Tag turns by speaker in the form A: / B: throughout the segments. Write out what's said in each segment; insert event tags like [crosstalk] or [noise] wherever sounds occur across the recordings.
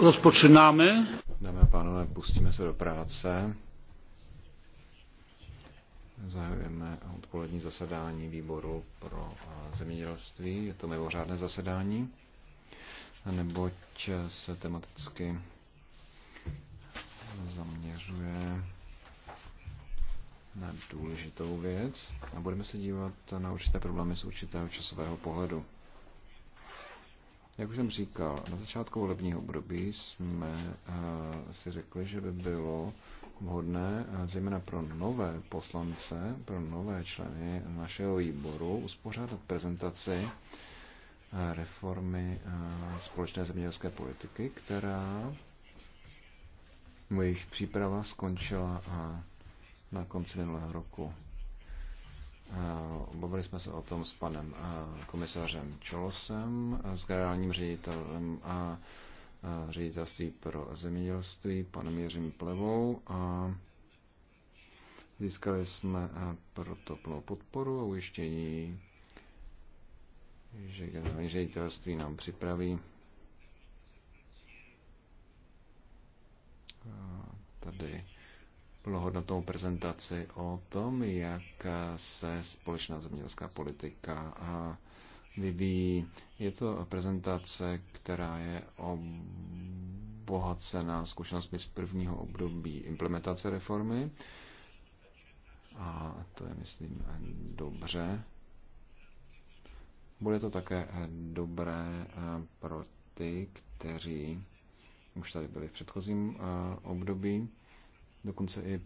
A: rozpoczynamy. Dámy a pánové, pustíme se do práce. Zahajujeme odpolední zasedání výboru pro eh, zemědělství. Je to mimořádné zasedání, neboť se tematicky zaměřuje na důležitou věc a budeme se dívat na určité problémy z určitého časového pohledu. Jak už jsem říkal, na začátku volebního období jsme eh, si řekli, že by bylo vhodné, eh, zejména pro nové poslance, pro nové členy našeho výboru, uspořádat prezentaci eh, reformy společné zemědělské politiky, která jejich příprava skončila na konci minulého roku. Eh, bavili jsme se o tom s panem eh, komisařem Čolosem, eh, s generálním ředitelem a ředitelství pro zemědělství, panem Jiřím Plevou a získali jsme proto plnou podporu a ujištění, že generální ředitelství nám připraví tady plnohodnotnou prezentaci o tom, jak se společná zemědělská politika vyvíjí. Je to prezentace, která je obohacená zkušenostmi z prvního období implementace reformy. A to je, myslím, dobře. Bude to také dobré eh, pro ty, kteří už tady byli v předchozím eh, období dokonce i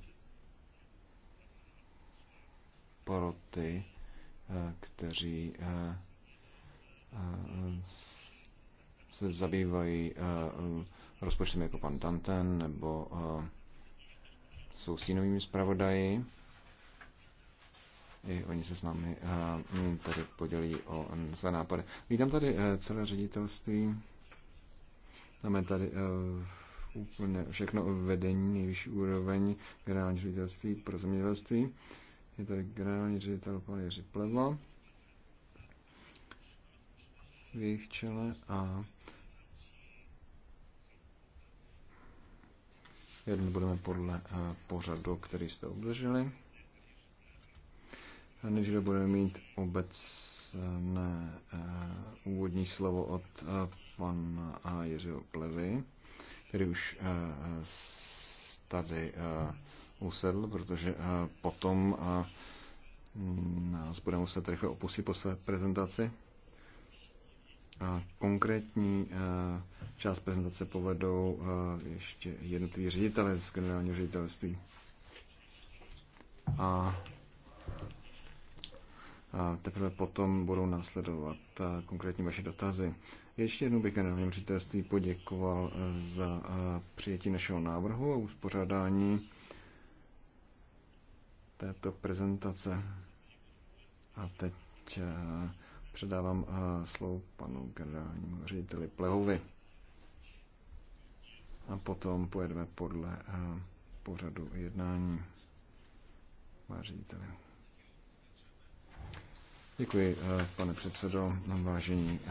A: pro ty, eh, kteří eh, eh, se zabývají rozpočtem jako pan Tanten nebo jsou stínovými zpravodaji. I oni se s námi mm, tady podělí o mm, své nápady. Vítám tady celé ředitelství. Máme tady úplně všechno vedení, nejvyšší úroveň generální ředitelství pro zemědělství. Je tady generální ředitel pan Jiří Plevla v jejich čele a jednu budeme podle eh, pořadu, který jste obdrželi. A než budeme mít obecné eh, úvodní slovo od eh, pana Jiřího Plevy, který už eh, tady eh, usedl, protože eh, potom nás bude muset rychle opustit po své prezentaci. A konkrétní část prezentace povedou ještě jednotliví ředitele z generálního ředitelství. A a teprve potom budou následovat konkrétní vaše dotazy. Ještě jednou bych generálním ředitelství poděkoval eh, za eh, přijetí našeho návrhu a uspořádání této prezentace. A teď eh, předávám slovo panu generálnímu řediteli Plehovi. A potom pojedeme podle pořadu jednání. Vážiteli. Děkuji, eh, pane předsedo, vážení eh,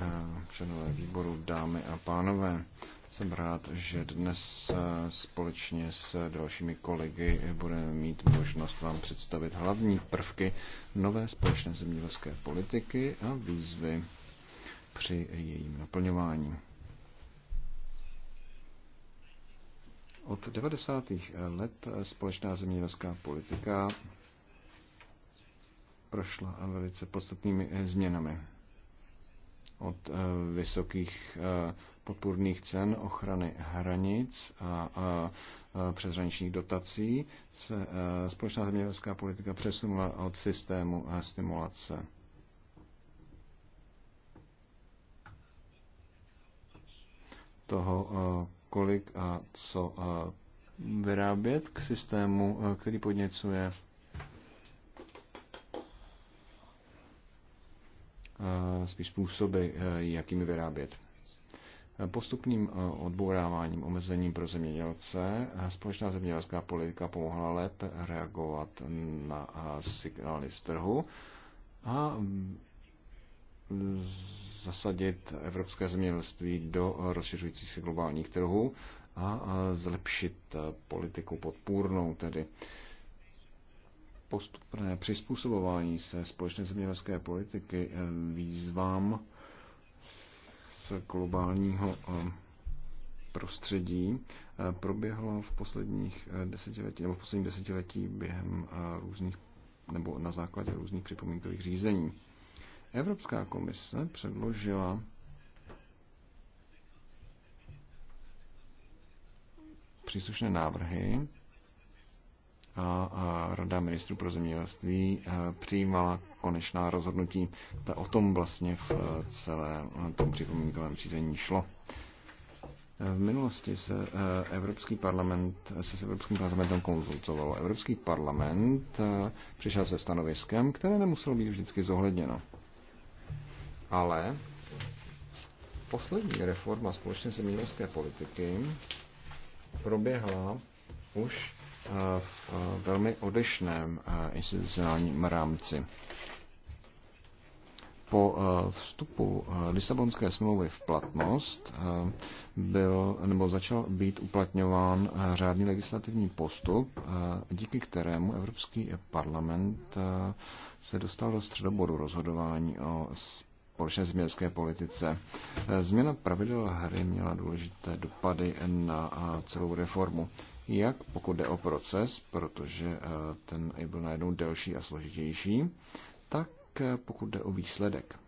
A: členové výboru, dámy a pánové. Jsem rád, že dnes eh, společně s dalšími kolegy budeme mít možnost vám představit hlavní prvky nové společné zemědělské politiky a výzvy při jejím naplňování. Od 90. let společná zemědělská politika prošla velice podstatnými eh, změnami. Od eh, vysokých eh, podpůrných cen, ochrany hranic a přeshraničních dotací se společná zemědělská politika přesunula od systému stimulace toho, kolik a co vyrábět k systému, který podněcuje Eh, spíš způsoby, eh, jakými vyrábět. Eh, postupným odbouráváním omezením pro zemědělce společná zemědělská politika pomohla lépe reagovat na signály z trhu a mm, zasadit evropské zemědělství do rozšiřujících se globálních trhů a zlepšit politiku podpůrnou tedy postupné přizpůsobování se společné zemědělské politiky eh, výzvám z globálního eh, prostředí eh, proběhlo v posledních desetiletí, nebo v posledních desetiletí během různých, nebo na základě různých připomínkových řízení. Evropská komise předložila příslušné návrhy a Rada ministrů pro zemědělství e, přijímala konečná rozhodnutí. Ta o tom vlastně v e, celém e, tom připomínkovém řízení šlo. V minulosti se Evropský parlament se s Evropským parlamentem konzultovalo. Evropský parlament přišel se stanoviskem, které nemuselo být vždycky zohledněno. Ale poslední reforma společné zemědělské politiky proběhla už v eh, velmi odešném eh, institucionálním rámci. Po eh, vstupu Lisabonské smlouvy v platnost byl, nebo začal být uplatňován řádný legislativní postup, díky kterému Evropský parlament se dostal do středobodu rozhodování o společné zemědělské politice. Změna pravidel hry měla důležité dopady na celou reformu jak pokud jde o proces, protože eh, ten byl najednou delší a složitější, tak eh, pokud jde o výsledek.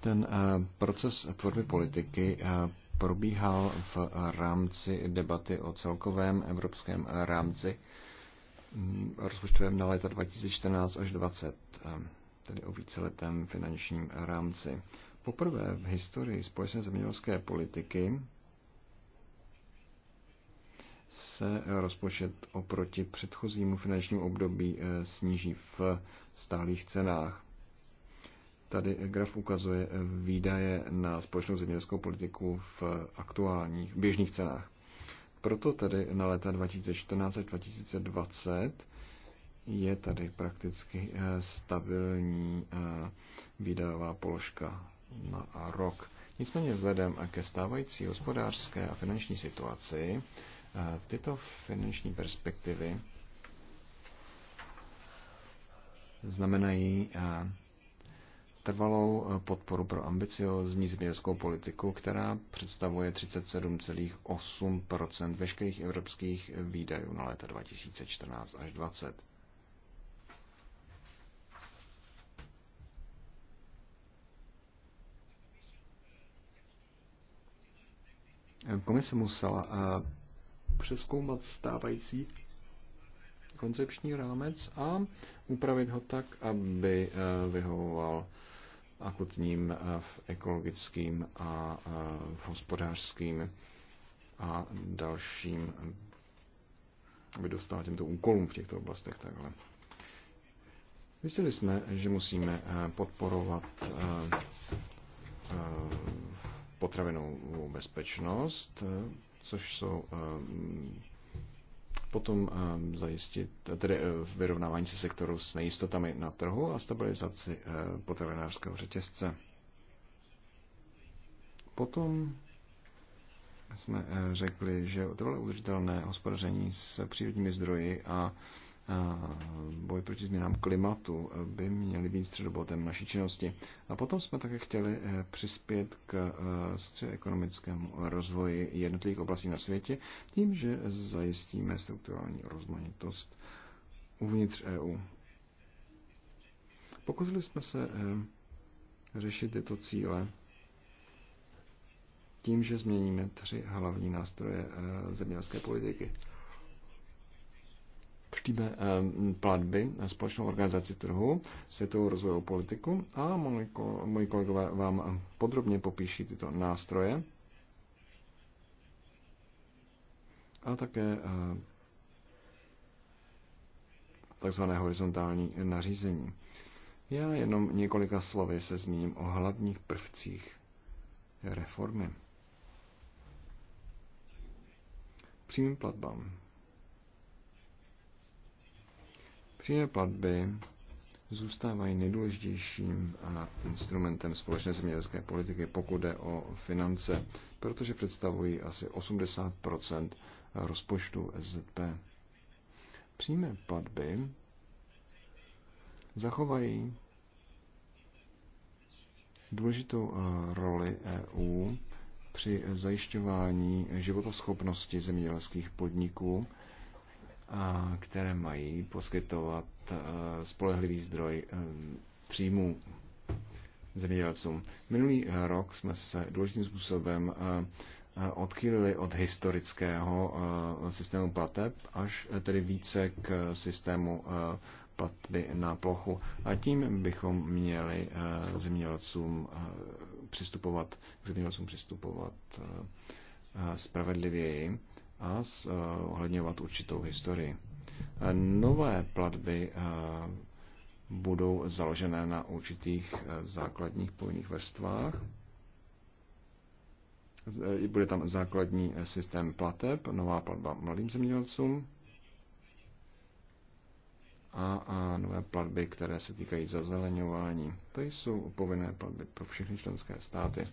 A: Ten eh, proces tvorby politiky probíhal v rámci debaty o celkovém evropském rámci mm, rozpočtovém na léta 2014 až 2020, tedy o víceletém finančním rámci poprvé v historii společné zemědělské politiky se rozpočet oproti předchozímu finančnímu období eh, sníží v stálých cenách. Tady graf ukazuje eh, výdaje na společnou zemědělskou politiku v aktuálních běžných cenách. Proto tedy na léta 2014 až 2020 je tady prakticky eh, stabilní výdajová položka na no rok. Nicméně vzhledem ke stávající hospodářské a finanční situaci, eh, tyto finanční perspektivy znamenají eh, trvalou eh, podporu pro ambiciozní zemědělskou politiku, která představuje 37,8 veškerých evropských výdajů na léta 2014 až 2020. Komise musela eh, přeskoumat stávající koncepční rámec a upravit ho tak, aby eh, vyhovoval akutním eh, v ekologickým a hospodářským a dalším, aby dostala těmto úkolům v těchto oblastech takhle. Myslili jsme, že musíme podporovat potravinovou bezpečnost, eh, což jsou eh, potom eh, zajistit, tedy vyrovnávání se sektoru s nejistotami na trhu a stabilizaci potravinářského řetězce. Potom jsme řekli, že bylo udržitelné hospodaření s přírodními zdroji a boj proti změnám klimatu by měly být středobotem naší činnosti. A potom jsme také chtěli eh, přispět k eh, socioekonomickému rozvoji jednotlivých oblastí na světě tím, že zajistíme strukturální rozmanitost uvnitř EU. Pokusili jsme se eh, řešit tyto cíle tím, že změníme tři hlavní nástroje zemědělské politiky spustíme eh, platby společnou organizaci trhu, světovou rozvojovou politiku a moji kolegové vám podrobně popíší tyto nástroje a také eh, takzvané horizontální nařízení. Já jenom několika slovy se zmíním o hlavních prvcích reformy. Přímým platbám. Přímé platby zůstávají nejdůležitějším a instrumentem společné zemědělské politiky, pokud jde o finance, protože představují asi 80 rozpočtu SZP. Přímé platby zachovají důležitou eh, roli EU při zajišťování životaschopnosti zemědělských podniků které mají poskytovat eh, spolehlivý zdroj eh, příjmů zemědělcům. Minulý eh, rok jsme se důležitým způsobem odchýlili od historického systému plateb až tedy více k systému platby na plochu. A tím bychom měli zemědělcům přistupovat, k zemědělcům přistupovat spravedlivěji a eh, ohledňovat určitou historii. Eh, nové platby eh, budou založené na určitých základních povinných vrstvách. Bude tam základní systém plateb, nová platba mladým zemědělcům, a, a nové platby, které se týkají zazeleňování. To jsou povinné platby pro všechny členské státy.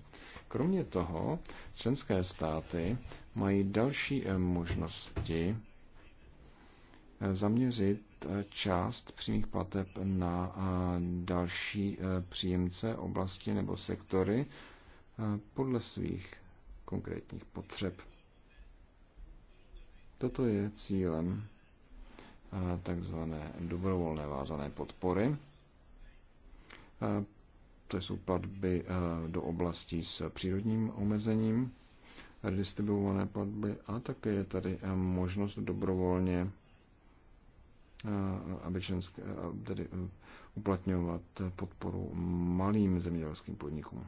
A: Kromě toho, členské státy mají další eh, možnosti eh, zaměřit eh, část přímých plateb na další příjemce, oblasti nebo sektory podle svých konkrétních potřeb. Toto je cílem takzvané dobrovolné vázané podpory. To jsou platby e, do oblastí s přírodním omezením, redistribuované platby a také je tady e, možnost dobrovolně e, aby členské, tedy uplatňovat podporu malým zemědělským podnikům.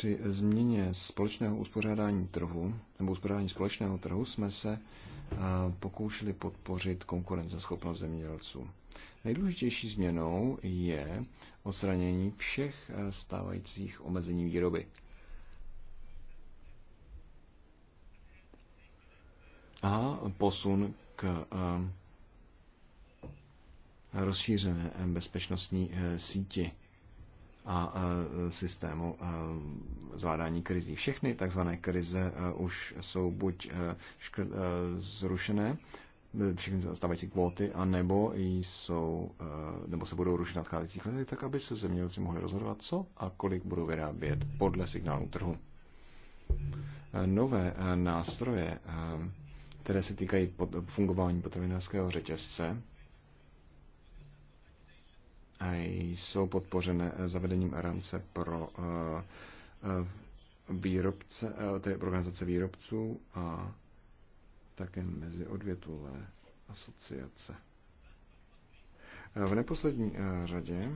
A: při změně společného uspořádání trhu, nebo uspořádání společného trhu, jsme se pokoušeli podpořit konkurenceschopnost zemědělců. Nejdůležitější změnou je odstranění všech stávajících omezení výroby. A posun k rozšířené bezpečnostní e, síti a e, systému e, zvládání krizí. Všechny takzvané krize e, už jsou buď zrušené, všechny stávající kvóty, anebo jsou, nebo se budou rušit nadcházejících letech, tak aby se zemědělci mohli rozhodovat, co a kolik budou vyrábět podle signálu trhu. Nové nástroje, které se týkají fungování potravinářského řetězce, jsou podpořené eh, zavedením rámce pro eh, eh, výrobce, tedy organizace výrobců a také mezi meziodvětvové asociace. V neposlední řadě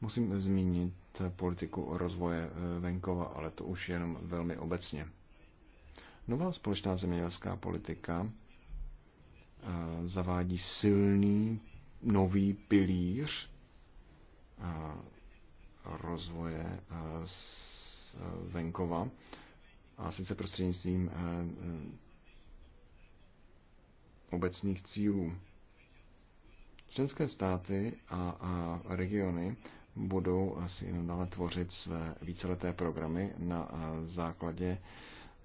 A: musím zmínit politiku rozvoje venkova, ale to už jenom velmi obecně. Nová společná zemědělská politika zavádí silný nový pilíř eh, rozvoje z eh, eh, venkova a sice prostřednictvím obecných cílů. Členské státy a, regiony budou asi nadále tvořit své víceleté programy na základě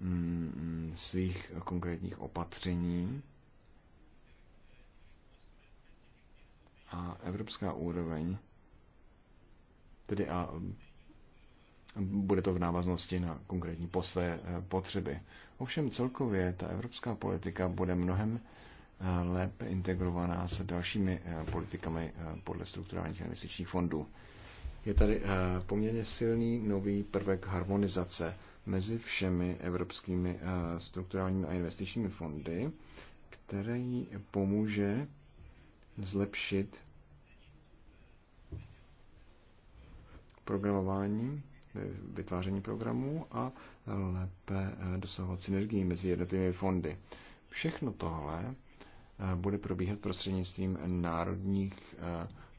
A: mm, mm, svých konkrétních opatření a evropská úroveň, tedy a um, bude to v návaznosti na konkrétní posle eh, potřeby. Ovšem celkově ta evropská politika bude mnohem eh, lépe integrovaná s dalšími eh, politikami podle strukturálních investičních fondů. Je tady poměrně silný nový prvek harmonizace mezi všemi evropskými strukturálními a investičními fondy, který pomůže zlepšit programování, eh, vytváření programů a lépe eh, dosahovat synergii mezi jednotlivými fondy. Všechno tohle eh, bude probíhat prostřednictvím národních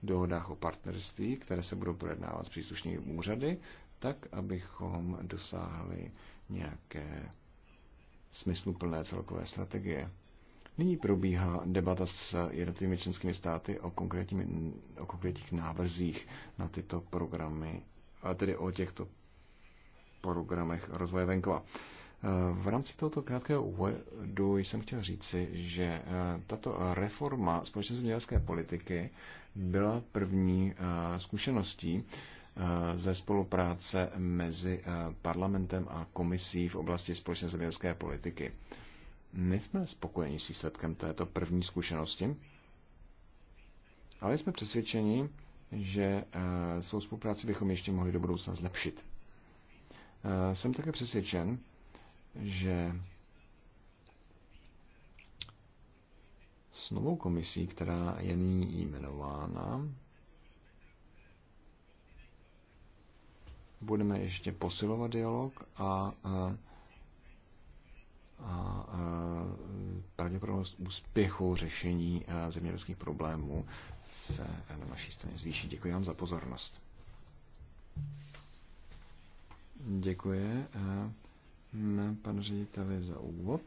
A: dohodách o partnerství, které se budou projednávat s příslušnými úřady, tak, abychom dosáhli nějaké smysluplné celkové strategie. Nyní probíhá debata s jednotlivými členskými státy o, o konkrétních návrzích na tyto programy, a tedy o těchto programech rozvoje venkova. V rámci tohoto krátkého úvodu jsem chtěl říci, že eh, tato reforma společné zemědělské politiky byla první eh, zkušeností eh, ze spolupráce mezi parlamentem a komisí v oblasti společné zemědělské politiky nejsme spokojeni s výsledkem této první zkušenosti, ale jsme přesvědčeni, že eh, svou spolupráci bychom ještě mohli do budoucna zlepšit. Eh, jsem také přesvědčen, že s novou komisí, která je nyní jmenována, budeme ještě posilovat dialog a, a eh, a e, pravděpodobnost úspěchu řešení e, zemědělských problémů se na vaší straně zvýší. Děkuji vám za pozornost. Děkuji e, panu řediteli za úvod.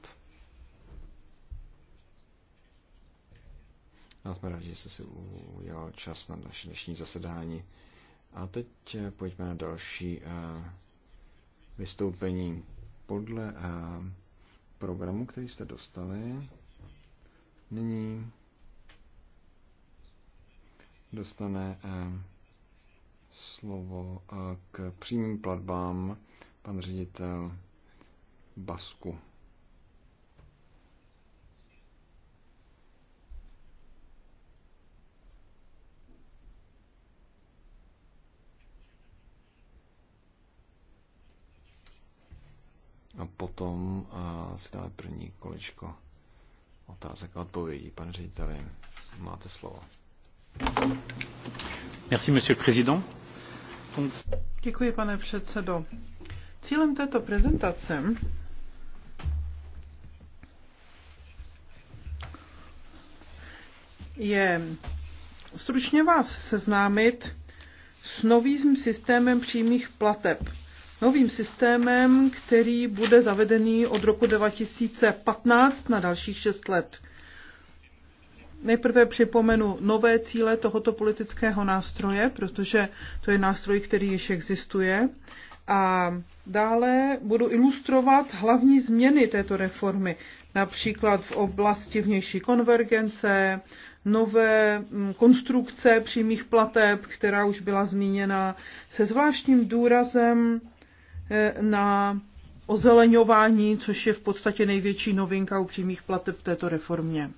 A: A jsme rádi, že jste si udělal čas na naše dnešní zasedání. A teď pojďme na další vystoupení. Podle programu, který jste dostali. Nyní dostane eh, slovo eh, k přímým platbám pan ředitel Basku. A potom a eh, si dáme první kolečko otázek a odpovědí. Pane řediteli, máte slovo.
B: Merci, monsieur le président. Děkuji, pane předsedo. Cílem této prezentace je stručně vás seznámit s novým systémem přímých plateb novým systémem, který bude zavedený od roku 2015 na dalších 6 let. Nejprve připomenu nové cíle tohoto politického nástroje, protože to je nástroj, který již existuje. A dále budu ilustrovat hlavní změny této reformy, například v oblasti vnější konvergence, nové mm, konstrukce přímých plateb, která už byla zmíněna, se zvláštním důrazem Eh, na ozeleňování, což je v podstatě největší novinka u přímých plateb v této reformě.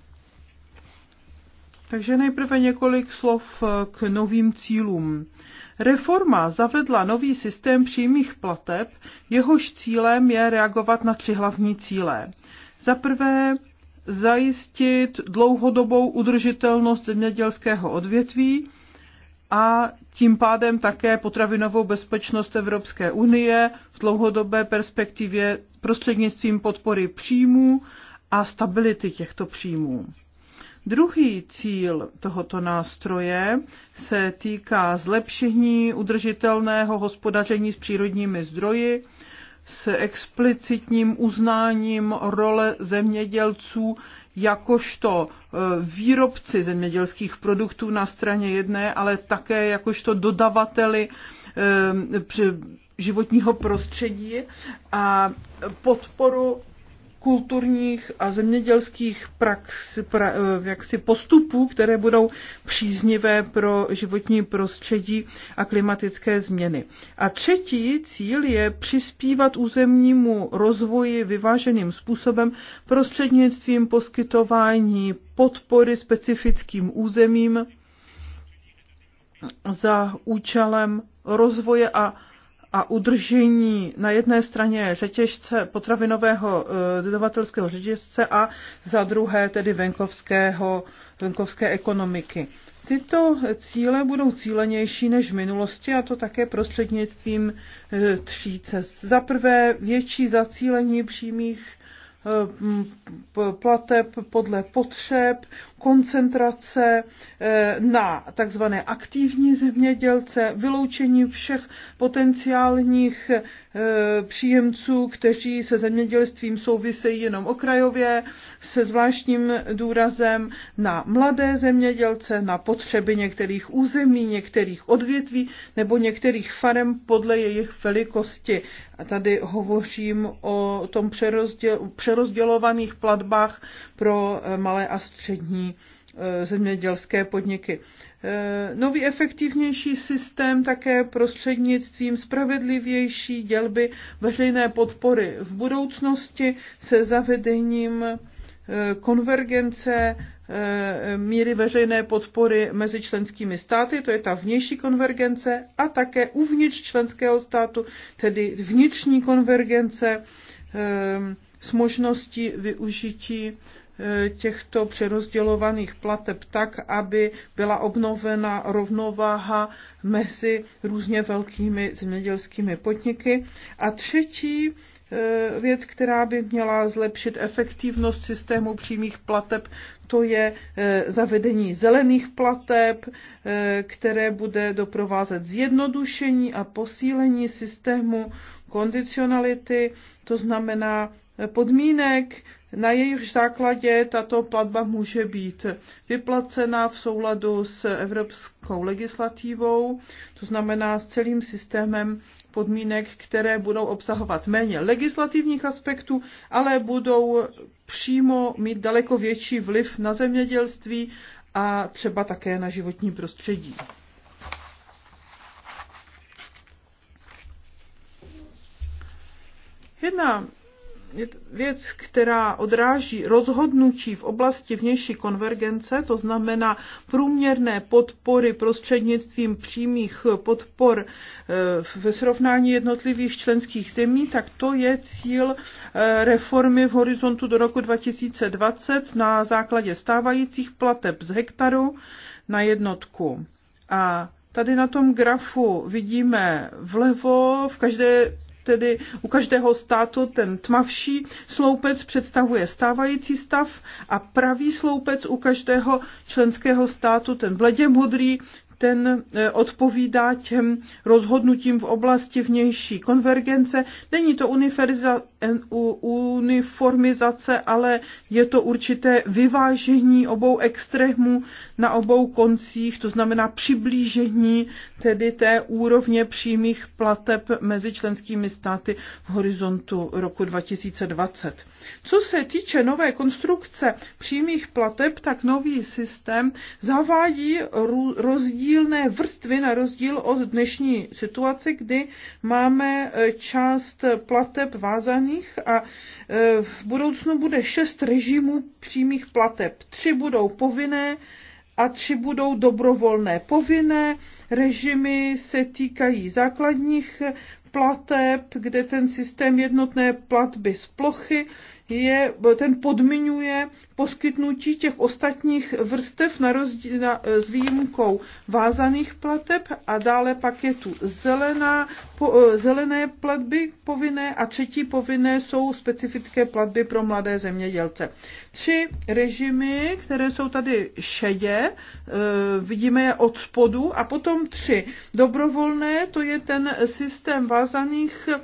B: Takže nejprve několik slov eh, k novým cílům. Reforma zavedla nový systém přímých plateb, jehož cílem je reagovat na tři hlavní cíle. Za prvé zajistit dlouhodobou udržitelnost zemědělského odvětví, a tím pádem také potravinovou bezpečnost Evropské unie v dlouhodobé perspektivě prostřednictvím podpory příjmů a stability těchto příjmů. Druhý cíl tohoto nástroje se týká zlepšení udržitelného hospodaření s přírodními zdroji, s explicitním uznáním role zemědělců jakožto e, výrobci zemědělských produktů na straně jedné, ale také jakožto dodavateli e, životního prostředí a podporu kulturních a zemědělských prax, pra, eh, jaksi postupů, které budou příznivé pro životní prostředí a klimatické změny. A třetí cíl je přispívat územnímu rozvoji vyváženým způsobem prostřednictvím poskytování podpory specifickým územím za účelem rozvoje a a udržení na jedné straně řetěžce potravinového eh, dodavatelského řetězce a za druhé tedy venkovského, venkovské ekonomiky. Tyto cíle budou cílenější než v minulosti a to také prostřednictvím eh, tří cest. Za prvé větší zacílení přímých Eh, plateb podle potřeb, koncentrace eh, na takzvané aktivní zemědělce, vyloučení všech potenciálních eh, příjemců, kteří se zemědělstvím souvisejí jenom okrajově, se zvláštním důrazem na mladé zemědělce, na potřeby některých území, některých odvětví nebo některých farem podle jejich velikosti. A tady hovořím o tom přerozdělu, přerozdělovaných platbách pro eh, malé a střední eh, zemědělské podniky. Eh, nový efektivnější systém také prostřednictvím spravedlivější dělby veřejné podpory v budoucnosti se zavedením konvergence míry veřejné podpory mezi členskými státy, to je ta vnější konvergence, a také uvnitř členského státu, tedy vnitřní konvergence s možností využití e, těchto přerozdělovaných plateb tak, aby byla obnovena rovnováha mezi různě velkými zemědělskými podniky. A třetí e, věc, která by měla zlepšit efektivnost systému přímých plateb, to je e, zavedení zelených plateb, které bude doprovázet zjednodušení a posílení systému kondicionality, to znamená podmínek, na jejich základě tato platba může být vyplacena v souladu s evropskou legislativou, to znamená s celým systémem podmínek, které budou obsahovat méně legislativních aspektů, ale budou přímo mít daleko větší vliv na zemědělství a třeba také na životní prostředí. Jedna věc, která odráží rozhodnutí v oblasti vnější konvergence, to znamená průměrné podpory prostřednictvím přímých podpor eh, ve srovnání jednotlivých členských zemí, tak to je cíl eh, reformy v horizontu do roku 2020 na základě stávajících plateb z hektaru na jednotku. A Tady na tom grafu vidíme vlevo v každé tedy u každého státu ten tmavší sloupec představuje stávající stav a pravý sloupec u každého členského státu, ten bledě modrý, ten e, odpovídá těm rozhodnutím v oblasti vnější konvergence. Není to uniformizace, ale je to určité vyvážení obou extrémů na obou koncích, to znamená přiblížení tedy té úrovně přímých plateb mezi členskými státy v horizontu roku 2020. Co se týče nové konstrukce přímých plateb, tak nový systém zavádí rozdíl rozdílné vrstvy na rozdíl od dnešní situace, kdy máme e, část plateb vázaných a e, v budoucnu bude šest režimů přímých plateb. Tři budou povinné, a tři budou dobrovolné povinné. Režimy se týkají základních plateb, kde ten systém jednotné platby z plochy je, ten podmiňuje poskytnutí těch ostatních vrstev na rozdíl, na, s výjimkou vázaných plateb a dále pak je tu zelená, po, eh, zelené platby povinné a třetí povinné jsou specifické platby pro mladé zemědělce. Tři režimy, které jsou tady šedě, e, vidíme je od spodu a potom tři. Dobrovolné, to je ten systém vázaných eh,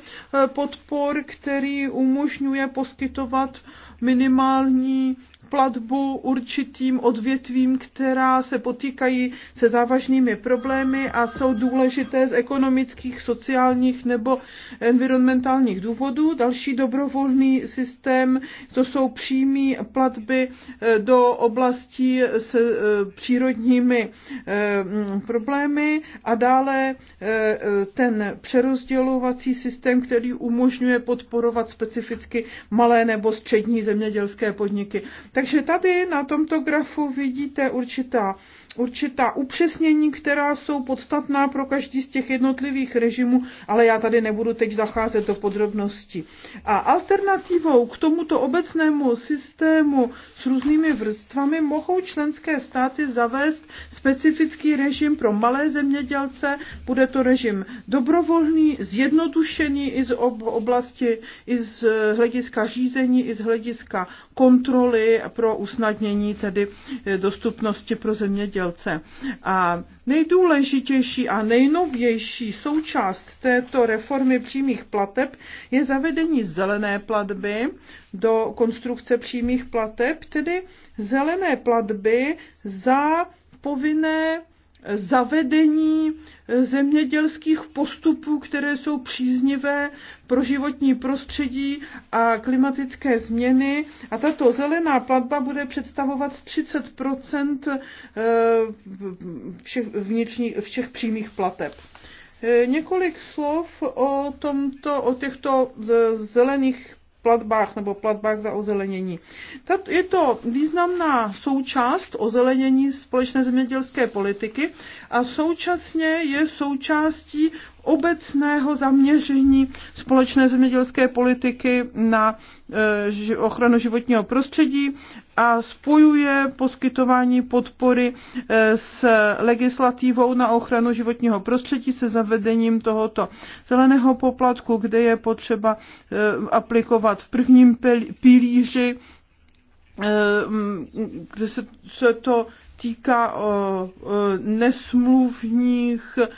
B: podpor, který umožňuje poskytovat minimální platbu určitým odvětvím, která se potýkají se závažnými problémy a jsou důležité z ekonomických, sociálních nebo environmentálních důvodů. Další dobrovolný systém, to jsou přímé platby eh, do oblastí s eh, přírodními eh, problémy a dále ten přerozdělovací systém, který umožňuje podporovat specificky malé nebo střední zemědělské podniky. Takže tady na tomto grafu vidíte určitá určitá upřesnění, která jsou podstatná pro každý z těch jednotlivých režimů, ale já tady nebudu teď zacházet do podrobností. A alternativou k tomuto obecnému systému s různými vrstvami mohou členské státy zavést specifický režim pro malé zemědělce. Bude to režim dobrovolný, zjednodušený i z oblasti, i z hlediska řízení, i z hlediska kontroly pro usnadnění tedy dostupnosti pro zemědělce zemědělce. A nejdůležitější a nejnovější součást této reformy přímých plateb je zavedení zelené platby do konstrukce přímých plateb, tedy zelené platby za povinné zavedení zemědělských postupů, které jsou příznivé pro životní prostředí a klimatické změny. A tato zelená platba bude představovat 30 eh, všech, vnitřní, všech přímých plateb. Eh, několik slov o, tomto, o těchto zelených platbách nebo platbách za ozelenění. Je to významná součást ozelenění společné zemědělské politiky a současně je součástí obecného zaměření společné zemědělské politiky na e, ochranu životního prostředí a spojuje poskytování podpory e, s legislativou na ochranu životního prostředí se zavedením tohoto zeleného poplatku, kde je potřeba e, aplikovat v prvním pilíři kde se, se to týká nesmluvních e,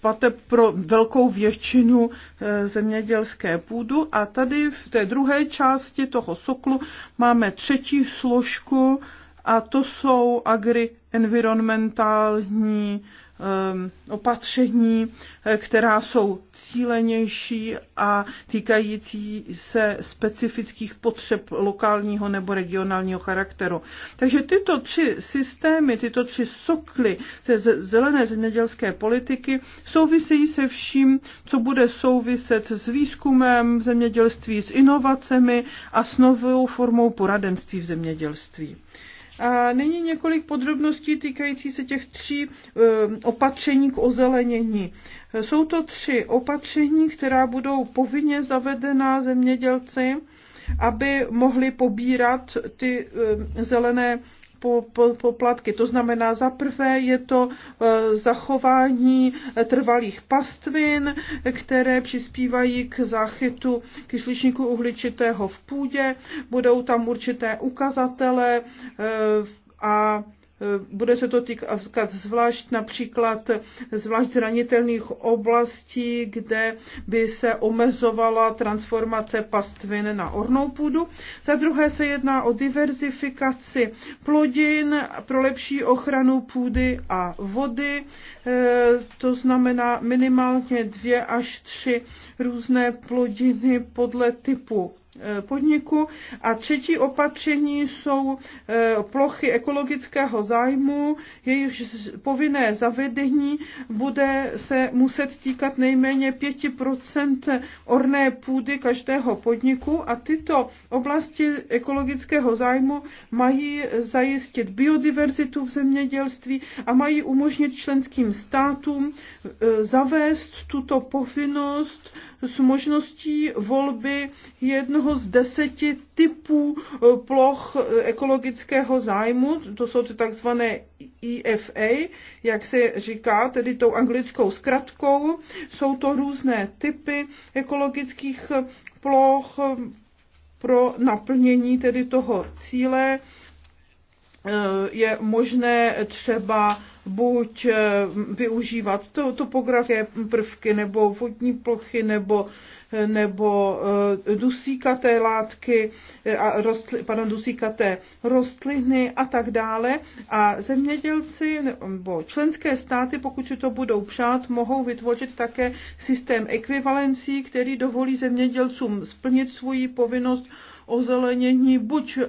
B: plateb pro velkou většinu e, zemědělské půdu. A tady v té druhé části toho soklu máme třetí složku a to jsou agri-environmentální Um, opatření, eh, která jsou cílenější a týkající se specifických potřeb lokálního nebo regionálního charakteru. Takže tyto tři systémy, tyto tři sokly té zelené zemědělské politiky souvisejí se vším, co bude souviset s výzkumem v zemědělství, s inovacemi a s novou formou poradenství v zemědělství. A nyní několik podrobností týkající se těch tří ehm, opatření k ozelenění. Jsou to tři opatření, která budou povinně zavedená zemědělci, aby mohli pobírat ty ehm, zelené poplatky. To znamená, za prvé je to e, zachování e, trvalých pastvin, které přispívají k záchytu kyslíčníku uhličitého v půdě. Budou tam určité ukazatele e, a bude se to týkat zvlášť například zvlášť zranitelných oblastí, kde by se omezovala transformace pastvin na ornou půdu. Za druhé se jedná o diverzifikaci plodin pro lepší ochranu půdy a vody, e, to znamená minimálně dvě až tři různé plodiny podle typu Eh, podniku. A třetí opatření jsou eh, plochy ekologického zájmu, jejichž povinné zavedení bude se muset týkat nejméně 5 orné půdy každého podniku a tyto oblasti ekologického zájmu mají zajistit biodiverzitu v zemědělství a mají umožnit členským státům eh, zavést tuto povinnost s možností volby jednoho jednoho z deseti typů eh, ploch eh, ekologického zájmu, to jsou ty takzvané EFA, jak se říká, tedy tou anglickou zkratkou. Jsou to různé typy ekologických eh, ploch pro naplnění tedy toho cíle je možné třeba buď využívat to, topografie prvky nebo vodní plochy nebo nebo eh, dusíkaté látky, eh, a rostli, pardon, dusíkaté rostliny a tak dále. A zemědělci nebo členské státy, pokud si to budou přát, mohou vytvořit také systém ekvivalencí, který dovolí zemědělcům splnit svoji povinnost ozelenění buď e,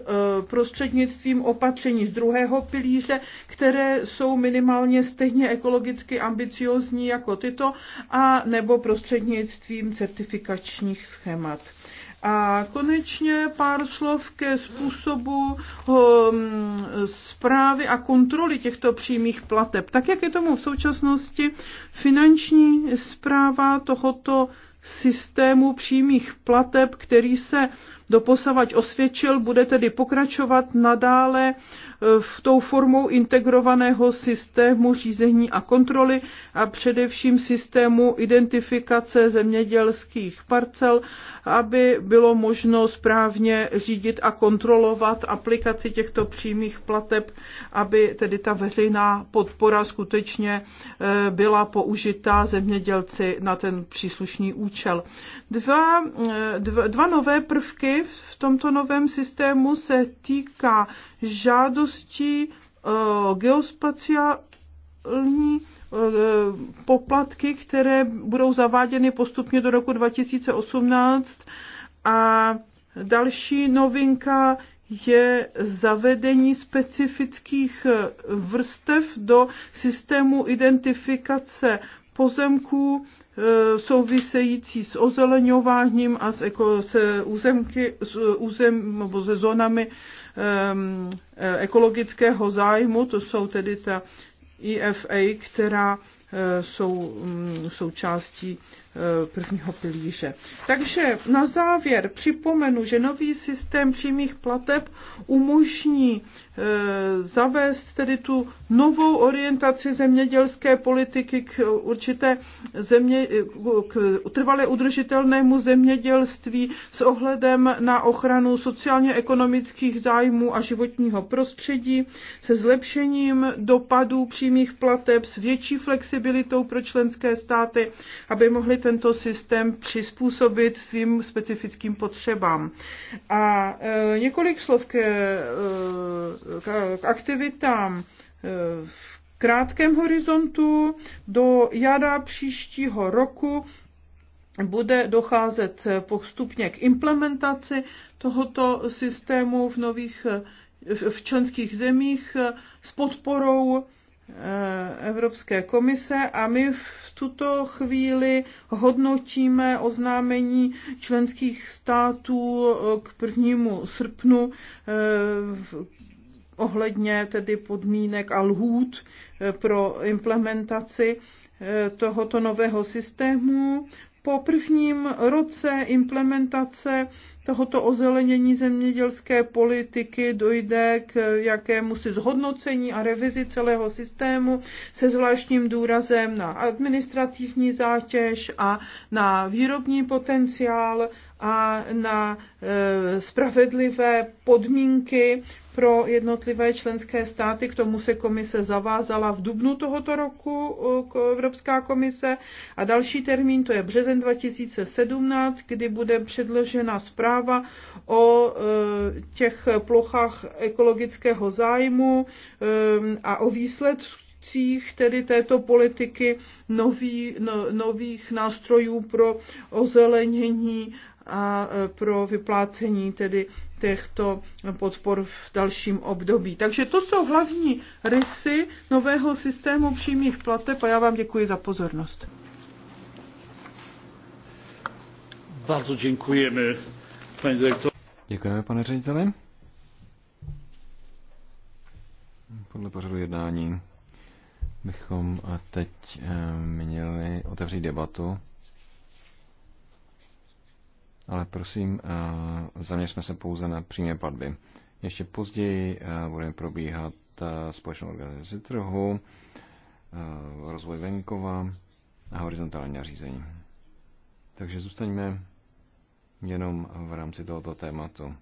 B: prostřednictvím opatření z druhého pilíře, které jsou minimálně stejně ekologicky ambiciozní jako tyto, a nebo prostřednictvím certifikačních schémat. A konečně pár slov ke způsobu zprávy a kontroly těchto přímých plateb. Tak, jak je tomu v současnosti, finanční zpráva tohoto systému přímých plateb, který se doposavať osvědčil, bude tedy pokračovat nadále e, v tou formou integrovaného systému řízení a kontroly a především systému identifikace zemědělských parcel, aby bylo možno správně řídit a kontrolovat aplikaci těchto přímých plateb, aby tedy ta veřejná podpora skutečně e, byla použitá zemědělci na ten příslušný účel. Dva, e, dva, dva nové prvky v tomto novém systému se týká žádostí eh, geospaciální eh, poplatky, které budou zaváděny postupně do roku 2018 a další novinka je zavedení specifických eh, vrstev do systému identifikace pozemků Eh, související s ozeleňováním a s, eko, se územky, s územ, nebo se zónami um, ekologického zájmu, to jsou tedy ta EFA, která eh, jsou mm, součástí Eh, prvního pilíře. Takže na závěr připomenu, že nový systém přímých plateb umožní eh, zavést tedy tu novou orientaci zemědělské politiky k určité země, k trvale udržitelnému zemědělství s ohledem na ochranu sociálně-ekonomických zájmů a životního prostředí se zlepšením dopadů přímých plateb s větší flexibilitou pro členské státy, aby mohly tento systém přizpůsobit svým specifickým potřebám. A e, několik slov k, e, k aktivitám e, v krátkém horizontu do jara příštího roku bude docházet postupně k implementaci tohoto systému v nových v členských zemích s podporou Eh, Evropské komise a my v tuto chvíli hodnotíme oznámení členských států eh, k prvnímu srpnu eh, ohledně tedy podmínek a lhůt pro implementaci tohoto nového systému po prvním roce implementace tohoto ozelenění zemědělské politiky dojde k jakému si zhodnocení a revizi celého systému se zvláštním důrazem na administrativní zátěž a na výrobní potenciál a na e, spravedlivé podmínky pro jednotlivé členské státy. K tomu se komise zavázala v dubnu tohoto roku e, Evropská komise a další termín to je březen 2017, kdy bude předložena zpráva o e, těch plochách ekologického zájmu a o výsledcích tedy této politiky nový, no, nových nástrojů pro ozelenění a e, pro vyplácení tedy těchto podpor v dalším období. Takže to jsou hlavní rysy nového systému přímých plateb a já vám děkuji za pozornost.
A: Bardzo děkujeme, pane direktor. Děkujeme, pane řediteli. Podle pořadu jednání bychom teď e, měli otevřít debatu ale prosím, eh, zaměřme se pouze na přímé platby. Ještě později eh, budeme probíhat eh, společnou organizaci trhu, rozvoj venkova a horizontální řízení. Takže zůstaňme jenom v rámci tohoto tématu.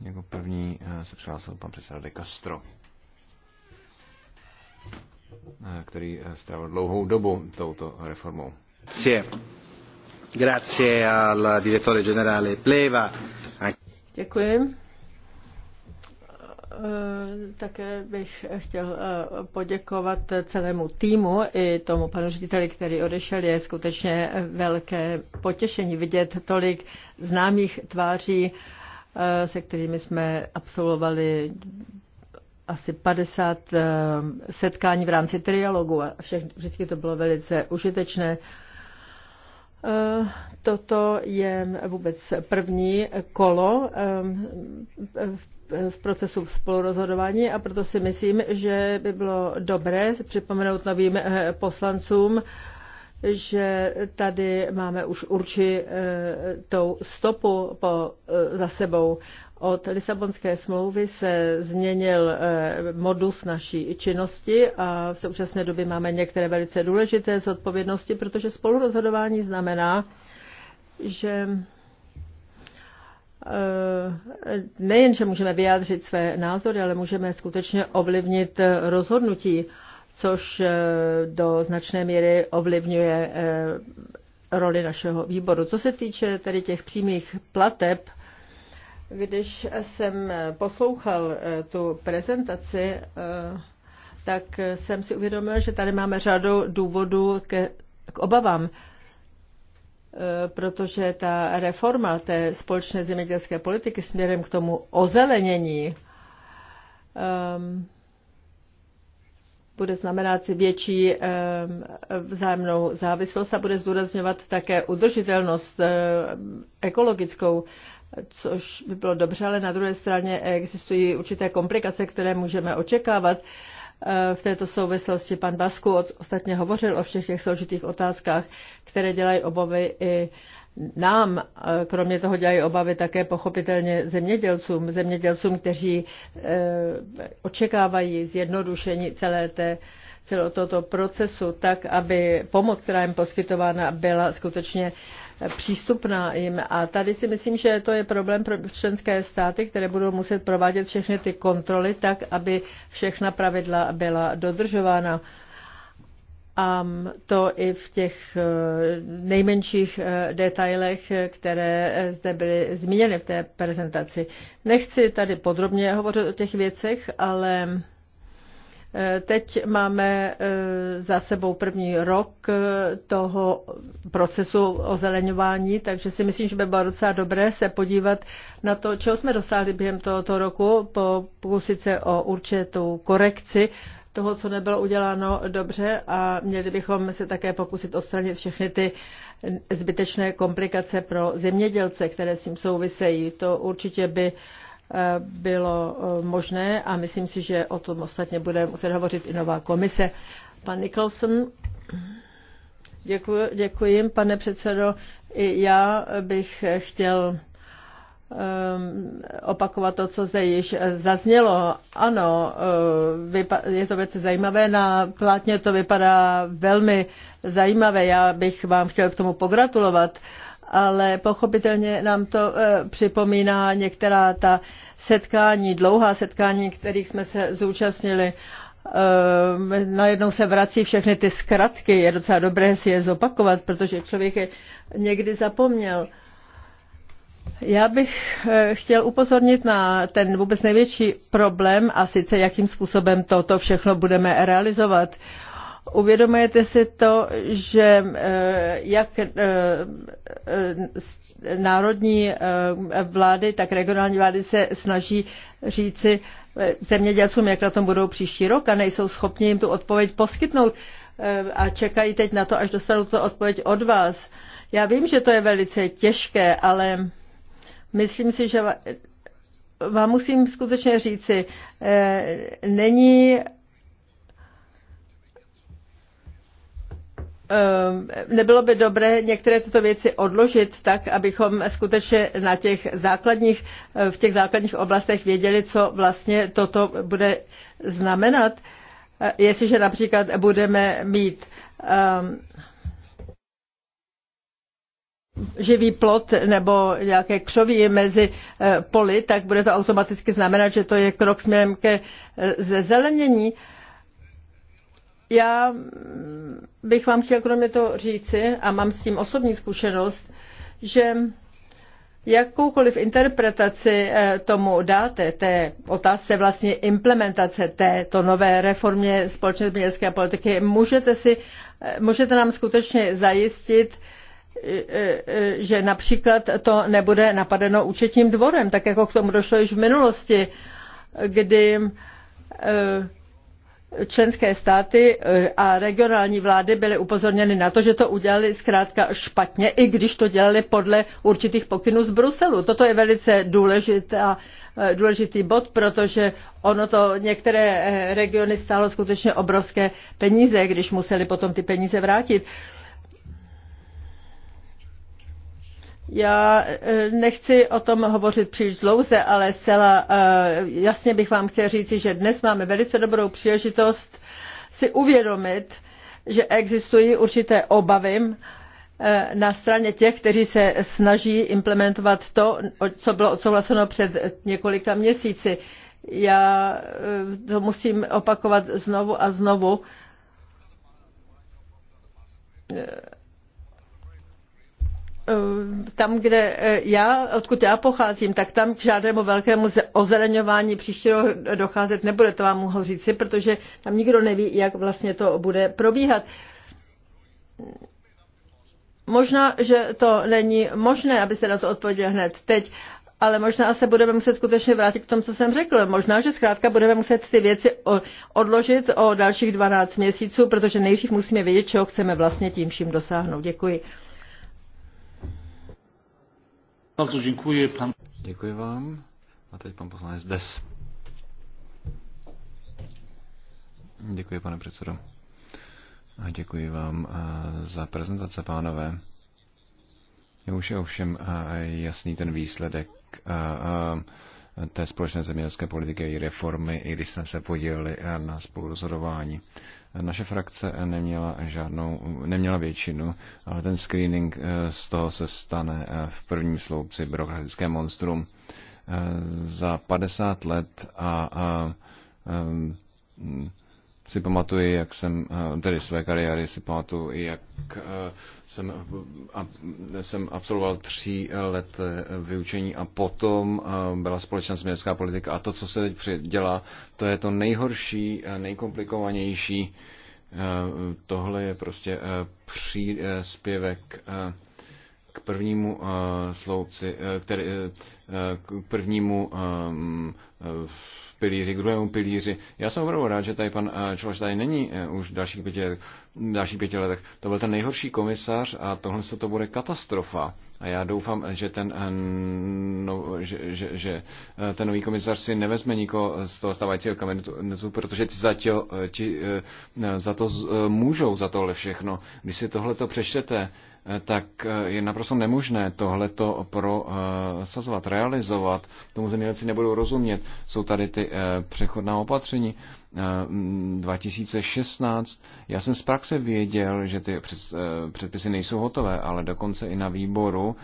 A: Jako první se přihlásil pan předseda De Castro. Eh, který eh, strávil dlouhou dobu touto reformou.
C: Děkuji. Eh, také bych chtěl poděkovat celému týmu i tomu panu řediteli, který odešel. Je skutečně velké potěšení vidět tolik známých tváří, se kterými jsme absolvovali asi 50 eh, setkání v rámci trialogu a všechny, vždycky to bylo velice užitečné. Eh, toto je vůbec první kolo eh, v procesu spolurozhodování a proto si myslím, že by bylo dobré připomenout novým poslancům, že tady máme už určitou stopu po, za sebou. Od Lisabonské smlouvy se změnil eh, modus naší činnosti a v současné době máme některé velice důležité zodpovědnosti, protože spolurozhodování znamená, že eh, nejen, že můžeme vyjádřit své názory, ale můžeme skutečně ovlivnit eh, rozhodnutí, což do značné míry ovlivňuje roli našeho výboru. Co se týče tedy těch přímých plateb, když jsem poslouchal eh, tu prezentaci, eh, tak jsem si uvědomil, že tady máme řadu důvodů k, k obavám, eh, protože ta reforma té společné zemědělské politiky směrem k tomu ozelenění ehm, bude znamenat větší ehm, vzájemnou závislost a bude zdůrazňovat také udržitelnost ehm, ekologickou což by bylo dobře, ale na druhé straně existují určité komplikace, které můžeme očekávat. Eh, v této souvislosti pan Basku ostatně hovořil o všech těch složitých otázkách, které dělají obavy i nám, eh, kromě toho dělají obavy také pochopitelně zemědělcům, zemědělcům, kteří eh, očekávají zjednodušení celé té celého tohoto procesu, tak aby pomoc, která jim poskytována, byla skutečně přístupná jim. A tady si myslím, že to je problém pro členské státy, které budou muset provádět všechny ty kontroly tak, aby všechna pravidla byla dodržována. A to i v těch eh, nejmenších eh, detailech, které zde byly zmíněny v té prezentaci. Nechci tady podrobně hovořit o těch věcech, ale Teď máme eh, za sebou první rok eh, toho procesu ozeleňování, takže si myslím, že by bylo docela dobré se podívat na to, čeho jsme dosáhli během tohoto roku, pokusit se o určitou korekci toho, co nebylo uděláno dobře a měli bychom se také pokusit odstranit všechny ty zbytečné komplikace pro zemědělce, které s tím souvisejí. To určitě by uh, Eh, bylo eh, možné a myslím si, že o tom ostatně bude muset hovořit i nová komise. Pan Nicholson. Děkuji, děkuji, pane předsedo. I já bych chtěl ehm, opakovat to, co zde již zaznělo. Ano, eh, je to věc zajímavé, na plátně to vypadá velmi zajímavé. Já bych vám chtěl k tomu pogratulovat ale pochopitelně nám to eh, připomíná některá ta setkání, dlouhá setkání, kterých jsme se zúčastnili. Eh, najednou se vrací všechny ty zkratky, je docela dobré si je zopakovat, protože člověk je někdy zapomněl. Já bych eh, chtěl upozornit na ten vůbec největší problém a sice jakým způsobem toto všechno budeme realizovat. Uh, Uvědomujete si to, že eh, jak eh, eh, národní vlády, tak regionální vlády se snaží říci zemědělcům, jak na tom budou příští rok a nejsou schopni jim tu odpověď poskytnout a čekají teď na to, až dostanou tu odpověď od vás. Já vím, že to je velice těžké, ale myslím si, že vám musím skutečně říci, není Ehm, nebylo by dobré některé tyto věci odložit tak, abychom skutečně na těch základních, eh, v těch základních oblastech věděli, co vlastně toto bude znamenat. Eh, jestliže například budeme mít um, živý plot nebo nějaké křoví mezi eh, poli, tak bude to automaticky znamenat, že to je krok směrem ke zezelenění. Uh, já bych vám chtěl kromě toho říci, a mám s tím osobní zkušenost, že jakoukoliv interpretaci eh, tomu dáte, té otázce vlastně implementace této nové reformě společné zemědělské politiky, můžete, si, eh, můžete nám skutečně zajistit, eh, že například to nebude napadeno účetním dvorem, tak jako k tomu došlo již v minulosti, kdy členské státy e, a regionální vlády byly upozorněny na to, že to udělali zkrátka špatně, i když to dělali podle určitých pokynů z Bruselu. Toto je velice důležitá, e, důležitý bod, protože ono to některé e, regiony stálo skutečně obrovské peníze, když museli potom ty peníze vrátit. Uh, Já e, nechci o tom hovořit příliš dlouze, ale zcela e, jasně bych vám chtěl říci, že dnes máme velice dobrou příležitost si uvědomit, že existují určité obavy e, na straně těch, kteří se snaží implementovat to, co bylo odsouhlaseno před několika měsíci. Já to musím opakovat znovu a znovu Eh, tam, kde eh, já, odkud já pocházím, tak tam k žádnému velkému ozeleňování příštího docházet nebude, to vám mohu říci, protože tam nikdo neví, jak vlastně to bude probíhat. Možná, že to není možné, abyste na to odpověděl hned teď, ale možná se budeme muset skutečně vrátit k tomu, co jsem řekl. Možná, že zkrátka budeme muset ty věci odložit o dalších 12 měsíců, protože nejdřív musíme vědět, čeho chceme vlastně tím vším dosáhnout. Děkuji
A: děkuji, pan... Děkuji vám. A teď pan poslanec Des. Děkuji, pane předsedo. A děkuji vám eh, za prezentace, pánové. Je už je ovšem eh, jasný ten výsledek eh, té společné zemědělské politiky i reformy, i když jsme se podělili na spolurozhodování. Naše frakce neměla žádnou, neměla většinu, ale ten screening eh, z toho se stane eh, v prvním sloupci byrokratické monstrum. Eh, za 50 let a, a, a si pamatuji, jak jsem, eh, tedy své kariéry si pamatuju, jak eh, jsem, a, jsem absolvoval tří let vyučení a potom eh, byla společná směrská politika a to, co se teď dělá, to je to nejhorší, nejkomplikovanější. Tohle je prostě příspěvek k prvnímu sloupci, který, k prvnímu pilíři, k druhému pilíři. Já jsem opravdu rád, že tady pan eh, Čološ tady není eh, už v dalších pěti, letech, dalších pěti letech. To byl ten nejhorší komisař a tohle se to bude katastrofa. A já doufám, že ten, eh, no, že, že, že ten nový komisař si nevezme nikoho z toho stávajícího kabinetu, protože ti za, tě, ti, za to můžou, za tohle všechno. Když si tohle to přečtete, Eh, tak eh, je naprosto nemožné tohleto prosazovat, eh, realizovat. Tomu zemědělci nebudou rozumět. Jsou tady ty přechodná opatření 2016. Já jsem z praxe věděl, že ty předpisy nejsou hotové, ale dokonce i na výboru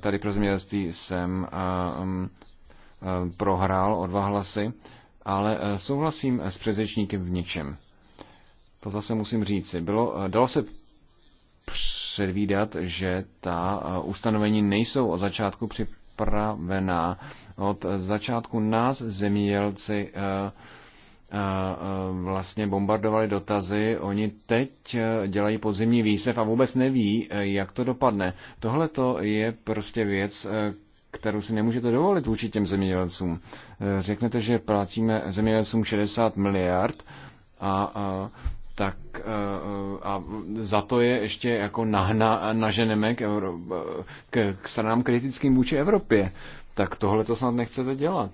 A: tady pro zemědělství jsem mm, prohrál o dva hlasy, ale souhlasím s předřečníkem v ničem. To zase musím říci. Bylo, dalo se předvídat, že ta ustanovení nejsou od začátku připravená. Od začátku nás zemědělci vlastně bombardovali dotazy, oni teď dělají podzimní výsev a vůbec neví, jak to dopadne. Tohle to je prostě věc, kterou si nemůžete dovolit vůči těm zemědělcům. Řeknete, že platíme zemědělcům 60 miliard a tak eh, eh, a za to je ještě jako nahna, naženeme k, Evro, k, k stranám kritickým vůči Evropě. Tak tohle to snad nechcete dělat.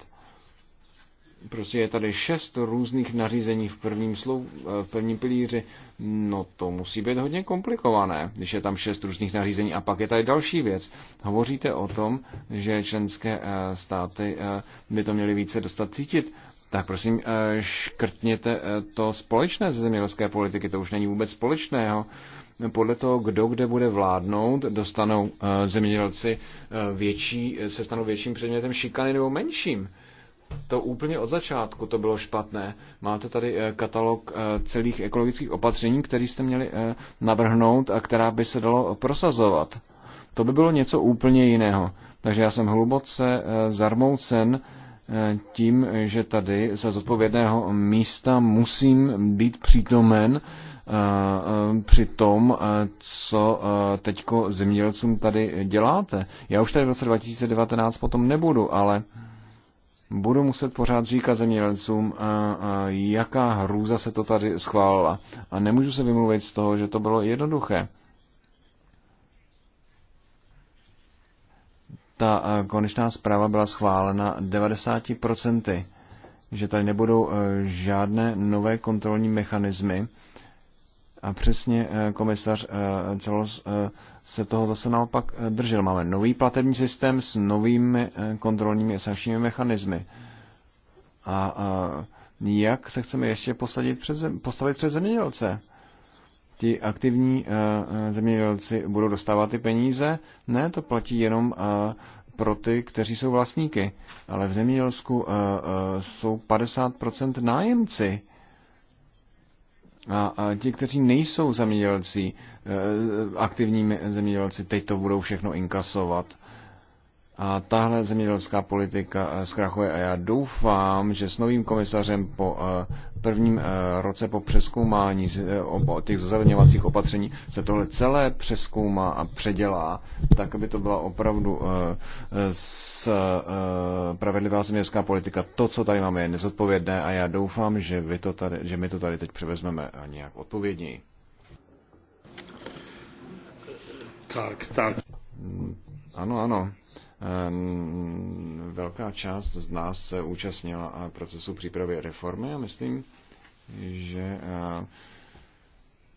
A: Prostě je tady šest různých nařízení v prvním, slov, eh, v prvním pilíři. No to musí být hodně komplikované, když je tam šest různých nařízení. A pak je tady další věc. Hovoříte o tom, že členské státy by to měly více dostat cítit tak prosím eh, škrtněte eh, to společné ze zemědělské politiky, to už není vůbec společného. Podle toho, kdo kde bude vládnout, dostanou eh, zemědělci větší, se stanou větším předmětem šikany nebo menším. To úplně od začátku to bylo špatné. Máte tady katalog celých ekologických opatření, které jste měli navrhnout a která by se dalo prosazovat. To by bylo něco úplně jiného. Takže já jsem hluboce zarmoucen tím, že tady ze zodpovědného místa musím být přítomen eh, eh, při tom, eh, co teďko zemědělcům tady děláte. Já už tady v roce 2019 potom nebudu, ale budu muset pořád říkat zemědělcům, jaká hrůza se to tady schválila. A nemůžu se vymluvit z toho, že to bylo jednoduché. ta eh, konečná zpráva byla schválena 90%, že tady nebudou eh, žádné nové kontrolní mechanismy. A přesně eh, komisař Čelos se toho zase naopak držel. Máme nový platební systém s novými kontrolními sankčními mechanismy. A jak se chceme ještě posadit před, postavit před zemědělce? ti aktivní eh, eh, zemědělci budou dostávat ty peníze? Ne, to platí jenom eh, pro ty, kteří jsou vlastníky. Ale v Zemědělsku jsou 50% nájemci. A, ti, kteří nejsou zemědělci, aktivními zemědělci, teď to budou všechno inkasovat. A tahle zemědělská politika eh, zkrachuje a já doufám, že s novým komisařem po eh, prvním eh, roce po přeskoumání těch zazeleněvacích opatření se tohle celé přeskoumá a předělá, tak aby to byla opravdu spravedlivá zemědělská politika. To, co tady máme, je nezodpovědné a já doufám, že, vy to tady, že my to tady teď převezmeme nějak odpovědněji. Tak, tak. Ano, ano. Ehm, velká část z nás se účastnila procesu přípravy reformy a myslím, že ehm,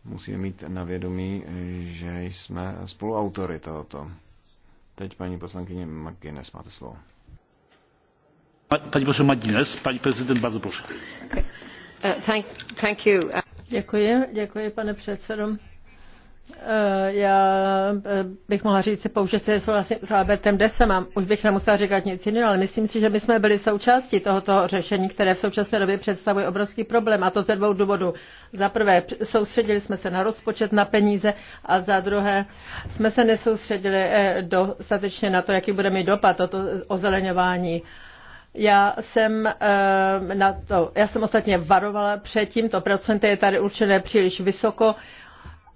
A: musíme mít na vědomí, že jsme spoluautory tohoto. Teď paní poslankyně McGuinness, máte slovo. Paní poslankyně McGuinness, paní prezident, bardzo proszę.
C: Thank, thank you. Děkuji, děkuji, pane předsedo. Eh, já eh, bych mohla říct si pouze, že souhlasím s Albertem Desem a už bych nemusela říkat nic jiného, ale myslím si, že my jsme byli součástí tohoto řešení, které v současné době představuje obrovský problém a to ze dvou důvodů. Za prvé, soustředili jsme se na rozpočet, na peníze a za druhé, jsme se nesoustředili eh, dostatečně na to, jaký bude mít dopad toto ozeleňování. Já jsem, na to, já jsem ostatně varovala předtím, to procento je tady určené příliš vysoko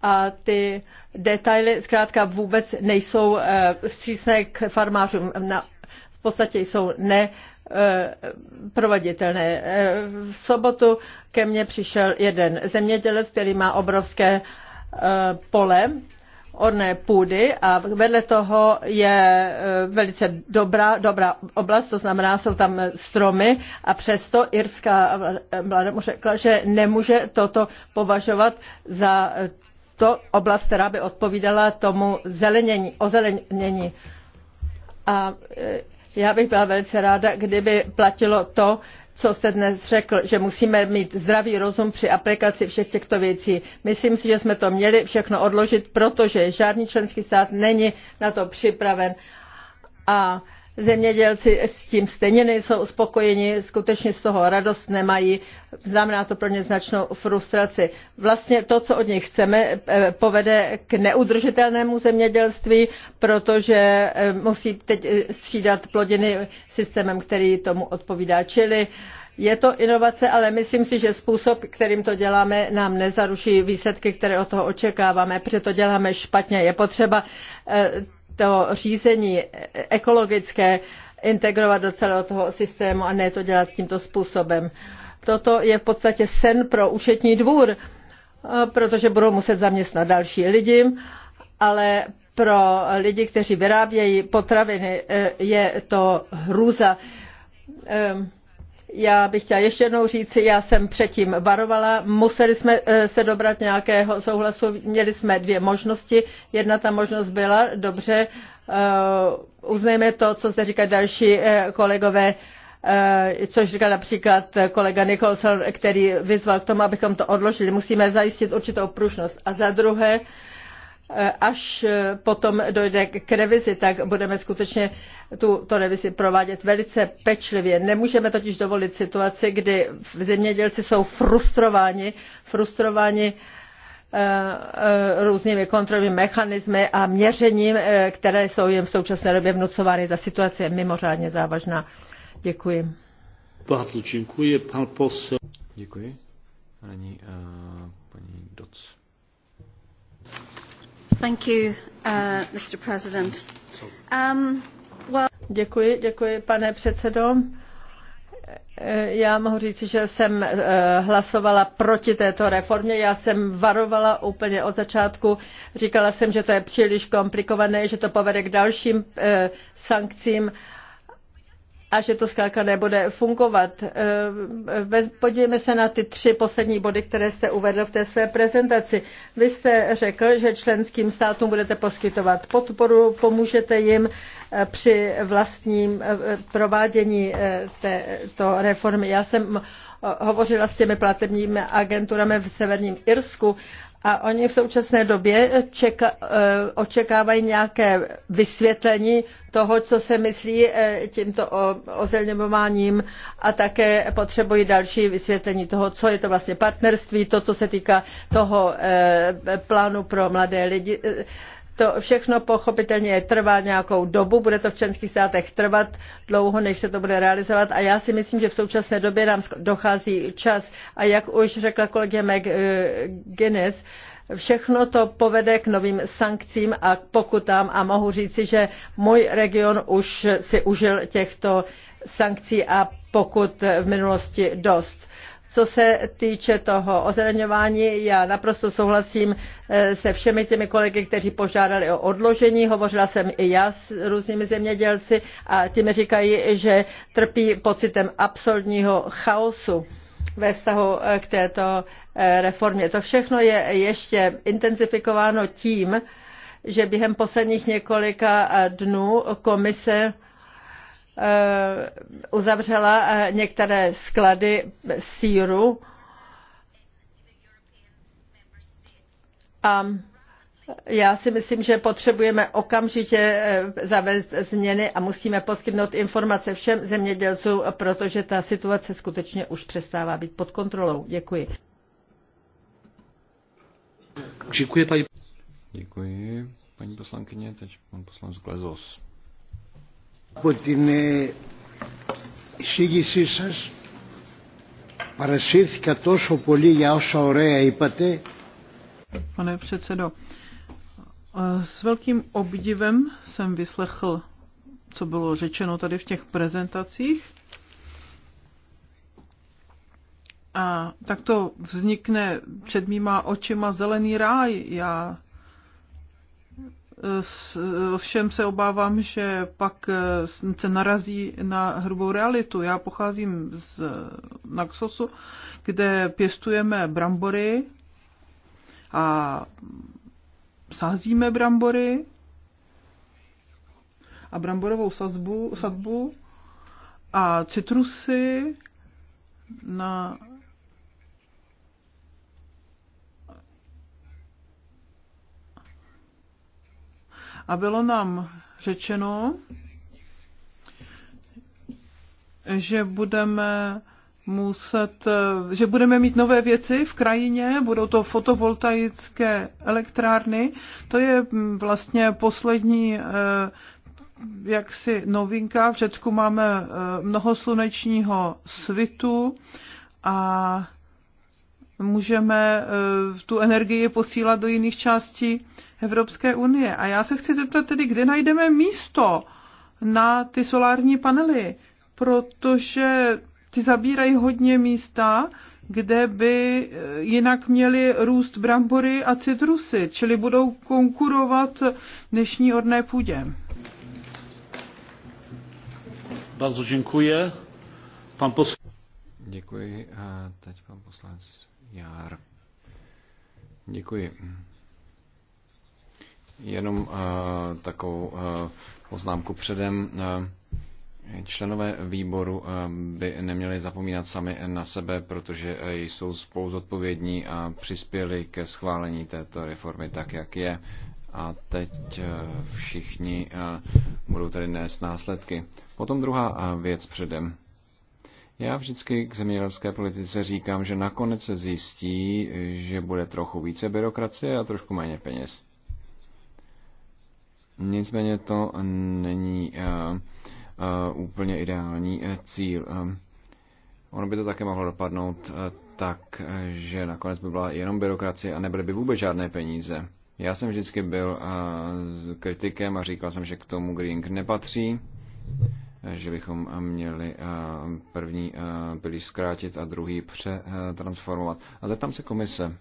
C: a ty detaily zkrátka vůbec nejsou eh, vstřícné k farmářům. Na, v podstatě jsou ne eh, proveditelné. Eh, v sobotu ke mně přišel jeden zemědělec, který má obrovské pole orné půdy a vedle toho je velice dobrá, dobrá oblast, to znamená, jsou tam stromy a přesto irská vláda mu řekla, že nemůže toto považovat za to oblast, která by odpovídala tomu zelenění, ozelenění. A e, já bych byla velice ráda, kdyby platilo to, co jste dnes řekl, že musíme mít zdravý rozum při aplikaci všech těchto věcí. Myslím si, že jsme to měli všechno odložit, protože žádný členský stát není na to připraven. A zemědělci s tím stejně nejsou spokojeni, skutečně z toho radost nemají, znamená to pro ně značnou frustraci. Vlastně to, co od nich chceme, eh, povede k neudržitelnému zemědělství, protože eh, musí teď eh, střídat plodiny systémem, který tomu odpovídá. Čili je to inovace, ale myslím si, že způsob, kterým to děláme, nám nezaruší výsledky, které od toho očekáváme, protože to děláme špatně. Je potřeba to řízení ekologické integrovat do celého toho systému a ne to dělat tímto způsobem. Toto je v podstatě sen pro účetní dvůr, protože budou muset zaměstnat další lidi, ale pro lidi, kteří vyrábějí potraviny, je to hrůza. Já bych chtěla ještě jednou říci, já jsem předtím varovala, museli jsme eh, se dobrat nějakého souhlasu, měli jsme dvě možnosti. Jedna ta možnost byla, dobře, eh, uznejme to, co zde říkají další eh, kolegové, což říká například kolega Nicholson, který vyzval k tomu, abychom to odložili. Musíme zajistit určitou pružnost. A za druhé, Eh, až eh, potom dojde k revizi, tak budeme skutečně tu, to revizi provádět velice pečlivě. Nemůžeme totiž dovolit situaci, kdy zemědělci jsou frustrováni, frustrováni eh, různými kontrolními mechanismy a měřením, které jsou jim v současné době vnucovány. Ta situace je mimořádně závažná. Děkuji.
A: Bardzo děkuji, pan posel. Děkuji. Není uh, paní Doc.
C: Thank you, uh, Mr. President. Um, well... Děkuji, děkuji, pane předsedo. Já mohu říct, že jsem uh, hlasovala proti této reformě. Já jsem varovala úplně od začátku. Říkala jsem, že to je příliš komplikované, že to povede k dalším uh, sankcím a že to zkrátka nebude fungovat. Eh, podívejme se na ty tři poslední body, které jste uvedl v té své prezentaci. Vy jste řekl, že členským státům budete poskytovat podporu, pomůžete jim eh, při vlastním eh, provádění této reformy. Já jsem hm, hovořila s těmi platebními agenturami v severním Irsku a oni v současné době čeka, eh, očekávají nějaké vysvětlení toho, co se myslí eh, tímto ozelňováním a také potřebují další vysvětlení toho, co je to vlastně partnerství, to, co se týká toho eh, plánu pro mladé lidi. To všechno pochopitelně trvá nějakou dobu, bude to v členských státech trvat dlouho, než se to bude realizovat a já si myslím, že v současné době nám dochází čas a jak už řekla kolegyně McGuinness, Všechno to povede k novým sankcím a k pokutám a mohu říci, že můj region už si užil těchto sankcí a pokud v minulosti dost. Co se týče toho ozraňování, já naprosto souhlasím eh, se všemi těmi kolegy, kteří požádali o odložení. Hovořila jsem i já s různými zemědělci a ti mi říkají, že trpí pocitem absolutního chaosu ve vztahu eh, k této eh, reformě. To všechno je ještě intenzifikováno tím, že během posledních několika dnů komise Eh, uzavřela eh, některé sklady síru a já si myslím, že potřebujeme okamžitě eh, zavést změny a musíme poskytnout informace všem zemědělcům, protože ta situace skutečně už přestává být pod kontrolou. Děkuji.
A: Děkuji, paní. Děkuji, paní poslankyně. Teď pan poslanec Glezos. Από την
C: εισήγησή σας παρασύρθηκα τόσο πολύ για όσα ωραία είπατε.
B: Pane předsedo, s velkým obdivem jsem vyslechl, co bylo řečeno tady v těch prezentacích. A tak to vznikne před mýma očima zelený ráj. Já Eh, ovšem se obávám, že pak eh, se narazí na hrubou realitu. Já pocházím z eh, Naxosu, kde pěstujeme brambory a sázíme brambory a bramborovou sazbu, sadbu a citrusy na a bylo nám řečeno, že budeme muset, že budeme mít nové věci v krajině, budou to fotovoltaické elektrárny. To je mm, vlastně poslední eh, jaksi novinka. V Řecku máme eh, mnoho slunečního svitu a můžeme eh, tu energii posílat do jiných částí Evropské unie. A já se chci zeptat tedy, kde najdeme místo na ty solární panely, protože ty zabírají hodně místa, kde by eh, jinak měly růst brambory a citrusy, čili budou konkurovat dnešní orné půdě.
A: Bardzo dziękuję. Pan posl- Děkuji. A teď pan poslanec Jár. Děkuji. Jenom uh, takovou uh, poznámku předem. Uh, Členové výboru by neměli zapomínat sami na sebe, protože jsou spolu zodpovědní a přispěli ke schválení této reformy tak, jak je. A teď všichni budou tady nést následky. Potom druhá věc předem. Já vždycky k zemědělské politice říkám, že nakonec se zjistí, že bude trochu více byrokracie a trošku méně peněz. Nicméně to není uh, uh, úplně ideální eh, cíl. Uh, ono by to také mohlo dopadnout uh, tak, že nakonec by byla jenom byrokracie a nebyly by vůbec žádné peníze. Já jsem vždycky byl uh, kritikem a říkal jsem, že k tomu Green nepatří že bychom měli eh, první eh, pilíř zkrátit a druhý přetransformovat. A zeptám se komise.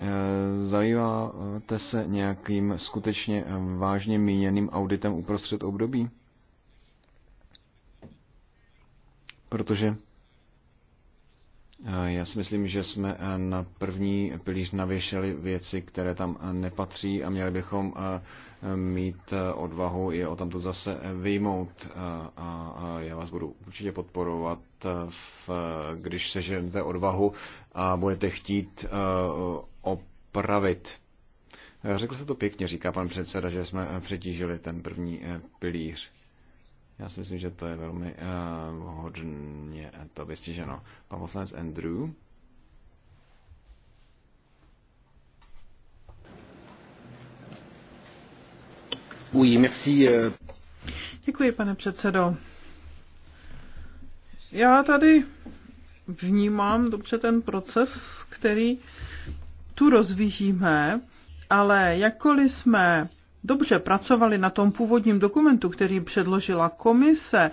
A: Eh, zajímáte se nějakým skutečně vážně míněným auditem uprostřed období? Protože Eh, já si myslím, že jsme eh, na první pilíř navěšeli věci, které tam eh, nepatří a měli bychom mít odvahu je o tamto zase vyjmout. A já vás budu určitě podporovat, v, když seženete odvahu a budete chtít opravit. Řekl se to pěkně, říká pan předseda, že jsme přetížili ten první pilíř. Já si myslím, že to je velmi uh, eh, hodně to vystiženo. Pan poslanec Andrew. Oui, merci. Eh.
B: Děkuji, pane předsedo. Já tady vnímám dobře ten proces, který tu rozvíjíme, ale jakkoliv jsme dobře pracovali na tom původním dokumentu, který předložila komise,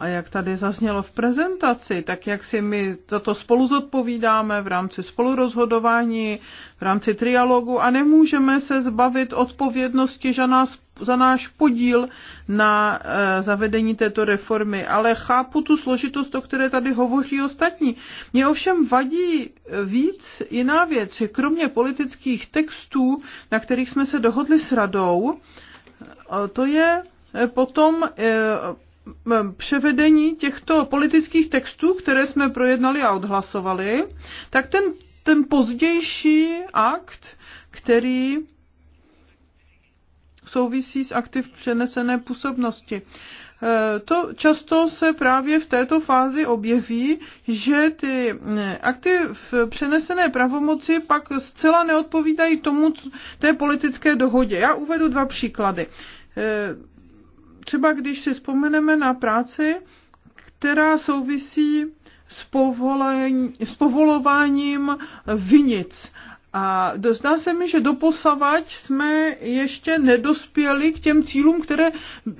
B: a jak tady zaznělo v prezentaci, tak jak si my za to spolu zodpovídáme v rámci spolurozhodování, v rámci trialogu a nemůžeme se zbavit odpovědnosti za, nás, za náš podíl na e, zavedení této reformy. Ale chápu tu složitost, o které tady hovoří ostatní. Mně ovšem vadí víc jiná věc, že kromě politických textů, na kterých jsme se dohodli s radou, eh, to je eh, potom převedení těchto politických textů, které jsme projednali a odhlasovali, tak ten, ten pozdější akt, který souvisí s aktiv přenesené působnosti. E, to často se právě v této fázi objeví, že ty e, v přenesené pravomoci pak zcela neodpovídají tomu té politické dohodě. Já uvedu dva příklady e, Třeba když si vzpomeneme na práci, která souvisí s, povolení, s povolováním vinic a dozdá se mi, že doposavať jsme ještě nedospěli k těm cílům, které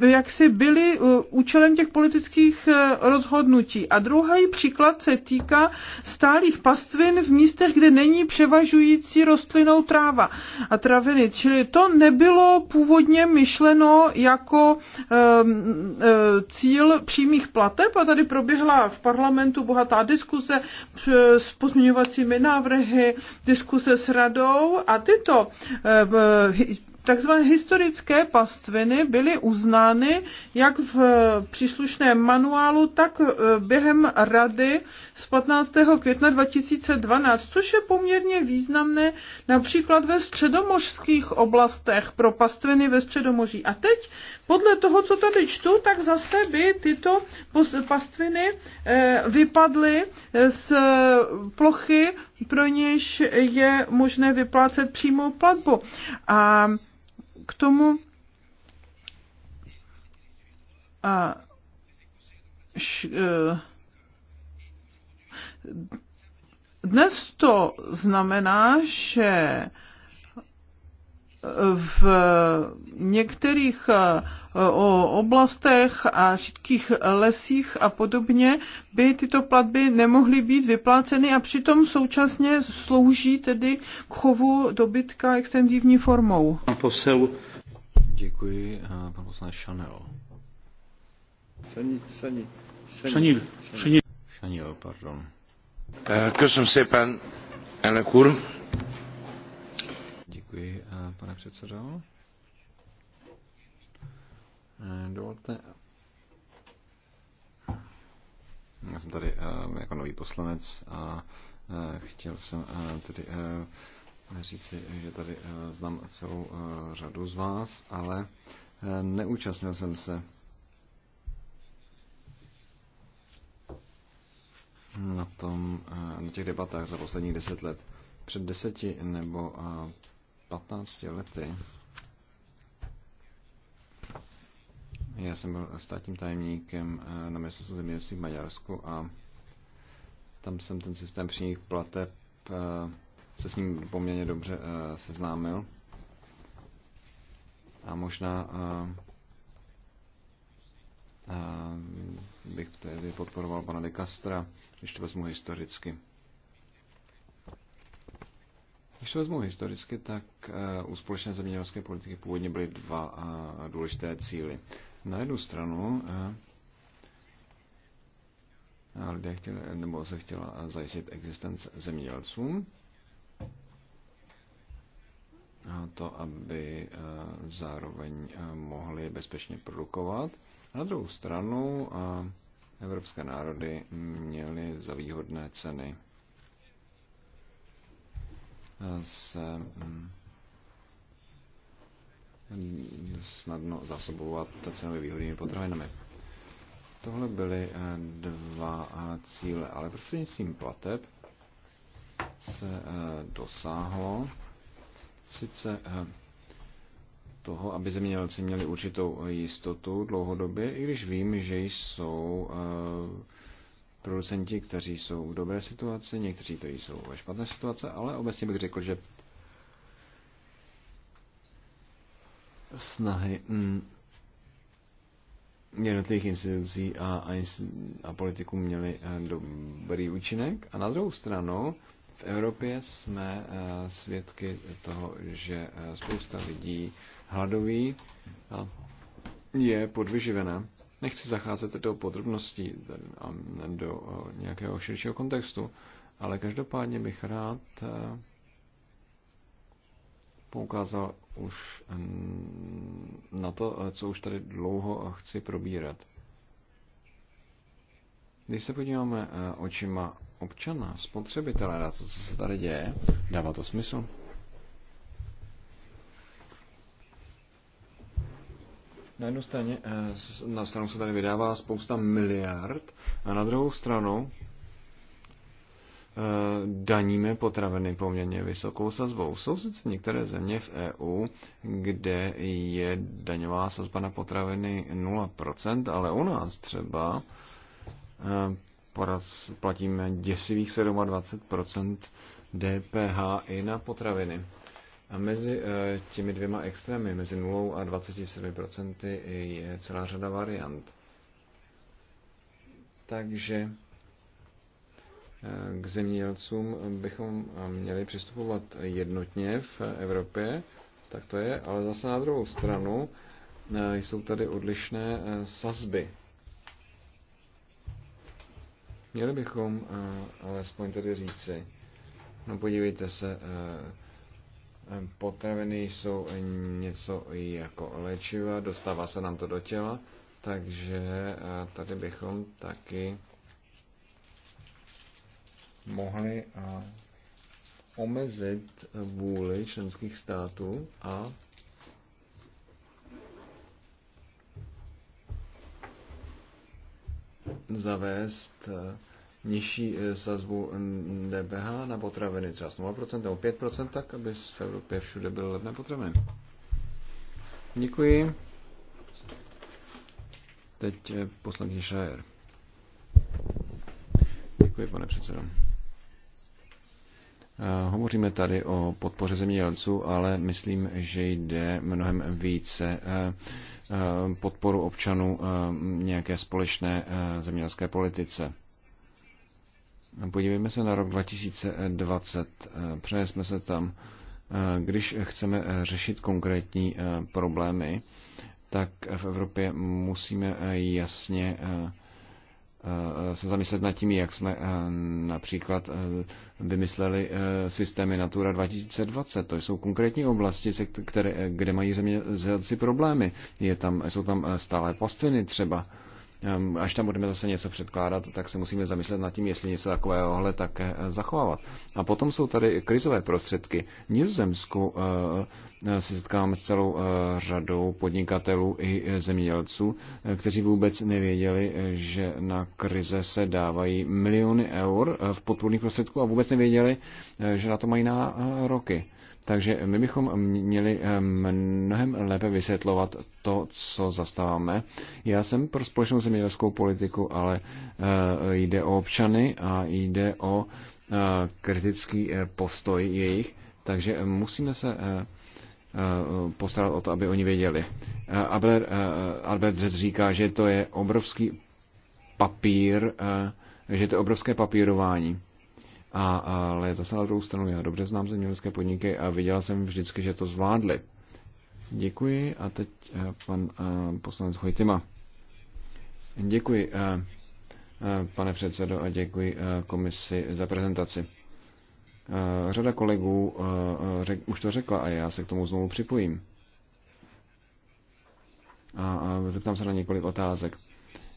B: jaksi byly uh, účelem těch politických uh, rozhodnutí. A druhý příklad se týká stálých pastvin v místech, kde není převažující rostlinou tráva a traviny. Čili to nebylo původně myšleno jako um, uh, cíl přímých plateb a tady proběhla v parlamentu bohatá diskuse s pozměňovacími návrhy, diskuse s radou a tyto eh, takzvané historické pastviny byly uznány jak v eh, příslušném manuálu, tak eh, během rady z 15. května 2012, což je poměrně významné například ve středomořských oblastech pro pastviny ve středomoří. A teď podle toho, co tady čtu, tak zase by tyto pastviny vypadly z plochy pro něž je možné vyplácet přímou platbu. A k tomu a, š, e, dnes to znamená, že v některých o oblastech a všetkých lesích a podobně, by tyto platby nemohly být vypláceny a přitom současně slouží tedy k chovu dobytka extenzivní formou.
A: Pan posel. Děkuji, pan poslanec Chanel. Šanil, šanil, šanil. Šanil, pardon. Eh, köszönöm szépen, elnök úr. Děkuji, eh, pane předsedo. Eh, dovolte. Já jsem tady eh, jako nový poslanec a eh, chtěl jsem tedy říci, že tady znám celou řadu z vás, ale neúčastnil jsem se na, tom, na těch debatách za posledních deset let. Před deseti nebo patnácti lety Já jsem byl státním tajemníkem eh, na ministerstvu zemědělství v Maďarsku a tam jsem ten systém přímých plateb eh, se s ním poměrně dobře eh, seznámil. A možná bych tedy podporoval pana de Castra, když to vezmu historicky. Když to vezmu historicky, tak u společné zemědělské politiky původně byly dva důležité cíly. Na jednu stranu eh, lidé chtěli, nebo se chtěla zajistit existence zemědělcům, a to, aby eh, zároveň eh, mohli bezpečně produkovat. A na druhou stranu evropské národy měly za výhodné ceny se hm, snadno zásobovat cenově výhodnými potravinami. Tohle byly eh, dva eh, cíle, ale prostřednictvím plateb se eh, dosáhlo sice toho, aby zemědělci měli určitou jistotu dlouhodobě, i když vím, že jsou producenti, kteří jsou v dobré situaci, někteří to jsou ve špatné situace, ale obecně bych řekl, že snahy mm, jednotlivých institucí a, a, a politiků měly eh, dobrý účinek. A na druhou stranu v Evropě jsme eh, svědky toho, že eh, spousta lidí hladoví a je podvyživená. Nechci zacházet do podrobností a do nějakého širšího kontextu, ale každopádně bych rád poukázal už na to, eh, co už tady dlouho eh, chci probírat. Když se podíváme eh, očima občana, spotřebitele na to, co se tady děje, dává to smysl? Na jednu straně, na stranu se tady vydává spousta miliard a na druhou stranu Eh, daníme potraviny poměrně vysokou sazbou. Jsou sice některé země v EU, kde je daňová sazba na potraviny 0%, ale u nás třeba eh, platíme děsivých 27% DPH i na potraviny. A mezi eh, těmi dvěma extrémy, mezi 0 a 27% je celá řada variant. Takže k zemědělcům bychom měli přistupovat jednotně v Evropě, tak to je, ale zase na druhou stranu eh, jsou tady odlišné eh, sazby. Měli bychom eh, alespoň tedy říci, no podívejte se, potraviny jsou něco jako léčiva, dostává se nám to do těla, takže tady bychom taky mohli omezit vůli členských států a zavést e, nižší e, sazbu DPH na potraviny, třeba 0% nebo 5%, tak aby v Evropě všude byly levné potraviny. Děkuji. Teď e, poslední Šajer. Děkuji, pane předsedo. Eh, hovoříme tady o podpoře zemědělců, ale myslím, že jde mnohem více eh, eh, podporu občanů nějaké společné zemědělské politice. Podívejme se na rok 2020. Přenesme se tam. Když chceme řešit konkrétní problémy, tak v Evropě musíme jasně Eh, se zamyslet nad tím, jak jsme eh, například eh, vymysleli systémy Natura 2020. To jsou konkrétní oblasti, které, kde mají zemědělci problémy. Je tam, jsou tam stále pastviny třeba. Ehm, až tam budeme zase něco předkládat, tak se musíme zamyslet nad tím, jestli něco takovéhohle také eh, zachovávat. A potom jsou tady krizové prostředky. V Nizozemsku eh, eh, se setkáváme s celou řadou podnikatelů i zemědělců, kteří vůbec nevěděli, že na krize se dávají miliony eur v podpůrných prostředků a vůbec nevěděli, že na to mají na roky. Takže my bychom měli eh, mnohem lépe vysvětlovat to, co zastáváme. Já jsem pro společnou zemědělskou politiku, ale eh, jde o občany a jde o eh, kritický postoj jejich, takže musíme se postarat o to, aby oni věděli. Albert, Albert říká, že to je obrovský papír, že to je obrovské papírování. A, ale zase na druhou stranu, já dobře znám zemědělské podniky a viděla jsem vždycky, že to zvládli. Děkuji a teď eh, pan eh, poslanec Hojtima. Děkuji, eh, pane předsedo, a děkuji komisi za prezentaci. Řada kolegů už to řekla a já se k tomu znovu připojím. A zeptám se na několik otázek.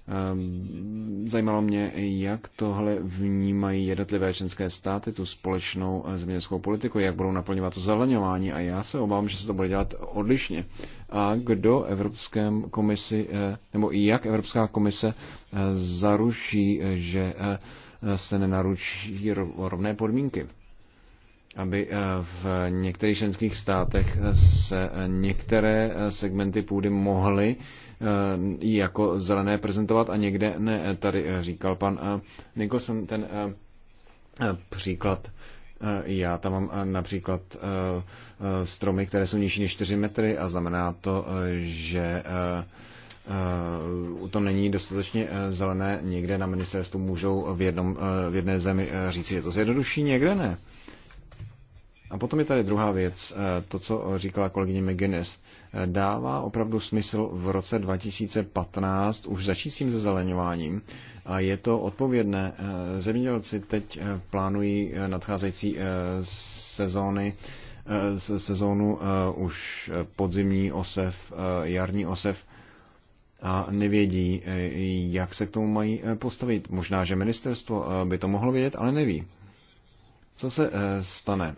A: Ehm, zajímalo mě, jak tohle vnímají jednotlivé členské státy, tu společnou eh, zemědělskou politiku, jak budou naplňovat to zeleněvání, a já se obávám, že se to bude dělat odlišně. A kdo Evropské komisi, eh, nebo jak Evropská komise eh, zaruší, že se nenaručí rovné podmínky aby eh, v některých členských státech se eh, některé eh, segmenty půdy mohly jako zelené prezentovat a někde ne. Tady říkal pan Nicholson ten příklad. Já tam mám například stromy, které jsou nižší než 4 metry a znamená to, že to není dostatečně zelené. Někde na ministerstvu můžou v, jednom, v jedné zemi říci, je to zjednoduší, někde ne. A potom je tady druhá věc, eh, to, co říkala kolegyně McGuinness. Eh, dává opravdu smysl v roce 2015 už začít s tím zezeleňováním a je to odpovědné. Eh, zemědělci teď plánují nadcházející sezóny, sezónu už podzimní osev, jarní osev a nevědí, jak se k tomu mají postavit. Možná, že ministerstvo by to mohlo vědět, ale neví. Co se stane?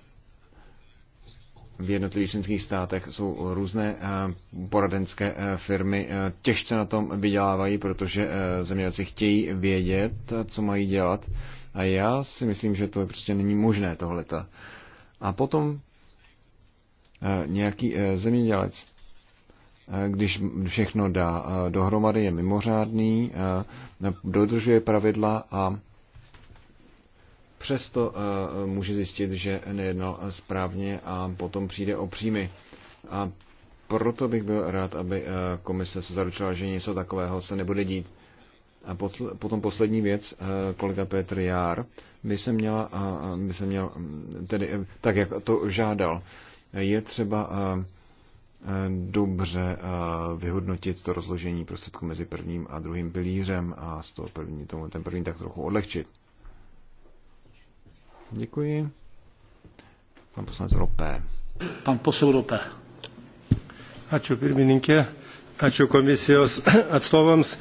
A: v jednotlivých členských státech jsou různé eh, poradenské eh, firmy. Eh, těžce na tom vydělávají, protože zemědělci chtějí vědět, co mají dělat. A já si myslím, že to prostě není možné tohleta. A potom nějaký zemědělec, když všechno dá dohromady, je mimořádný, dodržuje pravidla a přesto eh, může zjistit, že nejednal správně a potom přijde o příjmy. A proto bych byl rád, aby eh, komise se zaručila, že něco takového se nebude dít. A potom poslední věc, eh, kolega Petr Jár by se, měla, by se měl, mm, tedy tak, jak to žádal, je třeba dobře vyhodnotit to rozložení prostředku mezi prvním a druhým pilířem a z toho první, tomu ten první tak trochu odlehčit. Děkuji. Pan poslanec Ropé. Pan
C: poslanec Ropé. Ačiū pirmininkė, ačiū komisijos atstovams.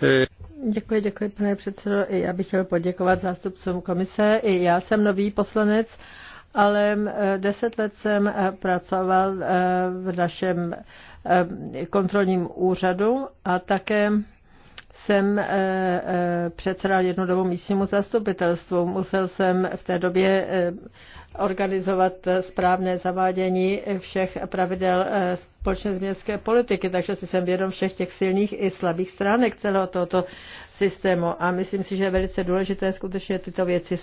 C: E, děkuji, děkuji, pane předsedo. I já bych chtěl poděkovat zástupcům komise. I já jsem nový poslanec, ale e, deset let jsem e, pracoval v našem kontrolním úřadu a také jsem eh, eh, předsedal dobu místnímu zastupitelstvu. Musel jsem v té době eh, organizovat správné zavádění všech pravidel společné městské politiky, takže si jsem vědom všech těch silných i slabých stránek celého tohoto systému. A myslím si, že je velice důležité skutečně tyto věci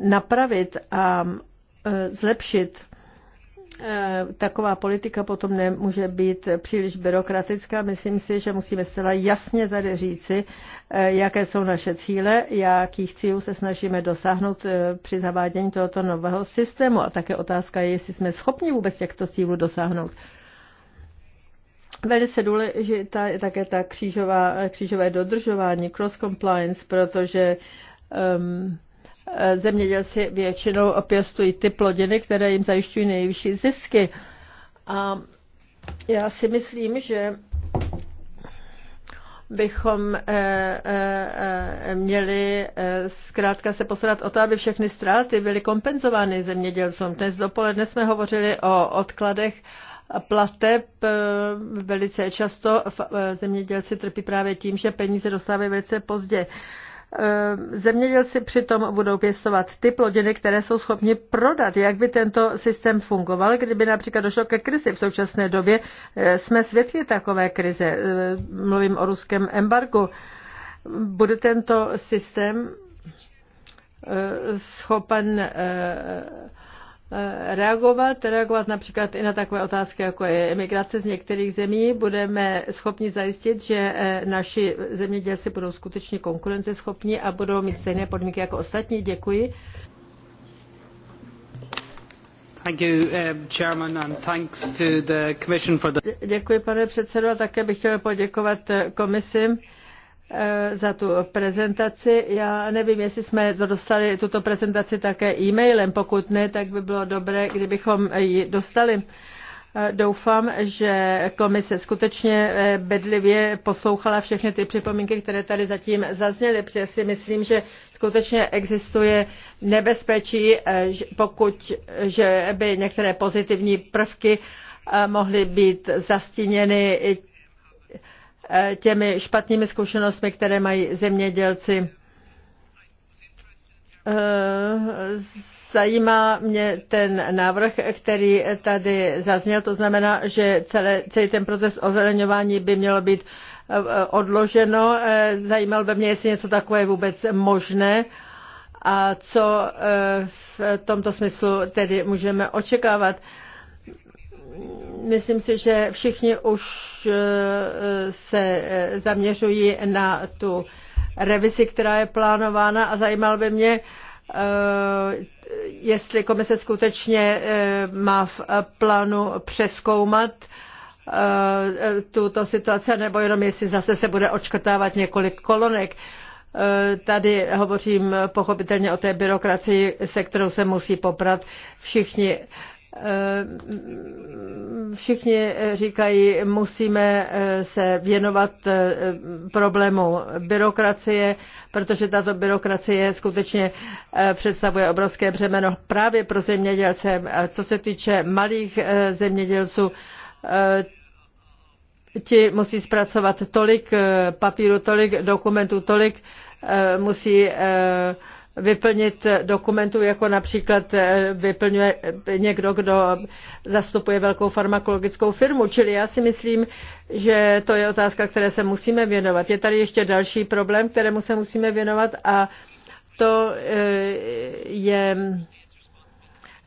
C: napravit a zlepšit. Eh, taková politika potom nemůže být příliš byrokratická. Myslím si, že musíme zcela jasně tady říci, eh, jaké jsou naše cíle, jakých cílů se snažíme dosáhnout eh, při zavádění tohoto nového systému. A také otázka je, jestli jsme schopni vůbec těchto cílů dosáhnout. Velice důležitá je také ta křížová, křížové dodržování, cross compliance, protože um, Eh, zemědělci většinou pěstují ty plodiny, které jim zajišťují nejvyšší zisky. A já si myslím, že bychom eh, eh, měli zkrátka se posadat o to, aby všechny ztráty byly kompenzovány zemědělcům. Dnes dopoledne jsme hovořili o odkladech plateb. Velice často zemědělci trpí právě tím, že peníze dostávají velice pozdě. Eh, zemědělci přitom budou pěstovat ty plodiny, které jsou schopni prodat. Jak by tento systém fungoval, kdyby například došlo ke krizi v současné době? Eh, jsme svědky takové krize. Eh, mluvím o ruském embargu. Bude tento systém schopen Eh, reagovat, reagovat například i na takové otázky, jako je emigrace z některých zemí. Budeme schopni zajistit, že eh, naši zemědělci budou skutečně konkurenceschopní a budou mít stejné podmínky jako ostatní. Děkuji. Děkuji, pane předsedo, a také bych chtěl poděkovat eh, komisi Eh, za tu prezentaci. Já nevím, jestli jsme dostali tuto prezentaci také e-mailem. Pokud ne, tak by bylo dobré, kdybychom ji dostali. Eh, doufám, že komise skutečně eh, bedlivě poslouchala všechny ty připomínky, které tady zatím zazněly, protože si myslím, že skutečně existuje nebezpečí, pokud že by některé pozitivní prvky mohly být zastíněny Eh, těmi špatnými zkušenostmi, které mají zemědělci. Eh, zajímá mě ten návrh, který tady zazněl, to znamená, že celé, celý ten proces ozeleňování by mělo být eh, odloženo. Zajímalo by mě, jestli něco takové je vůbec možné a co v tomto smyslu tedy můžeme očekávat. Myslím si, že všichni už eh, se eh, zaměřují na tu revizi, která je plánována a zajímal by mě, eh, jestli komise skutečně má v plánu přeskoumat tuto situaci, nebo jenom jestli zase se bude očkrtávat několik kolonek. Tady hovořím pochopitelně o té byrokracii, se kterou se musí poprat všichni Všichni říkají, musíme eh, se věnovat eh, problému byrokracie, protože tato byrokracie skutečně eh, představuje obrovské břemeno právě pro zemědělce. co se týče malých zemědělců, ti musí zpracovat tolik papíru, tolik dokumentů, tolik musí vyplnit dokumentů, jako například eh, vyplňuje někdo, kdo zastupuje velkou farmakologickou firmu. Čili já si myslím, že to je otázka, které se musíme věnovat. Je tady ještě další problém, kterému se musíme věnovat a to eh, je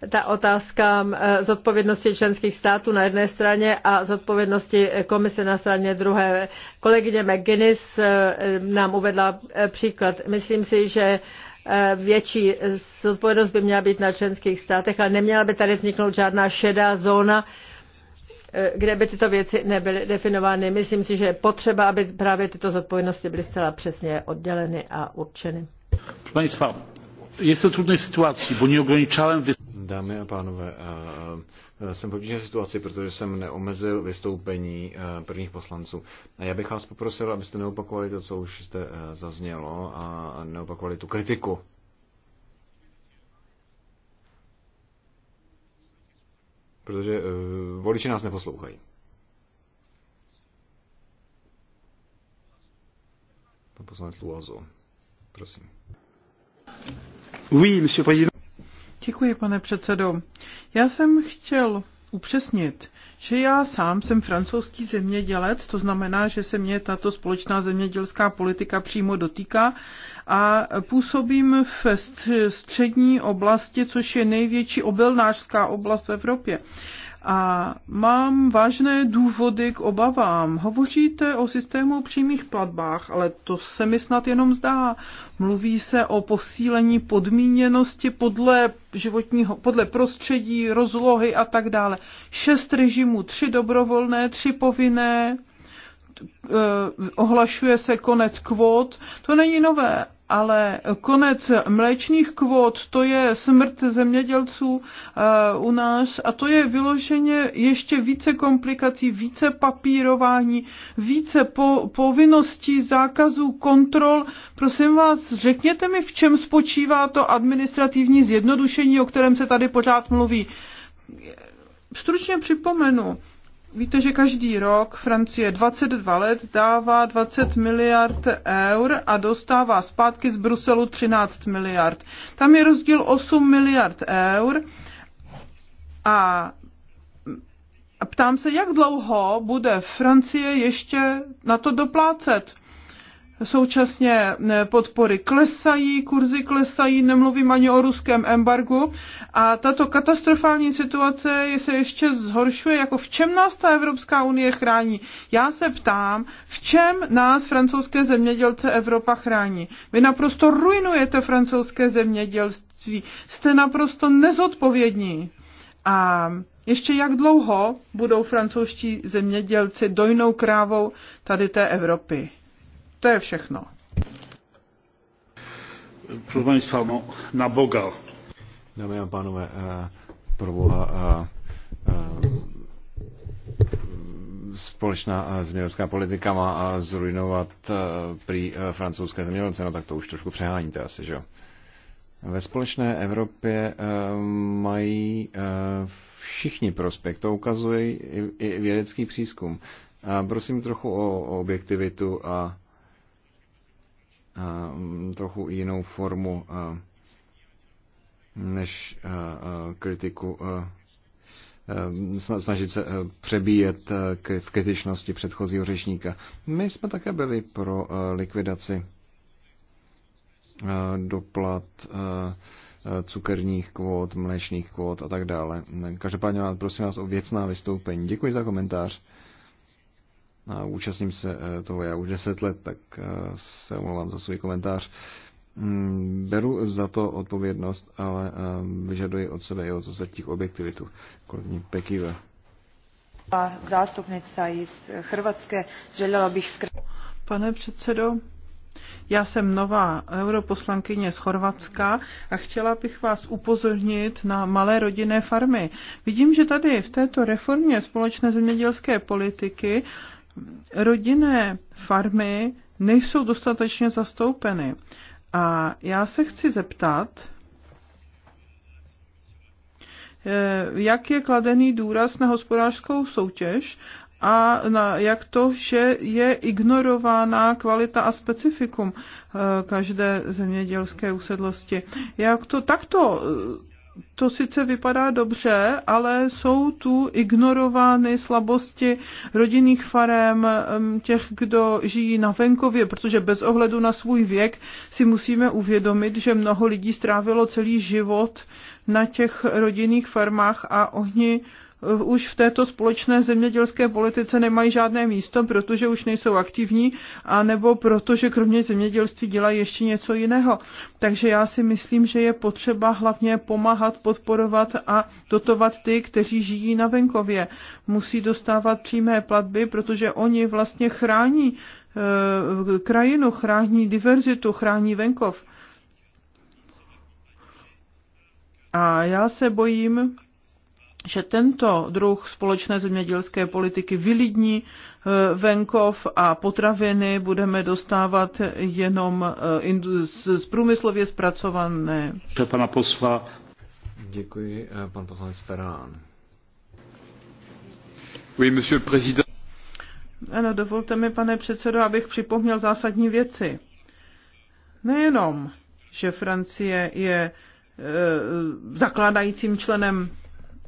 C: ta otázka eh, zodpovědnosti členských států na jedné straně a zodpovědnosti komise na straně druhé. Kolegyně McGuinness nám uvedla příklad. Myslím si, že Eh, větší zodpovědnost by měla být na členských státech, ale neměla by tady vzniknout žádná šedá zóna, eh, kde by tyto věci nebyly definovány. Myslím si, že je potřeba, aby právě tyto zodpovědnosti byly zcela přesně odděleny a určeny.
A: Pani Państwa, jestem w trudnej sytuacji, bo nie ograniczałem Dámy a pánové, jsem v obtížné situaci, protože jsem neomezil vystoupení prvních poslanců. Já bych vás poprosil, abyste neopakovali to, co už jste e, zaznělo a neopakovali tu kritiku. Protože e, voliči nás neposlouchají. Pan poslanec Luazo, prosím.
B: Oui, monsieur président. Děkuji, pane předsedo. Já jsem chtěl upřesnit, že já sám jsem francouzský zemědělec, to znamená, že se mě tato společná zemědělská politika přímo dotýká a působím v střední oblasti, což je největší obelnářská oblast v Evropě. A mám vážné důvody k obavám. Hovoříte o systému přímých platbách, ale to se mi snad jenom zdá. Mluví se o posílení podmíněnosti podle životního, podle prostředí, rozlohy a tak dále. Šest režimů, tři dobrovolné, tři povinné, eh, ohlašuje se konec kvót. To není nové, ale konec mléčných kvót, to je smrt zemědělců eh, u nás a to je vyloženě ještě více komplikací, více papírování, více po, povinností, zákazů, kontrol. Prosím vás, řekněte mi, v čem spočívá to administrativní zjednodušení, o kterém se tady pořád mluví. Stručně připomenu, Víte, že každý rok Francie 22 let dává 20 miliard eur a dostává zpátky z Bruselu 13 miliard. Tam je rozdíl 8 miliard eur a ptám se, jak dlouho bude Francie ještě na to doplácet. Současně eh, podpory klesají, kurzy klesají, nemluvím ani o ruském embargu. A tato katastrofální situace se ještě zhoršuje, jako v čem nás ta Evropská unie chrání. Já se ptám, v čem nás francouzské zemědělce Evropa chrání. Vy naprosto ruinujete francouzské zemědělství. Jste naprosto nezodpovědní. A ještě jak dlouho budou francouzští zemědělci dojnou krávou tady té Evropy? To je všechno.
A: Proszę Państwa, no, na Boga. Dámy a pánové, eh, pro Boha, eh, eh, společná zemědělská politika má zrujnovat prý francouzské zemědělce, no tak to už trošku přeháníte asi, že jo? Ve společné Evropě mají všichni prospekt, to ukazuje i vědecký přízkum. Prosím trochu o objektivitu a Mm, trochu jinou formu než kritiku snažit se přebíjet v kritičnosti předchozího řečníka. My jsme také byli pro likvidaci doplat cukerních kvót, mléčných kvót a tak dále. Každopádně vás prosím vás o věcná vystoupení. Děkuji za komentář a účastním se eh, toho já už deset let, tak eh, se omlouvám za svůj komentář. Mm, beru za to odpovědnost, ale eh, vyžaduji od sebe i od ostatních objektivitu. Kolegyně Pekive.
C: Zástupnice z Chrvatské, želela bych zkrátit.
B: Pane předsedo, já jsem nová europoslankyně z Chorvatska a chtěla bych vás upozornit na malé rodinné farmy. Vidím, že tady v této reformě společné zemědělské politiky rodinné farmy nejsou dostatečně zastoupeny. A já se chci zeptat, eh, jak je kladený důraz na hospodářskou soutěž a na jak to, že je ignorována kvalita a specifikum eh, každé zemědělské usedlosti. Jak to takto eh, to sice vypadá dobře, ale jsou tu ignorovány slabosti rodinných farem, těch, kdo žijí na venkově, protože bez ohledu na svůj věk si musíme uvědomit, že mnoho lidí strávilo celý život na těch rodinných farmách a oni Eh, už v této společné zemědělské politice nemají žádné místo, protože už nejsou aktivní, anebo protože kromě zemědělství dělají ještě něco jiného. Takže já si myslím, že je potřeba hlavně pomáhat, podporovat a dotovat ty, kteří žijí na venkově. Musí dostávat přímé platby, protože oni vlastně chrání eh, krajinu, chrání diverzitu, chrání venkov. A já se bojím, že tento druh společné zemědělské politiky vylidní eh, venkov a potraviny budeme dostávat jenom eh, z průmyslově zpracované.
A: Pana posla. Děkuji, eh, pan poslanec Ferán. Oui, monsieur président.
B: Ano, dovolte mi, pane předsedo, abych připomněl zásadní věci. Nejenom, že Francie je e, zakládajícím členem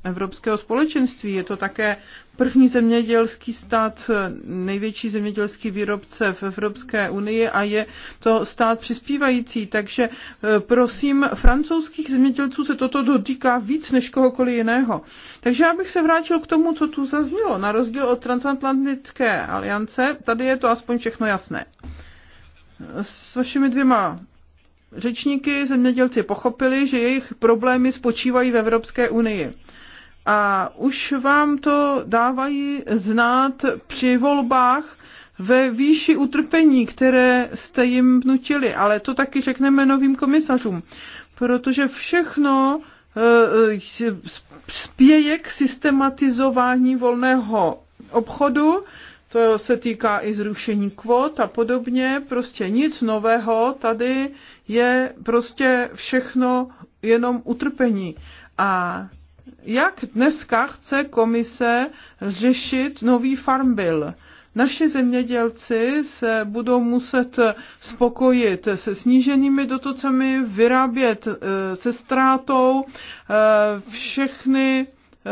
B: Evropského společenství. Je to také první zemědělský stát, největší zemědělský výrobce v Evropské unii a je to stát přispívající. Takže eh, prosím, francouzských zemědělců se toto dotýká víc než kohokoliv jiného. Takže já bych se vrátil k tomu, co tu zaznělo. Na rozdíl od transatlantické aliance, tady je to aspoň všechno jasné. S vašimi dvěma řečníky zemědělci pochopili, že jejich problémy spočívají v Evropské unii a už vám to dávají znát při volbách ve výši utrpení, které jste jim vnutili, ale to taky řekneme novým komisařům, protože všechno eh, spěje k systematizování volného obchodu, to se týká i zrušení kvot a podobně, prostě nic nového, tady je prostě všechno jenom utrpení. A jak dneska chce komise řešit nový farm bill. Naši zemědělci se budou muset spokojit se sníženými dotacemi, vyrábět eh, se ztrátou eh, všechny Eh,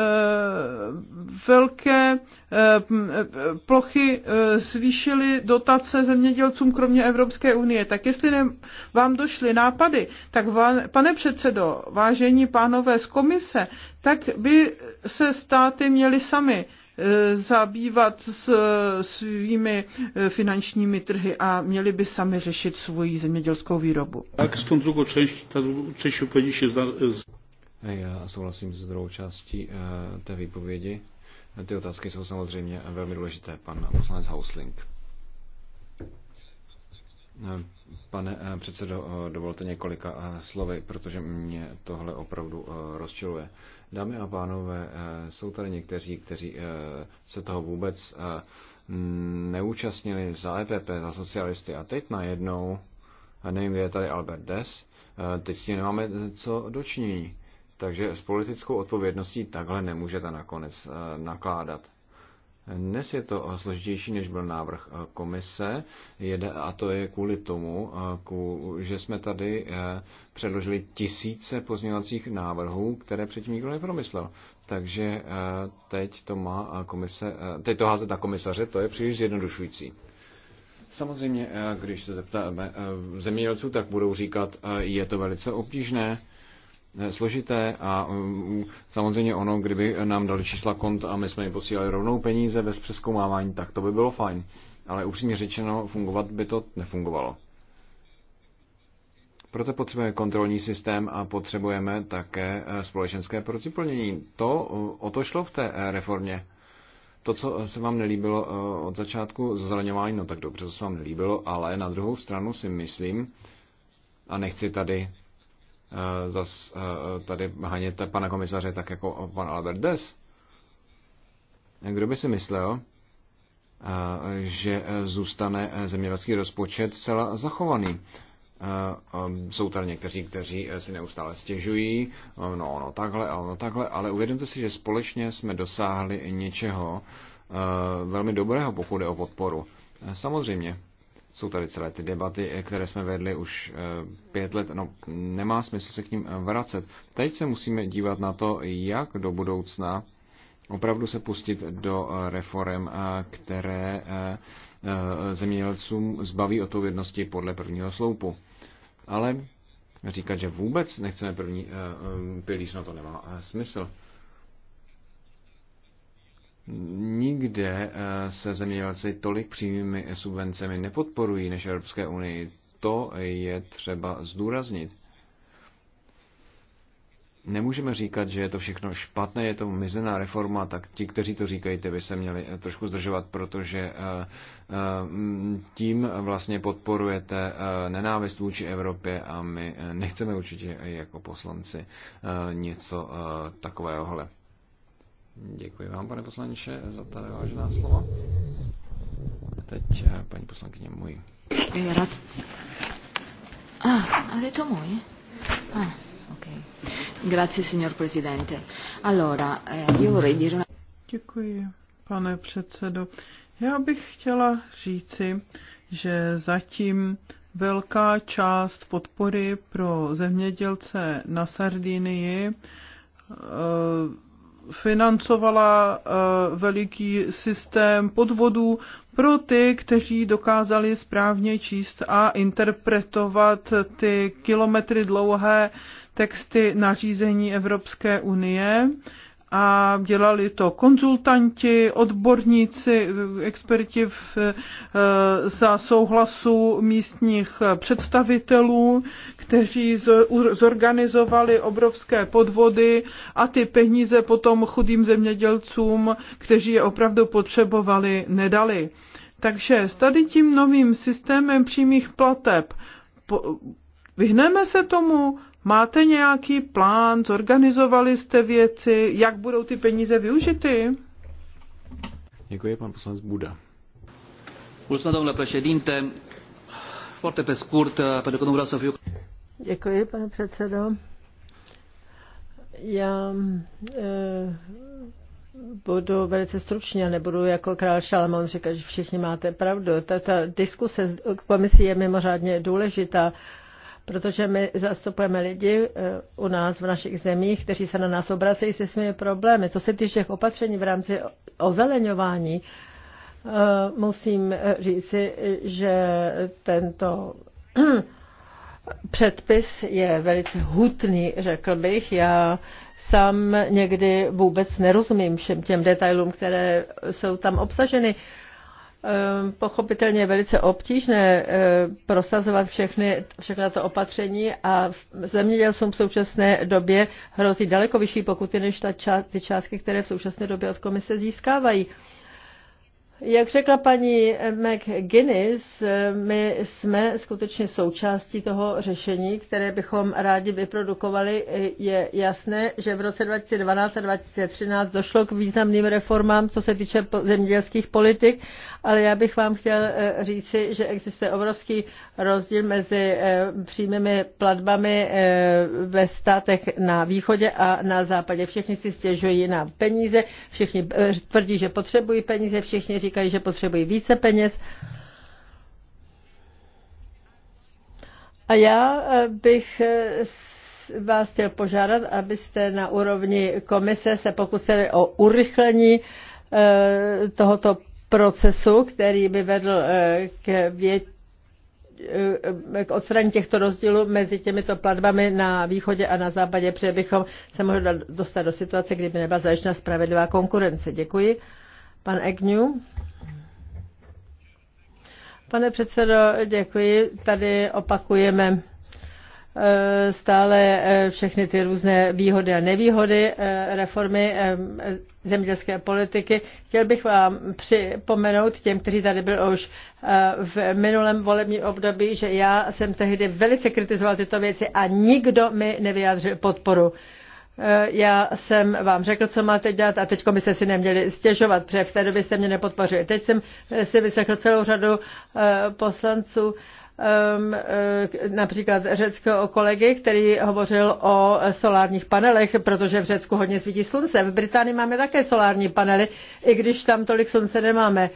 B: velké eh, plochy eh, zvýšily dotace zemědělcům kromě Evropské unie. Tak jestli ne, vám došly nápady, tak vám, pane předsedo, vážení pánové z komise, tak by se státy měly sami zabývat s svými finančními trhy a měli by sami řešit svoji zemědělskou výrobu.
A: Tak s tou druhou částí, ta druhou část odpovědi se já souhlasím s druhou částí eh, té výpovědi. Ty otázky jsou samozřejmě velmi důležité, pan poslanec Hausling. Eh, pane eh, předsedo, dovolte několika slovy, protože mě tohle opravdu rozčiluje. Dámy a pánové, jsou tady někteří, kteří se toho vůbec neúčastnili za EPP, za socialisty a teď najednou, nevím, kde je tady Albert Des, teď s tím nemáme co dočinění. Takže s politickou odpovědností takhle nemůžete nakonec eh, nakládat. Dnes je to složitější, než byl návrh eh, komise a to je kvůli tomu, eh, že jsme tady předložili tisíce pozměňovacích návrhů, které předtím nikdo nepromyslel. Takže teď to, má komise, teď to házet na komisaře, to je příliš zjednodušující. Samozřejmě, když se zeptáme zemědělců, tak budou říkat, je to velice obtížné, složité a mm, samozřejmě ono, kdyby nám dali čísla kont a my jsme jim posílali rovnou peníze bez přeskoumávání, tak to by bylo fajn. Ale upřímně řečeno, fungovat by to nefungovalo. Proto potřebujeme kontrolní systém a potřebujeme také e, společenské protiplnění. To, e, o to šlo v té e, reformě. To, co se vám nelíbilo od začátku, zazeleňování, no tak dobře, to se vám nelíbilo, ale na druhou stranu si myslím, a nechci tady Eh, zas eh, tady haněte pana komisaře tak jako pan Albert Des. Kdo by si myslel, eh, že zůstane zemědělský rozpočet celá zachovaný? Jsou tady někteří, kteří si neustále stěžují, no ono takhle a ono takhle, ale uvědomte si, že společně jsme dosáhli něčeho velmi dobrého, pokud je o podporu. Samozřejmě, jsou tady celé ty debaty, které jsme vedli už eh, pět let. No, nemá smysl se k ním vracet. Teď se musíme dívat na to, jak do budoucna opravdu se pustit do eh, reform, eh, které zemědělcům zbaví odpovědnosti podle prvního sloupu. Ale říkat, že vůbec nechceme první pilíř, no to nemá smysl. Nikde eh, se zemědělci tolik přímými subvencemi nepodporují než Evropské unii. To je třeba zdůraznit. Nemůžeme říkat, že je to všechno špatné, je to mizená reforma, tak ti, kteří to říkají, ty by se měli eh, trošku zdržovat, protože eh, tím vlastně podporujete nenávist vůči Evropě a my nechceme určitě jako poslanci něco takovéhohle. Děkuji vám, pane poslanče, za ta vážená slova. A teď eh, paní poslankyně můj. Rad... Ah, je to můj? Ah, ok. Grazie, signor Presidente. Allora, eh, io vorrei dire una...
B: Děkuji, pane předsedo. Já bych chtěla říci, že zatím velká část podpory pro zemědělce na Sardinii eh, financovala eh, veliký systém podvodů pro ty, kteří dokázali správně číst a interpretovat ty kilometry dlouhé texty nařízení Evropské unie a dělali to konzultanti, odborníci, experti v, eh, za souhlasu místních představitelů, kteří zorganizovali obrovské podvody a ty peníze potom chudým zemědělcům, kteří je opravdu potřebovali, nedali. Takže s tady tím novým systémem přímých plateb po, vyhneme se tomu, Máte nějaký plán? Zorganizovali jste věci? Jak budou ty peníze využity?
A: Děkuji, pan poslanec Buda. Mulțumesc, domnule președinte. Foarte pe scurt, pentru că nu vreau să fiu...
C: Děkuji, pane předsedo. Já e, budu velice stručně, nebudu jako král Šalamón říkat, že všichni máte pravdu. Tato diskuse komisí je mimořádně důležitá. E, protože my zastupujeme lidi eh, u nás v našich zemích, kteří se na nás obracejí se svými problémy. Co se týče těch opatření v rámci ozeleňování, eh, musím říci, že tento [clears throat] předpis je velice hutný, řekl bych. Já sám někdy vůbec nerozumím všem těm detailům, které jsou tam obsaženy. Ehm, pochopitelně je velice obtížné eh, prosazovat všechny, všechna to opatření a zemědělcům v současné době hrozí daleko vyšší pokuty než ta část, ty částky, které v současné době od komise získávají. Jak řekla paní McGuinness, my jsme skutečně součástí toho řešení, které bychom rádi vyprodukovali. Je jasné, že v roce 2012 a 2013 došlo k významným reformám, co se týče zemědělských politik, ale já bych vám chtěl eh, říci, že existuje obrovský rozdíl mezi eh, přímými platbami eh, ve státech na východě a na západě. Všichni si stěžují na peníze, všichni tvrdí, že potřebují peníze, všichni říkají, říkají, že potřebují více peněz. A já eh, bych eh, vás chtěl požádat, abyste na úrovni komise se pokusili o urychlení eh, tohoto procesu, který by vedl k, vě... k odstranění těchto rozdílů mezi těmito platbami na východě a na západě, protože bychom se mohli dostat do situace, kdyby nebyla zajištěna spravedlivá konkurence. Děkuji. Pan Egnu. Pane předsedo, děkuji. Tady opakujeme eh, stále eh, všechny ty různé výhody a nevýhody eh, reformy zemědělské politiky. Chtěl bych vám připomenout těm, kteří tady byli už v minulém volebním období, že já jsem tehdy velice kritizoval tyto věci a nikdo mi nevyjádřil podporu. Eh, já jsem vám řekl, co máte dělat a teď se si neměli stěžovat, protože v té době jste mě nepodpořili. Teď jsem eh, si vyslechl celou řadu eh, poslanců, ehm, například řeckého kolegy, který hovořil o solárních panelech, protože v Řecku hodně svítí slunce. V Británii máme také solární panely, i když tam tolik slunce nemáme.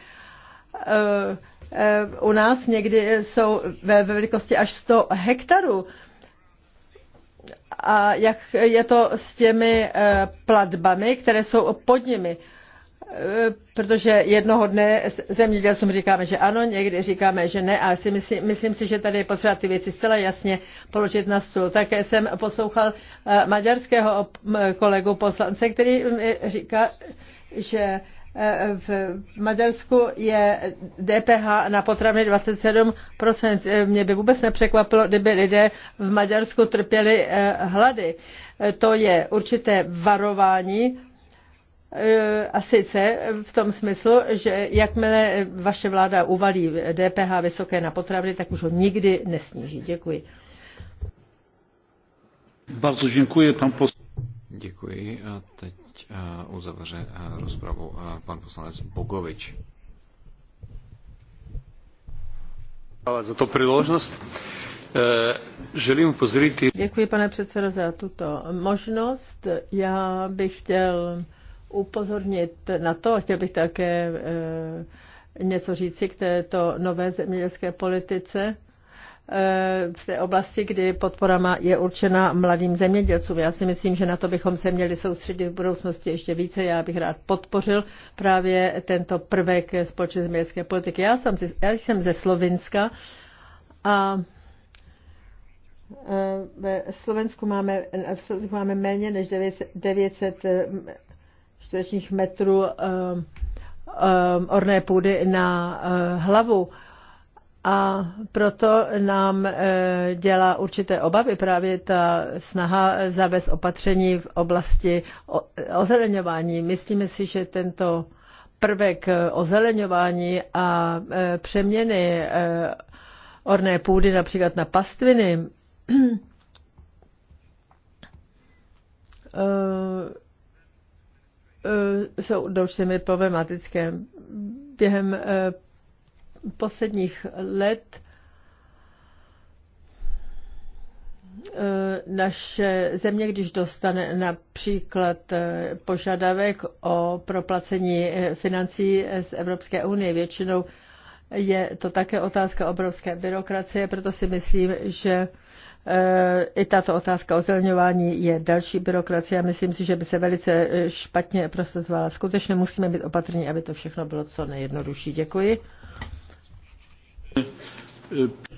C: U nás někdy jsou ve velikosti až 100 hektarů a jak je to s těmi eh, platbami, které jsou pod nimi. Eh, protože jednoho dne zemědělcům říkáme, že ano, někdy říkáme, že ne, a si myslím, myslím si, že tady je potřeba ty věci zcela jasně položit na stůl. Také jsem poslouchal eh, maďarského kolegu poslance, který mm, říká, že Eh, v Maďarsku je DPH na potraviny 27%. Eh, mě by vůbec nepřekvapilo, kdyby lidé v Maďarsku trpěli eh, hlady. To je určité varování a sice v tom smyslu, že jakmile vaše vláda uvalí DPH vysoké na potraviny, tak už ho nikdy nesníží. Děkuji.
A: Bardzo děkuji, pan pos... Děkuji a teď Uh, uzavře uh, rozpravu uh, pan poslanec Bogovič. Hvala za to příležitost. Želím upozornit.
C: Děkuji, pane předsedo, za tuto možnost. Já bych chtěl upozornit na to a chtěl bych také eh, něco říci k této nové zemědělské politice Eh, v té oblasti, kdy podpora je určena mladým zemědělcům. Já si myslím, že na to bychom se měli soustředit v budoucnosti ještě více. Já bych rád podpořil právě tento prvek společné zemědělské politiky. Já jsem, já jsem ze Slovinska a eh, ve Slovensku máme, v Slovensku máme méně než 900, 900 eh, čtverečních metrů orné půdy na hlavu. A proto nám e, dělá určité obavy právě ta snaha zavést opatření v oblasti ozeleňování. Myslíme si, že tento prvek ozeleňování a e, přeměny e, orné půdy například na pastviny jsou do určité problematické. Během posledních let e, naše země, když dostane například e, požadavek o proplacení e, financí z Evropské unie, většinou je to také otázka obrovské byrokracie, proto si myslím, že i tato otázka ozelňování je další byrokracie a myslím si, že by se velice špatně prosazovala. Skutečně musíme být opatrní, aby to všechno bylo co nejjednodušší. Děkuji.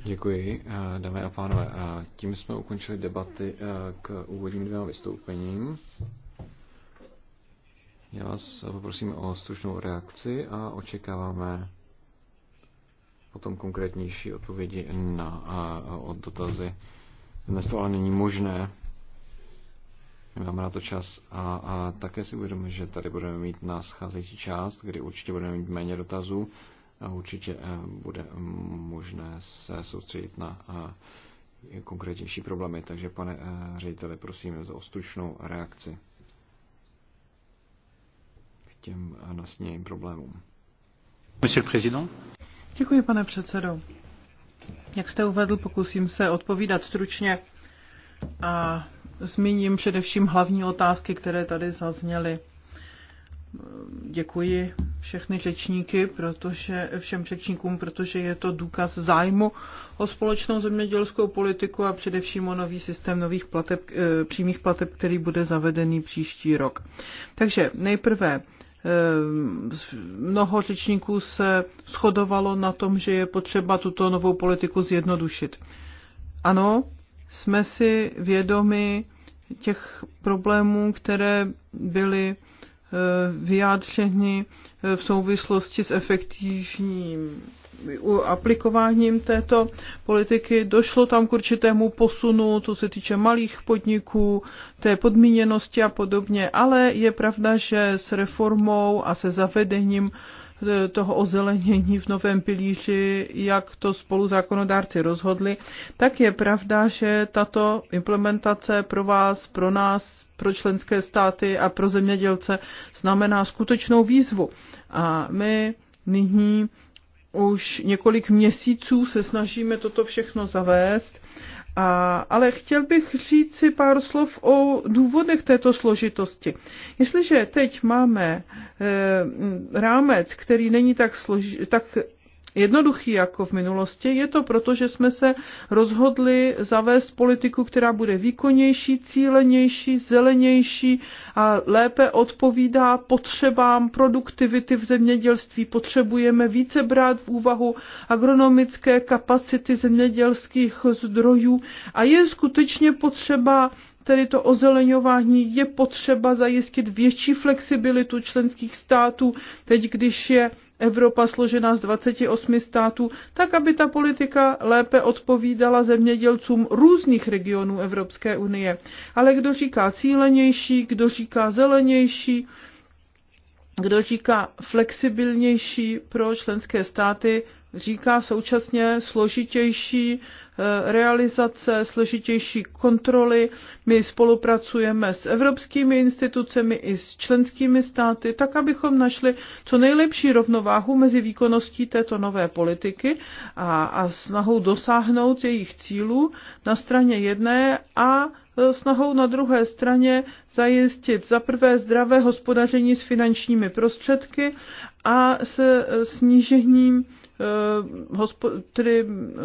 A: Děkuji, eh, dámy a pánové. A eh, tím jsme ukončili debaty eh, k úvodním dvěma vystoupením. Já vás poprosím o stručnou reakci a očekáváme potom konkrétnější odpovědi na a, a od dotazy. Dnes to ale není možné. Máme na to čas a, a také si uvědomíme, že tady budeme mít na scházející část, kdy určitě budeme mít méně dotazů a určitě eh, bude možné se soustředit na eh, konkrétnější problémy. Takže, pane eh, řediteli, prosím za ostručnou reakci k těm nasněným problémům. Monsieur le
B: Děkuji, pane předsedo. Jak jste uvedl, pokusím se odpovídat stručně a zmíním především hlavní otázky, které tady zazněly děkuji všechny řečníky, protože, všem řečníkům, protože je to důkaz zájmu o společnou zemědělskou politiku a především o nový systém nových plateb, eh, přímých plateb, který bude zavedený příští rok. Takže nejprve eh, mnoho řečníků se shodovalo na tom, že je potřeba tuto novou politiku zjednodušit. Ano, jsme si vědomi těch problémů, které byly vyjádřeny eh, v souvislosti s efektivním aplikováním této politiky. Došlo tam k určitému posunu, co se týče malých podniků, té podmíněnosti a podobně, ale je pravda, že s reformou a se zavedením toho ozelenění v novém pilíři, jak to spolu zákonodárci rozhodli, tak je pravda, že tato implementace pro vás, pro nás, pro členské státy a pro zemědělce znamená skutečnou výzvu. A my nyní už několik měsíců se snažíme toto všechno zavést a, ale chtěl bych říct si pár slov o důvodech této složitosti. Jestliže teď máme e, rámec, který není tak, složi, tak jednoduchý jako v minulosti. Je to proto, že jsme se rozhodli zavést politiku, která bude výkonnější, cílenější, zelenější a lépe odpovídá potřebám produktivity v zemědělství. Potřebujeme více brát v úvahu agronomické kapacity zemědělských zdrojů a je skutečně potřeba tedy to ozeleňování je potřeba zajistit větší flexibilitu členských států, teď když je Evropa složená z 28 států, tak aby ta politika lépe odpovídala zemědělcům různých regionů Evropské unie. Ale kdo říká cílenější, kdo říká zelenější, kdo říká flexibilnější pro členské státy, říká současně složitější eh, realizace, složitější kontroly. My spolupracujeme s evropskými institucemi i s členskými státy, tak abychom našli co nejlepší rovnováhu mezi výkonností této nové politiky a, a snahou dosáhnout jejich cílů na straně jedné a eh, snahou na druhé straně zajistit za prvé zdravé hospodaření s finančními prostředky a se eh, snížením Eh, tedy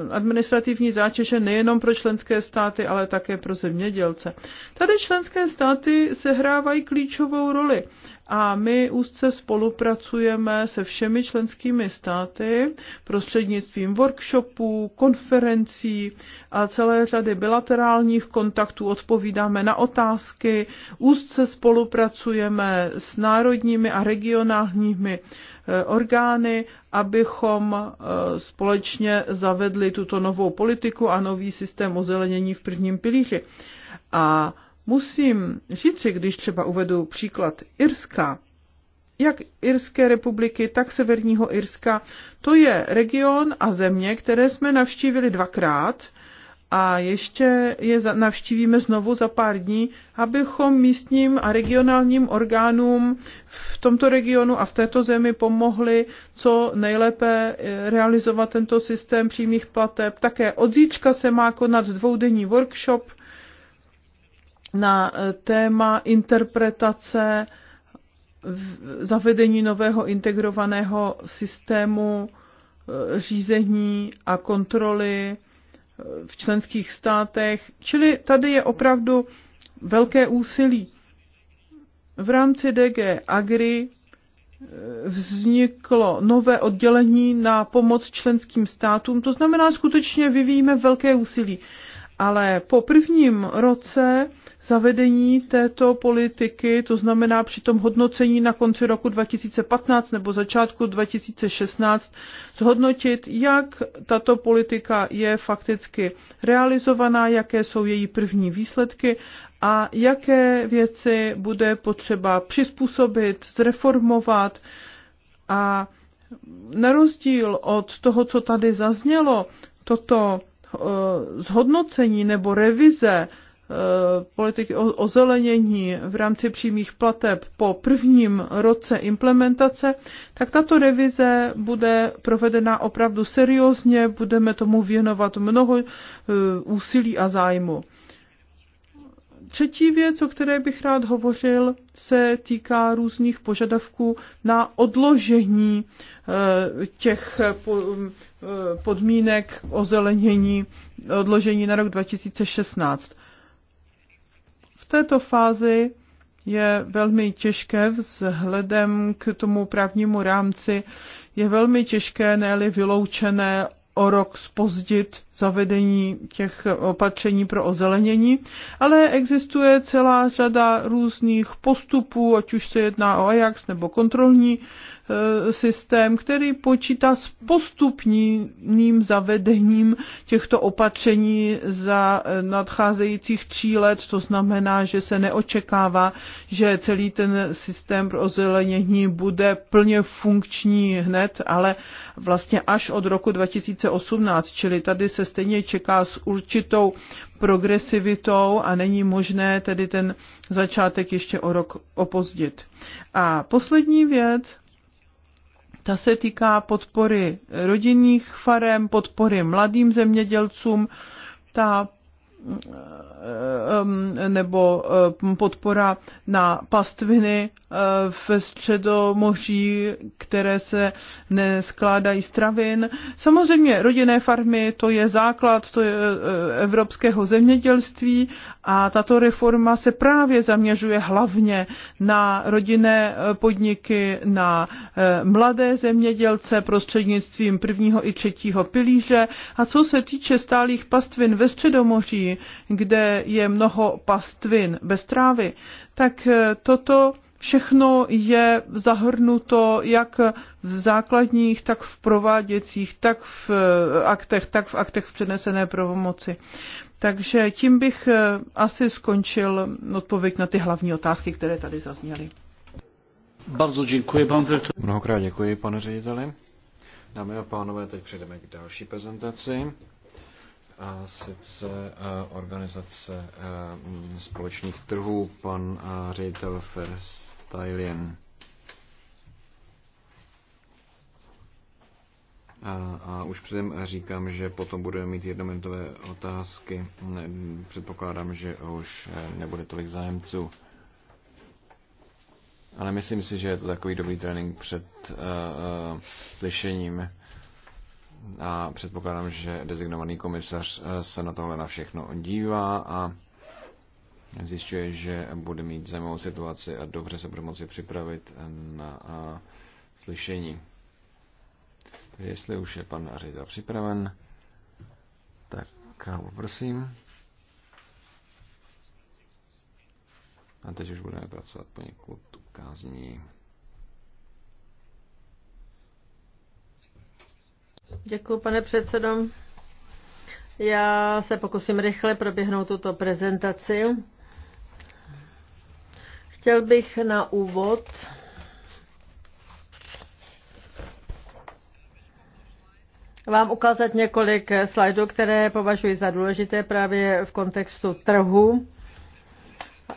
B: administrativní zátěže nejenom pro členské státy, ale také pro zemědělce. Tady členské státy sehrávají klíčovou roli a my úzce spolupracujeme se všemi členskými státy prostřednictvím workshopů, konferencí a celé řady bilaterálních kontaktů, odpovídáme na otázky, úzce spolupracujeme s národními a regionálními Eh, orgány, abychom eh, společně zavedli tuto novou politiku a nový systém ozelenění v prvním pilíři. A musím říct, že když třeba uvedu příklad Irska, jak Irské republiky, tak Severního Irska. To je region a země, které jsme navštívili dvakrát a ještě je navštívíme znovu za pár dní, abychom místním a regionálním orgánům v tomto regionu a v této zemi pomohli co nejlépe eh, realizovat tento systém přímých plateb. Také od zítřka se má konat dvoudenní workshop na eh, téma interpretace zavedení nového integrovaného systému eh, řízení a kontroly v členských státech. Čili tady je opravdu velké úsilí. V rámci DG Agri eh, vzniklo nové oddělení na pomoc členským státům. To znamená, skutečně vyvíjíme velké úsilí. Ale po prvním roce zavedení této politiky, to znamená při tom hodnocení na konci roku 2015 nebo začátku 2016, zhodnotit, jak tato politika je fakticky realizovaná, jaké jsou její první výsledky a jaké věci bude potřeba přizpůsobit, zreformovat a na rozdíl od toho, co tady zaznělo, toto Eh, zhodnocení nebo revize eh, politiky ozelenění v rámci přímých plateb po prvním roce implementace, tak tato revize bude provedena opravdu seriózně, budeme tomu věnovat mnoho eh, úsilí a zájmu. Třetí věc, o které bych rád hovořil, se týká různých požadavků na odložení těch Eh, podmínek ozelenění odložení na rok 2016. V této fázi je velmi těžké vzhledem k tomu právnímu rámci, je velmi těžké, ne vyloučené o rok spozdit zavedení těch opatření pro ozelenění, ale existuje celá řada různých postupů, ať už se jedná o Ajax nebo kontrolní Eh, systém, který počítá s postupným zavedením těchto opatření za eh, nadcházejících tří let. To znamená, že se neočekává, že celý ten systém pro ozelenění bude plně funkční hned, ale vlastně až od roku 2018, čili tady se stejně čeká s určitou progresivitou a není možné tedy ten začátek ještě o rok opozdit. A poslední věc, ta se týká podpory rodinných farem, podpory mladým zemědělcům. Ta Um, nebo um, podpora na pastviny uh, v středomoří, které se neskládají z travin. Samozřejmě rodinné farmy, to je základ to je uh, evropského zemědělství a tato reforma se právě zaměřuje hlavně na rodinné uh, podniky, na mladé zemědělce prostřednictvím prvního i třetího pilíře. A co se týče stálých pastvin ve středomoří, kde je mnoho pastvin bez trávy, tak eh, toto Všechno je zahrnuto jak v základních, tak v prováděcích, tak v eh, aktech, tak v aktech v přenesené pravomoci. Takže tím bych eh, asi skončil odpověď na ty hlavní otázky, které tady zazněly.
A: Bardzo děkuji, pan direktor. Mnohokrát děkuji, pane řediteli. Dámy a pánové, teď přejdeme k další prezentaci a sice eh, organizace eh, společných trhů, pan eh, ředitel Verstajlien. A, a už předem říkám, že potom budeme mít jednominutové otázky. Předpokládám, že už nebude tolik zájemců. Ale myslím si, že je to takový dobrý trénink před uh, uh, slyšením a předpokládám, že designovaný komisař eh, se na tohle na všechno dívá a zjišťuje, že bude mít zajímavou situaci a dobře se bude moci připravit na eh, slyšení. Takže jestli už je pan ředitel připraven, tak eh, poprosím. A teď už budeme pracovat poněkud ukázní.
C: Děkuji, pane předsedo. Já se pokusím rychle proběhnout tuto prezentaci. Chtěl bych na úvod vám ukázat několik slajdů, které považuji za důležité právě v kontextu trhu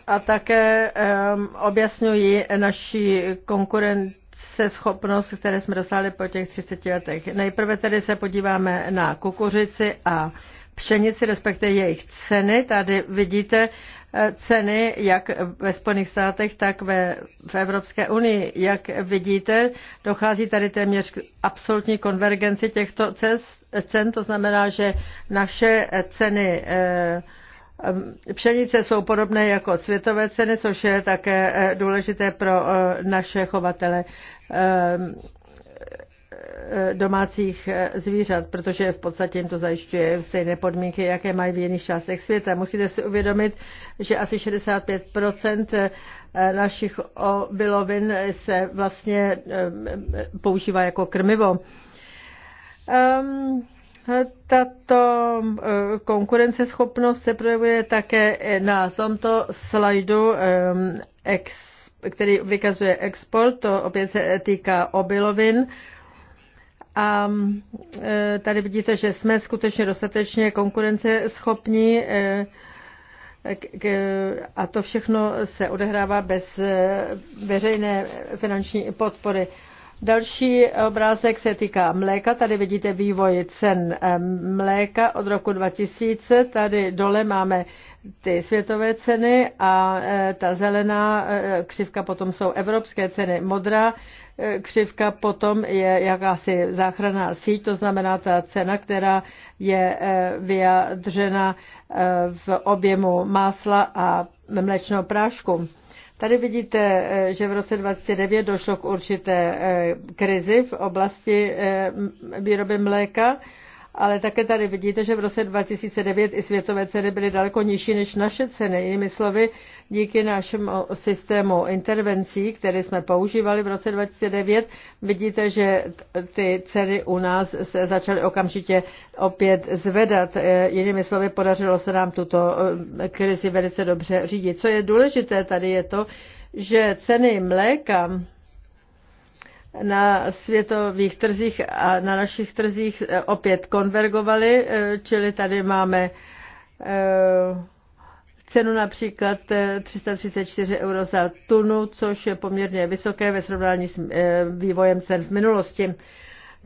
C: a také um, objasňuji naši konkurenci se schopnost, které jsme dostali po těch 30 letech. Nejprve tedy se podíváme na kukuřici a pšenici, respektive jejich ceny. Tady vidíte eh, ceny jak ve Spojených státech, tak ve, v Evropské unii. Jak vidíte, dochází tady téměř k absolutní konvergenci těchto cen, to znamená, že naše ceny eh, Ehm, pšenice jsou podobné jako světové ceny, což je také eh, důležité pro eh, naše chovatele ehm, eh, domácích zvířat, protože v podstatě jim to zajišťuje stejné podmínky, jaké mají v jiných částech světa. Musíte si uvědomit, že asi 65 našich obilovin se vlastně ehm, používá jako krmivo. Um, tato eh, konkurenceschopnost se projevuje také na tomto slajdu, eh, který vykazuje export, to opět se týká obilovin. A eh, tady vidíte, že jsme skutečně dostatečně konkurenceschopní a to všechno se odehrává bez veřejné finanční podpory. Další obrázek se týká mléka. Tady vidíte vývoj cen eh, mléka od roku 2000. Tady dole máme ty světové ceny a eh, ta zelená eh, křivka potom jsou evropské ceny. Modrá křivka potom je jakási záchranná síť, to znamená ta cena, která je vyjadřena v objemu másla a mléčného prášku. Tady vidíte, eh, že v roce 29 došlo k určité eh, krizi v oblasti eh, výroby mléka ale také tady vidíte, že v roce 2009 i světové ceny byly daleko nižší než naše ceny. Jinými slovy, díky našemu systému intervencí, které jsme používali v roce 2009, vidíte, že ty ceny u nás se začaly okamžitě opět zvedat. Jinými slovy, podařilo se nám tuto eh, krizi velice dobře řídit. Co je důležité tady je to, že ceny mléka na světových trzích a na našich trzích eh, opět konvergovaly, eh, čili tady máme eh, cenu například 334 euro za tunu, což je poměrně vysoké ve srovnání s vývojem cen v minulosti.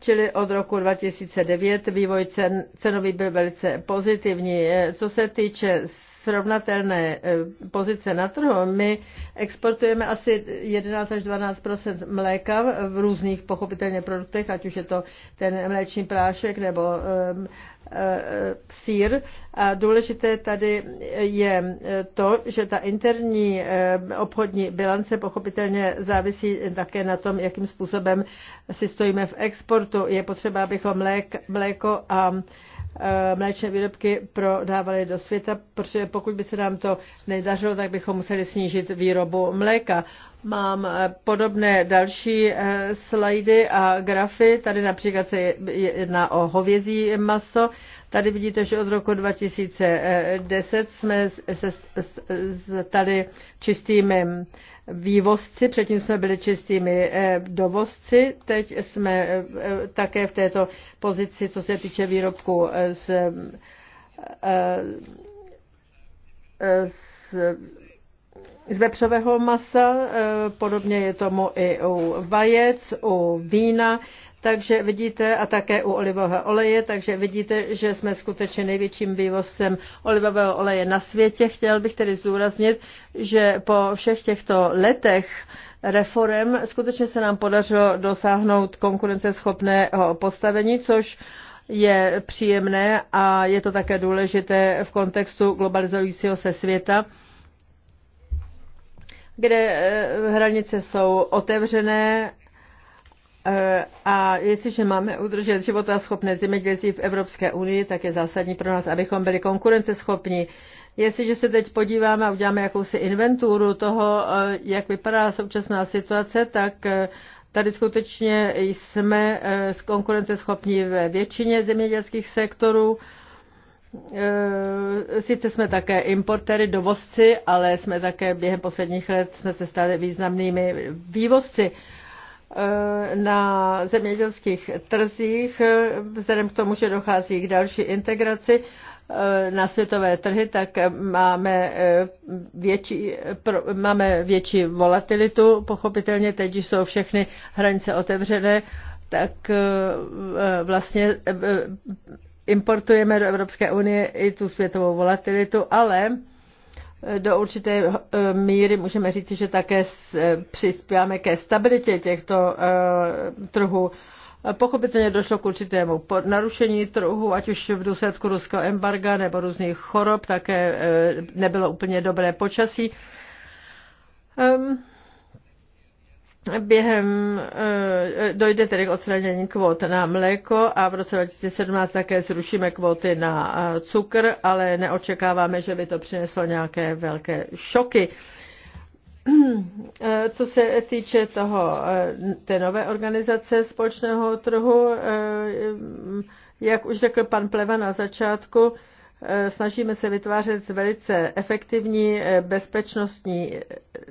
C: Čili od roku 2009 vývoj cen, cenový byl velice pozitivní. Co se týče srovnatelné eh, pozice na trhu. My exportujeme asi 11 až 12 mléka v různých pochopitelně produktech, ať už je to ten mléčný prášek nebo ehm, eh, sír. A důležité tady je eh, to, že ta interní ehm, obchodní bilance pochopitelně závisí také na tom, jakým způsobem si stojíme v exportu. Je potřeba, abychom mléko a Eh, mléčné výrobky prodávali do světa, protože pokud by se nám to nedařilo, tak bychom museli snížit výrobu mléka. Mám eh, podobné další eh, slajdy a grafy. Tady například se jedná o hovězí maso. Tady vidíte, že od roku 2010 jsme se stali čistými vývozci, předtím jsme byli čistými eh, dovozci, teď jsme eh, eh, také v této pozici, co se týče výrobku z, z, z vepřového masa, podobně je tomu i u vajec, u vína takže vidíte, a také u olivového oleje, takže vidíte, že jsme skutečně největším vývozcem olivového oleje na světě. Chtěl bych tedy zúraznit, že po všech těchto letech reform skutečně se nám podařilo dosáhnout konkurenceschopného postavení, což je příjemné a je to také důležité v kontextu globalizujícího se světa, kde eh, hranice jsou otevřené Eh, a jestliže máme udržet životaschopné zemědělství v Evropské unii, tak je zásadní pro nás, abychom byli konkurenceschopní. Jestliže se teď podíváme a uděláme jakousi inventuru toho, eh, jak vypadá současná situace, tak eh, tady skutečně jsme konkurenceschopní ve většině zemědělských sektorů. Sice jsme také importéry, dovozci, ale jsme také během posledních let jsme se stali významnými vývozci. Eh, na zemědělských trzích, eh, vzhledem k tomu, že dochází k další integraci eh, na světové trhy, tak máme větší, máme větší volatilitu. Pochopitelně teď jsou všechny hranice otevřené, tak vlastně importujeme do Evropské unie i tu světovou volatilitu, ale do určité eh, míry můžeme říct, že také eh, přispíváme ke stabilitě těchto eh, trhů. Pochopitelně došlo k určitému narušení trhu, ať už v důsledku ruského embarga nebo různých chorob, také nebylo úplně dobré počasí. Ehm, Během eh, dojde tedy k odstranění kvót na mléko a v roce 2017 také zrušíme kvóty na eh, cukr, ale neočekáváme, že by to přineslo nějaké velké šoky. Eh, co se týče toho, té nové organizace společného trhu, jak už řekl pan Pleva na začátku, snažíme se vytvářet velice efektivní bezpečnostní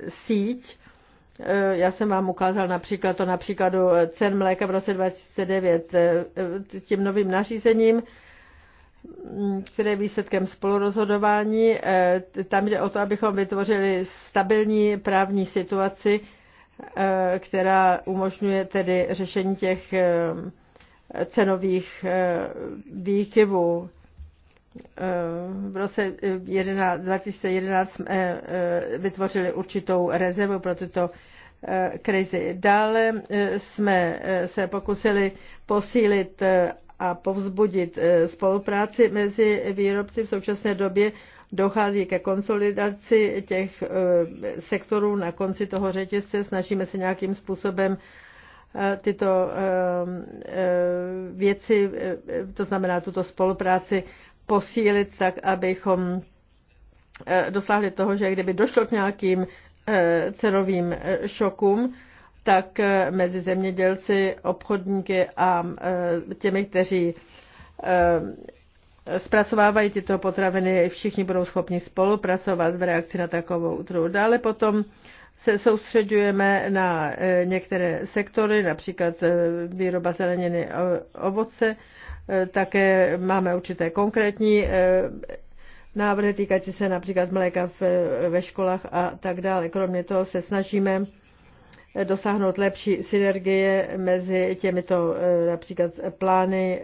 C: síť, Eh, já jsem vám ukázal například to například eh, cen mléka v roce 2009 eh, tím novým nařízením, mm, které je výsledkem spolurozhodování. Tam jde o to, abychom vytvořili stabilní právní situaci, která umožňuje tedy řešení těch cenových výkyvů. Eh, v roce 2011 eh, jsme eh, vytvořili určitou rezervu pro tyto krizi. Dále jsme se pokusili posílit a povzbudit spolupráci mezi výrobci. V současné době dochází ke konsolidaci těch sektorů na konci toho řetězce. Snažíme se nějakým způsobem tyto věci, to znamená tuto spolupráci, posílit tak, abychom eh, dosáhli toho, že kdyby došlo k nějakým eh, cenovým eh, šokům, tak mezi zemědělci, obchodníky a těmi, kteří zpracovávají tyto potraviny, všichni budou schopni spolupracovat v reakci na takovou útru. Dále potom se soustředujeme na některé sektory, například výroba zeleniny ovoce, Eh, také máme určité konkrétní eh, návrhy týkající se například mléka eh, ve školách a tak dále. Kromě toho se snažíme dosáhnout lepší synergie mezi těmito například plány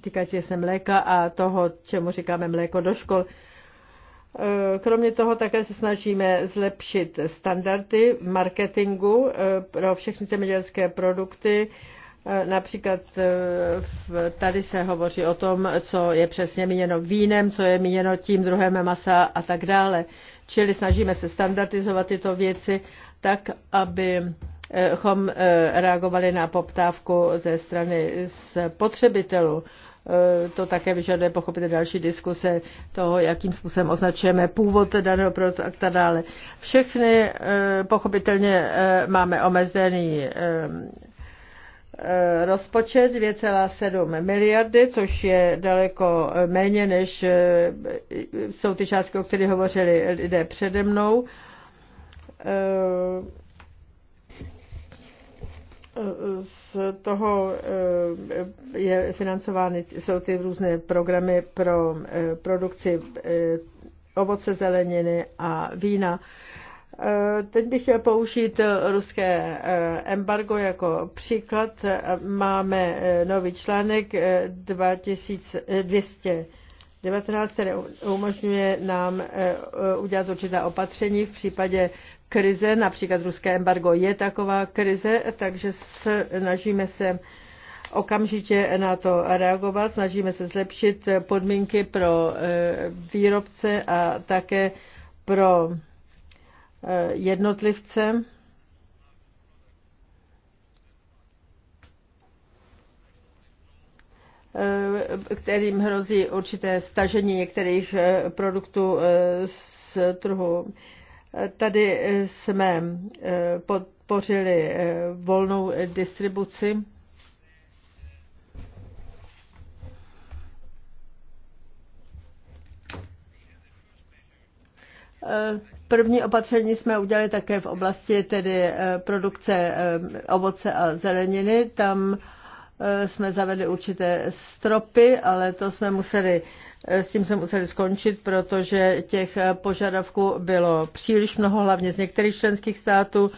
C: týkající se mléka a toho, čemu říkáme mléko do škol. Kromě toho také se snažíme zlepšit standardy marketingu pro všechny zemědělské produkty, Eh, například eh, tady se hovoří o tom, co je přesně míněno vínem, co je míněno tím druhém masa a tak dále. Čili snažíme se standardizovat tyto věci tak, abychom eh, reagovali na poptávku ze strany spotřebitelů. To také vyžaduje pochopit další diskuse toho, jakým způsobem označujeme původ daného produktu a tak dále. Všechny pochopitelně máme omezený Eh, rozpočet 2,7 miliardy, což je daleko eh, méně, než eh, jsou ty částky, o kterých hovořili lidé přede mnou. Z toho je financovány, jsou ty různé programy pro produkci ovoce, zeleniny a vína. Eh, teď bych chtěl použít eh, ruské eh, embargo jako příklad. Máme nový článek 2219, který umožňuje nám udělat určitá opatření v případě krize, například ruské embargo je taková krize, takže snažíme se okamžitě na to reagovat, snažíme se zlepšit podmínky pro výrobce a také pro jednotlivcem. kterým hrozí určité stažení některých eh, produktů eh, z trhu. Tady jsme eh, podpořili volnou distribuci. První opatření jsme udělali také v oblasti tedy eh, produkce eh, ovoce a zeleniny. Tam eh, jsme zavedli určité stropy, ale to jsme museli, s tím jsme museli skončit, protože těch požadavků bylo příliš mnoho, hlavně z některých členských států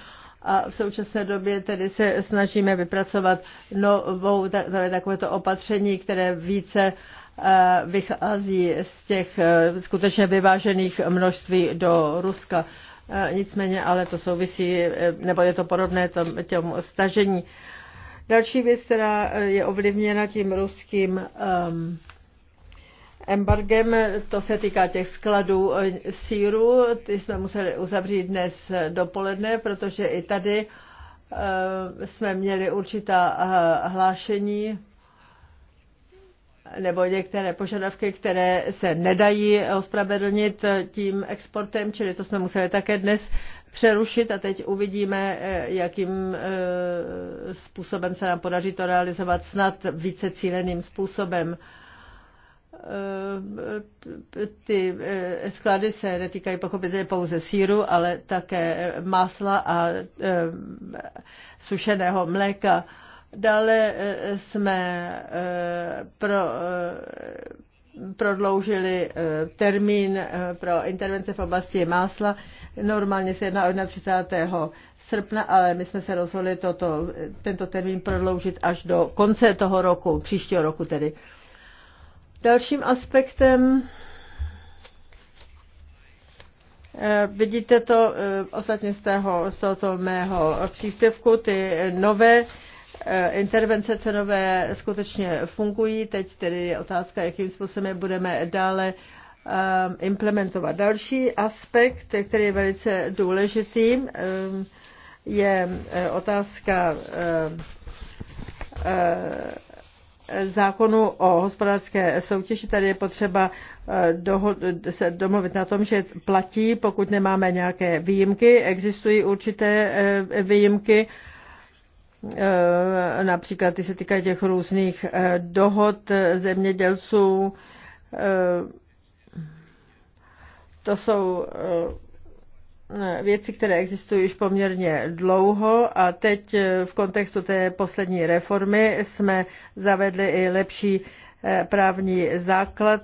C: a v současné době tedy se snažíme vypracovat novou, takovéto opatření, které více uh, Eh, vychází z těch eh, skutečně vyvážených množství do Ruska. Eh, nicméně, ale to souvisí, nebo je to podobné tom, těm stažení. Další věc, která je ovlivněna tím ruským um, embargem, to se týká těch skladů síru. Ty jsme museli uzavřít dnes dopoledne, protože i tady jsme měli určitá hlášení nebo některé požadavky, které se nedají ospravedlnit tím exportem, čili to jsme museli také dnes přerušit a teď uvidíme, eh, jakým eh, způsobem se nám podaří to realizovat snad více cíleným způsobem. Eh, ty sklady se netýkají pochopitelně pouze síru, ale také másla a sušeného mléka. Dále eh, eh, jsme eh, pro, prodloužili termín pro intervence v oblasti másla. Normálně se jedná o 31. srpna, ale my jsme se rozhodli toto, tento termín prodloužit až do konce toho roku, příštího roku tedy. Dalším aspektem Vidíte to, ostatně z, tého, z toho mého příspěvku, ty nové Eh, intervence cenové skutečně fungují, teď tedy je otázka, jakým způsobem budeme dále eh, implementovat. Další aspekt, který je velice důležitý, eh, je otázka zákonu o hospodářské soutěži. Tady je potřeba se domluvit na tom, že platí, pokud nemáme nějaké výjimky. Existují určité výjimky Eh, například ty se týkají těch různých eh, dohod zemědělců. Eh, to jsou věci, které existují už poměrně dlouho a teď v kontextu té poslední reformy jsme zavedli i lepší právní základ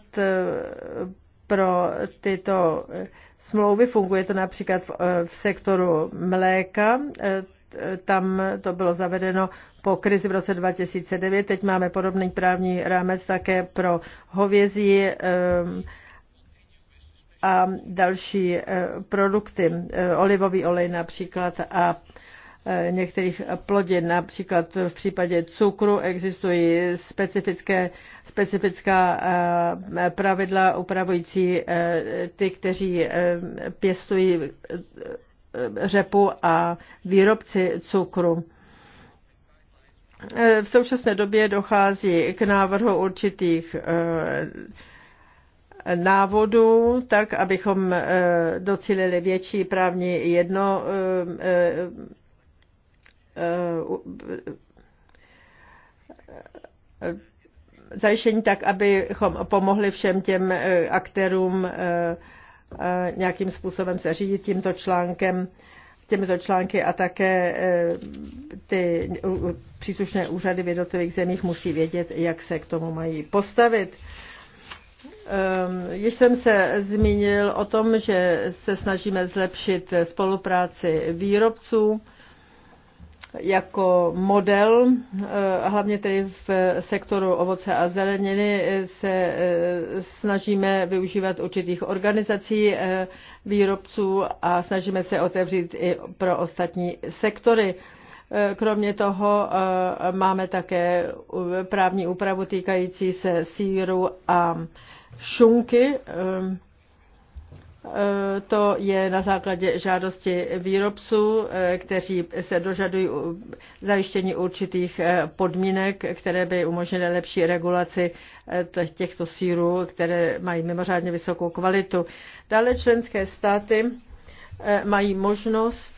C: pro tyto smlouvy. Funguje to například v, sektoru mléka tam to bylo zavedeno po krizi v roce 2009. Teď máme podobný právní rámec také pro hovězí ehm, a další e, produkty, e, olivový olej například a e, některých plodin, například v případě cukru existují specifické, specifická pravidla upravující ty, kteří pěstují Eh, řepu a výrobci cukru. Eh, v současné době dochází k návrhu určitých eh, návodů, tak abychom docílili větší právní jedno zajištění tak, abychom pomohli všem těm aktérům Eh, nějakým způsobem se řídit tímto článkem, těmito články a také eh, ty příslušné úřady v jednotlivých zemích musí vědět, jak se k tomu mají postavit. Eh, již jsem se zmínil o tom, že se snažíme zlepšit spolupráci výrobců jako model, eh, hlavně tedy v sektoru ovoce a zeleniny, eh, se eh, snažíme využívat určitých organizací výrobců a snažíme se otevřít i pro ostatní sektory. Kromě toho máme také právní úpravu týkající se síru a šunky. Eh, to je na základě žádosti výrobců, eh, kteří se dožadují zajištění určitých eh, podmínek, které by umožnily lepší regulaci těchto sírů, které mají mimořádně vysokou kvalitu. Dále členské státy mají možnost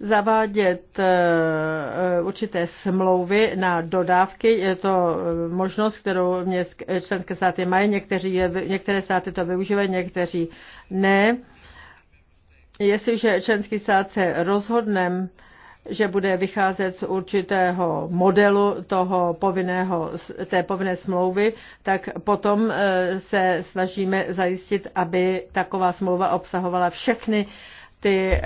C: zavádět eh, určité smlouvy na dodávky. Je to eh, možnost, kterou měst, členské státy mají. Někteří je, některé státy to využívají, někteří ne. Jestliže členský stát se rozhodne, že bude vycházet z určitého modelu toho povinného, té povinné smlouvy, tak potom eh, se snažíme zajistit, aby taková smlouva obsahovala všechny ty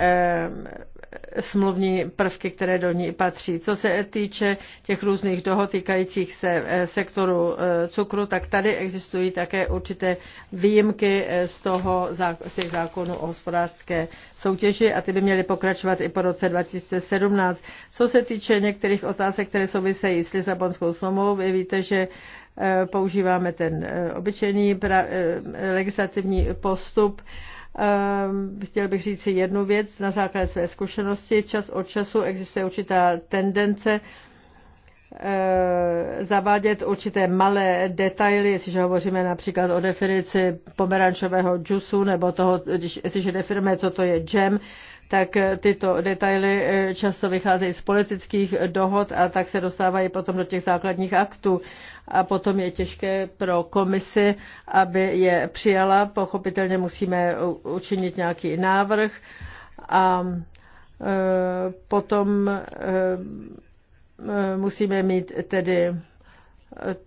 C: smluvní prvky, které do ní patří. Co se týče těch různých dohod týkajících se eh, sektoru eh, cukru, tak tady existují také určité výjimky eh, z, toho, z těch zákonů o hospodářské soutěži a ty by měly pokračovat i po roce 2017. Co se týče některých otázek, které souvisejí s Lisabonskou smlouvou, vy víte, že používáme ten obyčejný legislativní postup Ehm, chtěl bych říct si jednu věc na základě své zkušenosti. Čas od času existuje určitá tendence ehm, zavádět určité malé detaily, jestliže hovoříme například o definici pomerančového džusu nebo toho, když, jestliže definujeme, co to je džem, tak tyto detaily eh, často vycházejí z politických dohod a tak se dostávají potom do těch základních aktů. A potom je těžké pro komisi, aby je přijala. Pochopitelně musíme učinit nějaký návrh a eh, potom eh, musíme mít tedy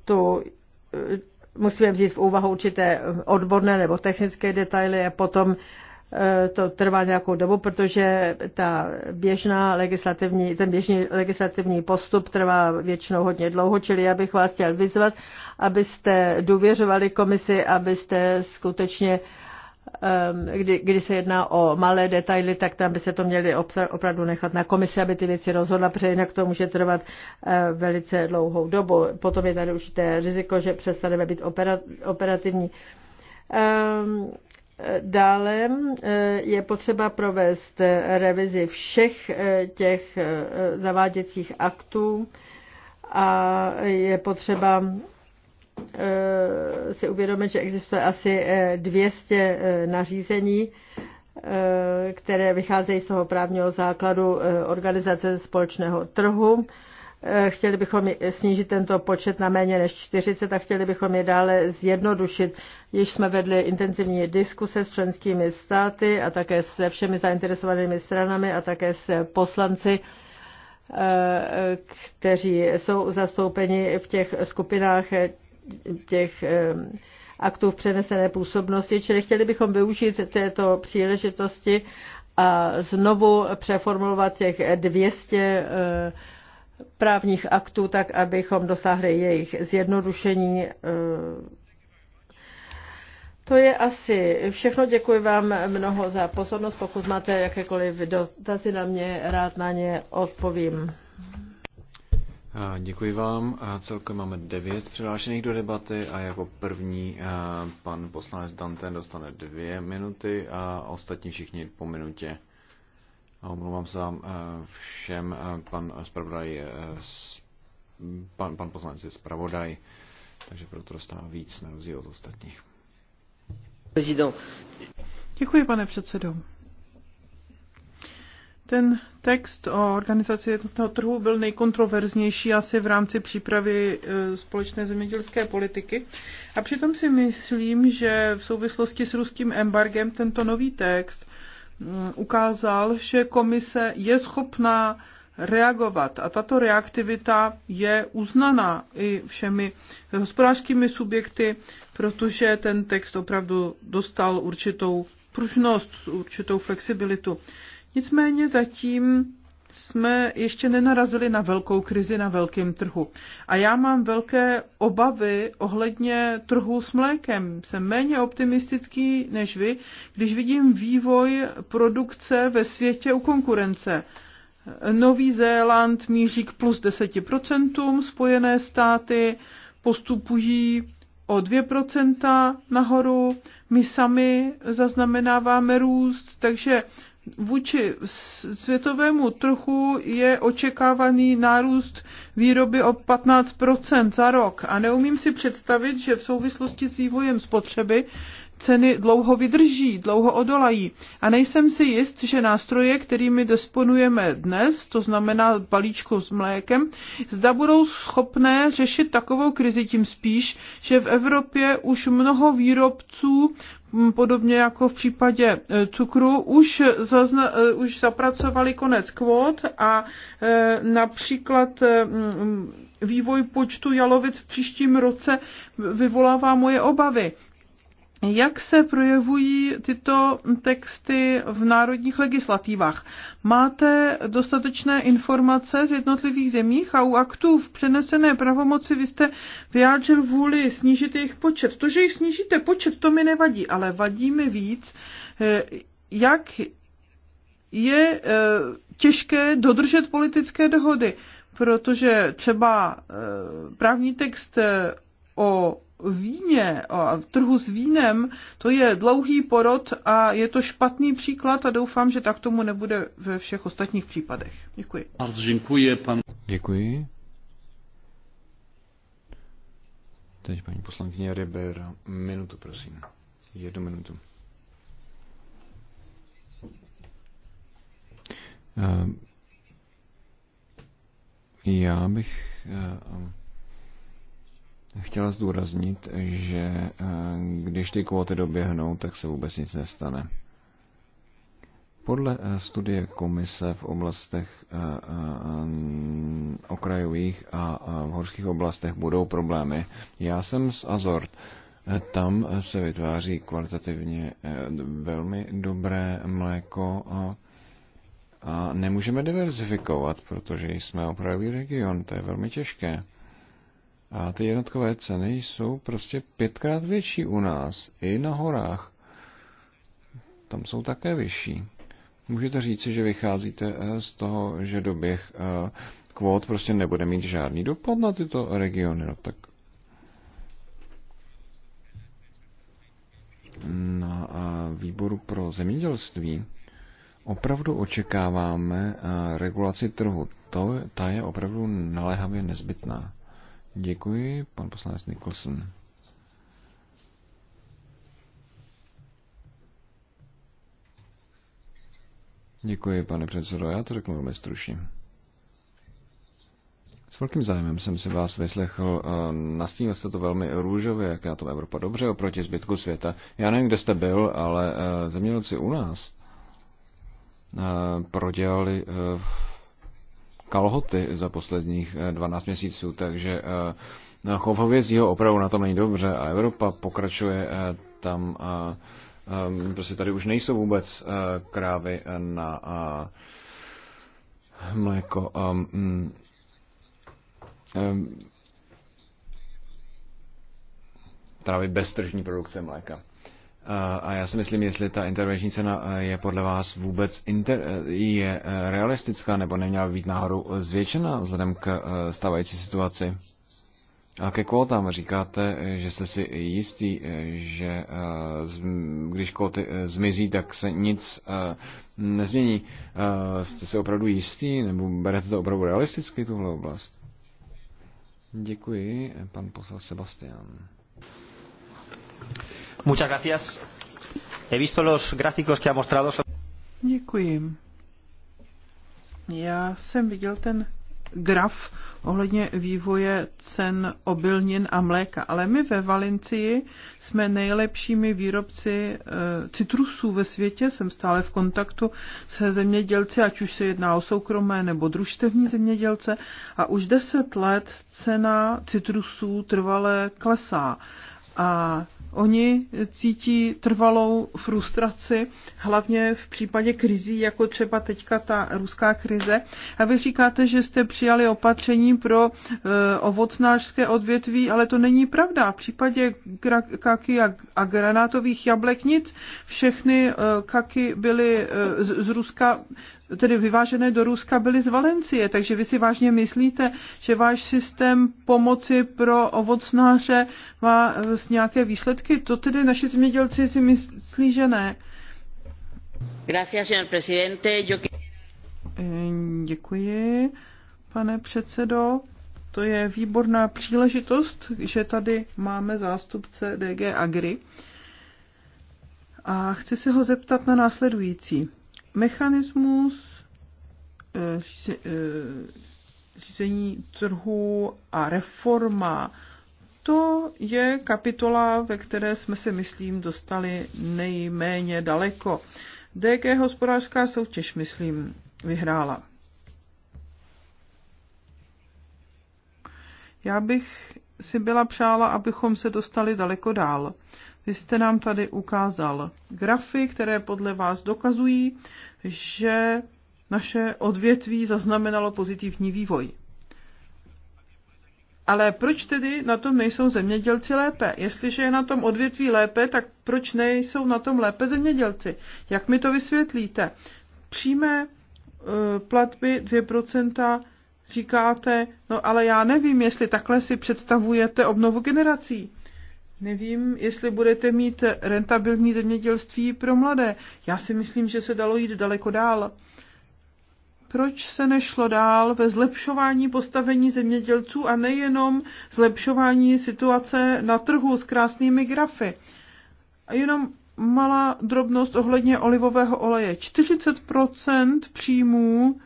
C: tu musíme vzít v úvahu určité odborné nebo technické detaily a potom Eh, to trvá nějakou dobu, protože ta běžná legislativní, ten běžný legislativní postup trvá většinou hodně dlouho, čili já bych vás chtěl vyzvat, abyste důvěřovali komisi, abyste skutečně ehm, kdy, kdy se jedná o malé detaily, tak tam by se to měli opravdu nechat na komisi, aby ty věci rozhodla, protože jinak to může trvat eh, velice dlouhou dobu. Potom je tady určité riziko, že přestaneme být operativní. Ehm, Dále eh, je potřeba provést revizi všech eh, těch eh, zaváděcích aktů a je potřeba si uvědomit, že existuje asi 200 nařízení, které vycházejí z toho právního základu organizace společného trhu. Eh, chtěli bychom snížit tento počet na méně než 40 a chtěli bychom je dále zjednodušit. Již jsme vedli intenzivní diskuse s členskými státy a také se všemi zainteresovanými stranami a také s poslanci, eh, kteří jsou zastoupeni v těch skupinách těch eh, aktů v přenesené působnosti, čili chtěli bychom využít této příležitosti a znovu přeformulovat těch 200 právních aktů, tak abychom dosáhli jejich zjednodušení. To je asi všechno. Děkuji vám mnoho za pozornost. Pokud máte jakékoliv dotazy na mě, rád na ně odpovím.
A: Děkuji vám. Celkem máme devět přihlášených do debaty a jako první pan poslanec Dante dostane dvě minuty a ostatní všichni po minutě. A omlouvám se vám eh, všem, eh, pan zpravodaj, eh, pan, pan poslanec je zpravodaj, takže proto dostává víc na rozdíl od ostatních.
B: Děkuji, pane předsedo. Ten text o organizaci jednotného trhu byl nejkontroverznější asi v rámci přípravy společné zemědělské politiky. A přitom si myslím, že v souvislosti s ruským embargem tento nový text Mm, ukázal, že komise je schopná reagovat. A tato reaktivita je uznaná i všemi hospodářskými subjekty, protože ten text opravdu dostal určitou pružnost, určitou flexibilitu. Nicméně zatím jsme ještě nenarazili na velkou krizi na velkém trhu. A já mám velké obavy ohledně trhu s mlékem. Jsem méně optimistický než vy, když vidím vývoj produkce ve světě u konkurence. Nový Zéland míří k plus 10%, Spojené státy postupují o 2% nahoru, my sami zaznamenáváme růst, takže vůči světovému trhu je očekávaný nárůst výroby o 15 za rok a neumím si představit, že v souvislosti s vývojem spotřeby ceny dlouho vydrží, dlouho odolají. A nejsem si jist, že nástroje, kterými disponujeme dnes, to znamená balíčku s mlékem, zda budou schopné řešit takovou krizi tím spíš, že v Evropě už mnoho výrobců Mm, podobně jako v případě e, cukru, už, zazna, e, už zapracovali konec kvót a e, například mm, vývoj počtu jalovic v příštím roce vyvolává moje obavy jak se projevují tyto texty v národních legislativách. Máte dostatečné informace z jednotlivých zemích a u aktů v přenesené pravomoci vy jste vyjádřil vůli snížit jejich počet. To, že jich snížíte počet, to mi nevadí, ale vadí mi víc, eh, jak je eh, těžké dodržet politické dohody, protože třeba eh, právní text o víně a trhu s vínem, to je dlouhý porod a je to špatný příklad a doufám, že tak tomu nebude ve všech ostatních případech. Děkuji.
A: Děkuji. Pan... Děkuji. Teď paní poslankyně Rebera. Minutu, prosím. Jednu minutu. Eh, já bych eh, chtěla zdůraznit, že eh, když ty kvóty doběhnou, tak se vůbec nic nestane. Podle eh, studie komise v oblastech eh, okrajových a v horských oblastech budou problémy. Já jsem z Azort. Tam se vytváří kvalitativně velmi dobré mléko a nemůžeme diverzifikovat, protože jsme okrajový region, to je velmi těžké. A ty jednotkové ceny jsou prostě pětkrát větší u nás, i na horách. Tam jsou také vyšší. Můžete říci, že vycházíte eh, z toho, že doběh eh, kvót prostě nebude mít žádný dopad na tyto regiony. No tak na eh, výboru pro zemědělství opravdu očekáváme regulaci trhu. To, ta je opravdu naléhavě nezbytná. Děkuji, pan poslanec Nicholson. Děkuji, pane předsedo. Já to řeknu velmi stručně. S velkým zájmem jsem si vás vyslechl. Eh, nastínil jste to velmi růžově, jak je na tom Evropa dobře oproti zbytku světa. Já nevím, kde jste byl, ale eh, zemědělci u nás eh, prodělali kalhoty za posledních 12 eh, měsíců, takže eh, chov hovězího opravdu na tom není dobře a Evropa pokračuje eh, tam prostě tady už nejsou vůbec krávy na mléko. Mm, trávy bez tržní produkce mléka. A já si myslím, jestli ta intervenční cena eh, je podle vás vůbec inter, eh, je eh, realistická nebo neměla být náhodou zvětšena vzhledem k stávající situaci. A ke kvótám říkáte, že jste si jistý, že když kvóty zmizí, tak se nic nezmění. Jste si opravdu jistý, nebo berete to opravdu realisticky, tuhle oblast? Děkuji, pan poslal Sebastian.
C: Muchas gracias.
A: He visto los gráficos que ha mostrado.
B: Děkuji. Já jsem viděl ten graf ohledně vývoje cen obilnin a mléka, ale my ve Valencii jsme nejlepšími výrobci eh, citrusů ve světě, jsem stále v kontaktu se zemědělci, ať už se jedná o soukromé nebo družstevní zemědělce a už deset let cena citrusů trvale klesá. A Oni cítí trvalou frustraci, hlavně v případě krizí, jako třeba teďka ta ruská krize. A vy říkáte, že jste přijali opatření pro e, ovocnářské odvětví, ale to není pravda. V případě kaky a, a granátových jablek nic. Všechny e, kaky byly e, z, z Ruska tedy vyvážené do Ruska byly z Valencie. Takže vy si vážně myslíte, že váš systém pomoci pro ovocnáře má eh, nějaké výsledky? To tedy naši zemědělci si myslí, že ne.
C: Gracias, señor presidente. Yo...
B: Eh, děkuji, pane předsedo. To je výborná příležitost, že tady máme zástupce DG Agri. A chci se ho zeptat na následující mechanismus eh, eh, řízení trhu a reforma, to je kapitola, ve které jsme se, myslím, dostali nejméně daleko. DG hospodářská soutěž, myslím, vyhrála. Já bych si byla přála, abychom se dostali daleko dál. Vy jste nám tady ukázal grafy, které podle vás dokazují, že naše odvětví zaznamenalo pozitivní vývoj. Ale proč tedy na tom nejsou zemědělci lépe? Jestliže je na tom odvětví lépe, tak proč nejsou na tom lépe zemědělci? Jak mi to vysvětlíte? Přímé e, platby 2% říkáte, no ale já nevím, jestli takhle si představujete obnovu generací. Nevím, jestli budete mít rentabilní zemědělství pro mladé. Já si myslím, že se dalo jít daleko dál. Proč se nešlo dál ve zlepšování postavení zemědělců a nejenom zlepšování situace na trhu s krásnými grafy? A jenom malá drobnost ohledně olivového oleje. 40% příjmů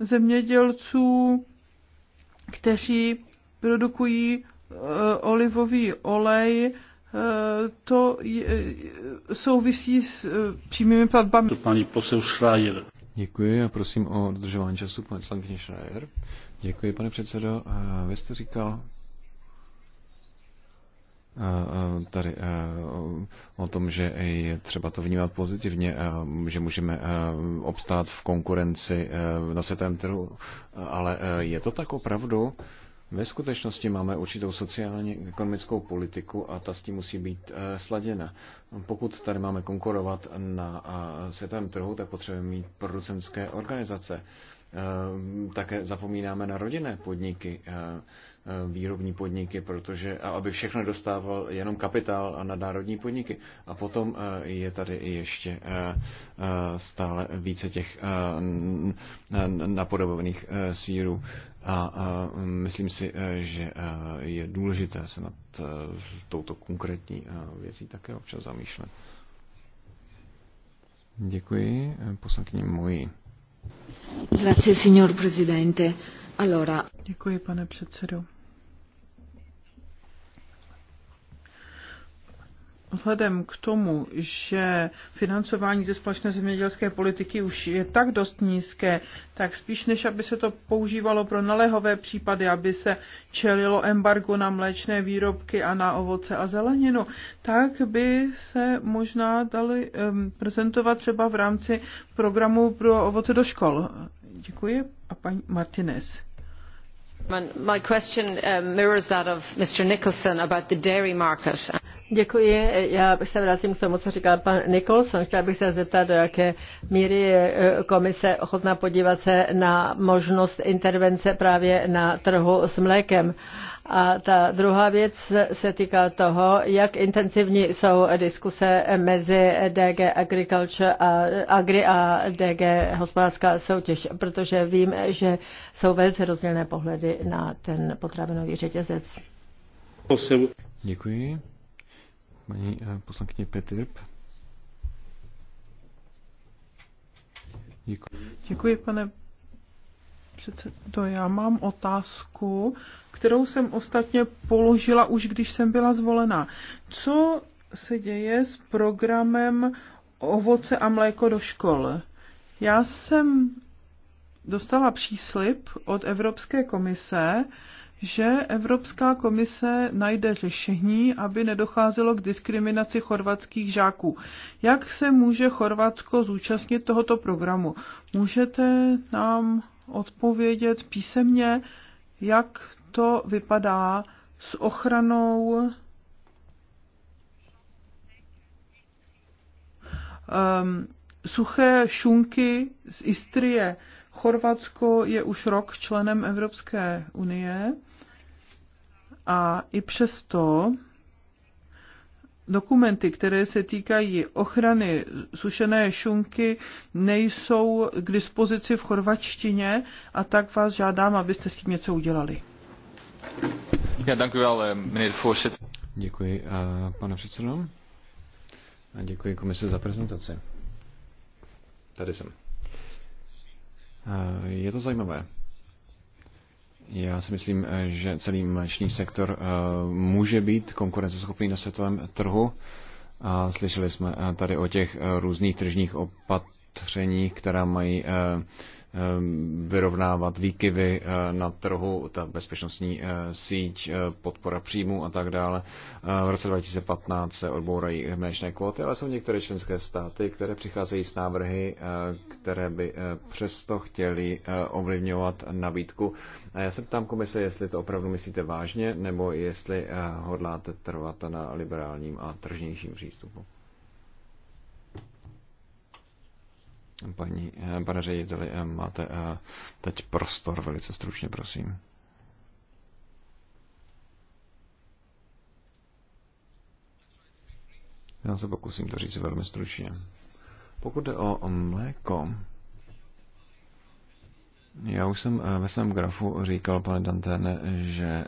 B: zemědělců, kteří produkují Eh, olivový olej, eh, to souvisí s eh,
A: přímými platbami. Paní posel Schreier. Děkuji a prosím o dodržování času, pane Slankyně Schreier. Děkuji, pane předsedo. Vy jste říkal tady o tom, že je třeba to vnímat pozitivně, že můžeme obstát v konkurenci na světovém trhu, ale je to tak opravdu? Ve skutečnosti máme určitou sociálně ekonomickou politiku a ta s tím musí být eh, sladěna. Pokud tady máme konkurovat na eh, světovém trhu, tak potřebujeme mít producentské organizace. Eh, také zapomínáme na rodinné podniky. Eh, výrobní podniky, protože aby všechno dostával jenom kapitál a nadnárodní podniky. A potom eh, je tady ještě eh, stále více těch napodobovaných sírů. A myslím si, že je důležité se nad touto konkrétní věcí také občas zamýšlet. Děkuji Poslankyně moji.
C: Grazie, signor Presidente. Allora. Děkuji, pane předsedo.
B: vzhledem k tomu, že financování ze společné zemědělské politiky už je tak dost nízké, tak spíš než aby se to používalo pro naléhové případy, aby se čelilo embargo na mléčné výrobky a na ovoce a zeleninu, tak by se možná dali um, prezentovat třeba v rámci programu pro ovoce do škol. Děkuji. A paní Martinez
C: my question eh, mirrors that of mr nicholson about the dairy market. Děkuji. Já bych se vrátím k tomu, co říkal pan Nicholson. Chtěla bych se zeptat, do jaké míry je e, komise ochotná podívat se na možnost intervence právě na trhu s mlékem. A ta druhá věc se týká toho, jak intenzivní jsou diskuse mezi DG Agriculture a Agri a DG hospodářská soutěž, protože vím, že jsou velice rozdílné pohledy na ten potravinový řetězec.
A: Děkuji paní eh, poslankyně Petirp. Děkuji.
B: Děkuji, pane předsedo. Já mám otázku, kterou jsem ostatně položila už, když jsem byla zvolena. Co se děje s programem ovoce a mléko do škol? Já jsem dostala příslip od Evropské komise, že Evropská komise najde řešení, aby nedocházelo k diskriminaci chorvatských žáků. Jak se může Chorvatsko zúčastnit tohoto programu? Můžete nám odpovědět písemně, jak to vypadá s ochranou um, suché šunky z Istrie. Chorvatsko je už rok členem Evropské unie a i přesto dokumenty, které se týkají ochrany sušené šunky, nejsou k dispozici v chorvačtině a tak vás žádám, abyste s tím něco udělali.
A: Ja, dank u wel, eh, meneer Děkuji, eh, pane předsedo. A děkuji komise za prezentaci. Tady jsem. Eh, je to zajímavé. Já si myslím, eh, že celý mléčný sektor eh, může být konkurenceschopný na světovém trhu. A slyšeli jsme eh, tady o těch různých tržních opatřeních opatření, která mají eh, eh, vyrovnávat výkyvy eh, na trhu, ta bezpečnostní síť, podpora příjmů a tak dále. V roce 2015 se odbourají mléčné kvóty, ale jsou některé členské státy, které přicházejí s návrhy, které by přesto chtěli ovlivňovat nabídku. A já se ptám komise, jestli to opravdu myslíte vážně, nebo jestli hodláte trvat na liberálním a tržnějším přístupu. Paní, eh, pane řediteli, eh, máte eh, teď prostor, velice stručně, prosím. Já se pokusím to říct velmi stručně. Pokud jde o mléko, já už jsem ve svém grafu říkal, pane Dantene, že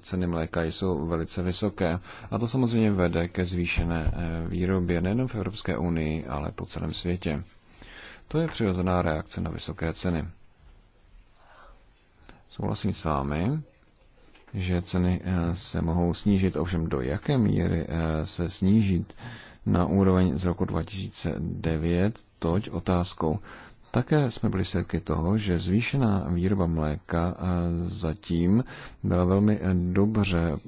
A: ceny mléka jsou velice vysoké a to samozřejmě vede ke zvýšené výrobě nejen v Evropské unii, ale po celém světě. To je přirozená reakce na vysoké ceny. Souhlasím s vámi, že ceny eh, se mohou snížit, ovšem do jaké míry eh, se snížit na úroveň z roku 2009, toť otázkou. Také jsme byli svědky toho, že zvýšená výroba mléka eh, zatím byla velmi eh, dobře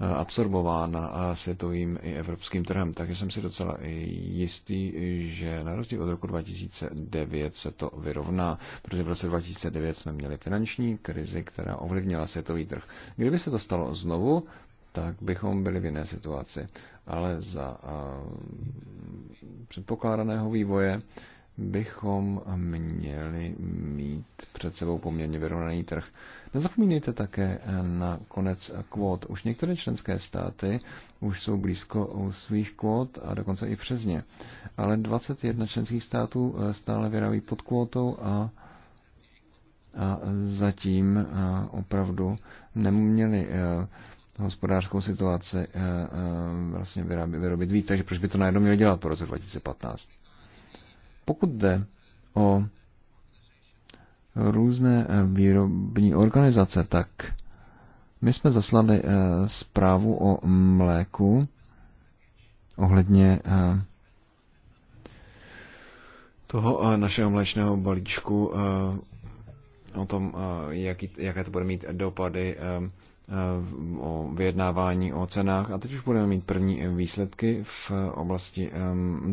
A: eh, absorbována světovým i evropským trhem, takže jsem si docela jistý, že na rozdíl od roku 2009 se to vyrovná, protože v roce 2009 jsme měli finanční krizi, která ovlivnila světový trh. Kdyby se to stalo znovu, tak bychom byli v jiné situaci. Ale za a, předpokládaného vývoje bychom měli mít před sebou poměrně vyrovnaný trh. Nezapomínejte také na konec kvót. Už některé členské státy už jsou blízko u svých kvót a dokonce i přes ně. Ale 21 členských států stále vyrábí pod kvótou a a zatím opravdu neměli e, hospodářskou situaci e, e, vlastně vyrobit víc, takže proč by to najednou měli dělat po roce 2015? Pokud jde o různé eh, výrobní organizace, tak my jsme zaslali eh, zprávu o mléku ohledně eh, toho našeho mléčného balíčku, o tom, jaký, jaké to bude mít dopady o vyjednávání o cenách a teď už budeme mít první výsledky v oblasti,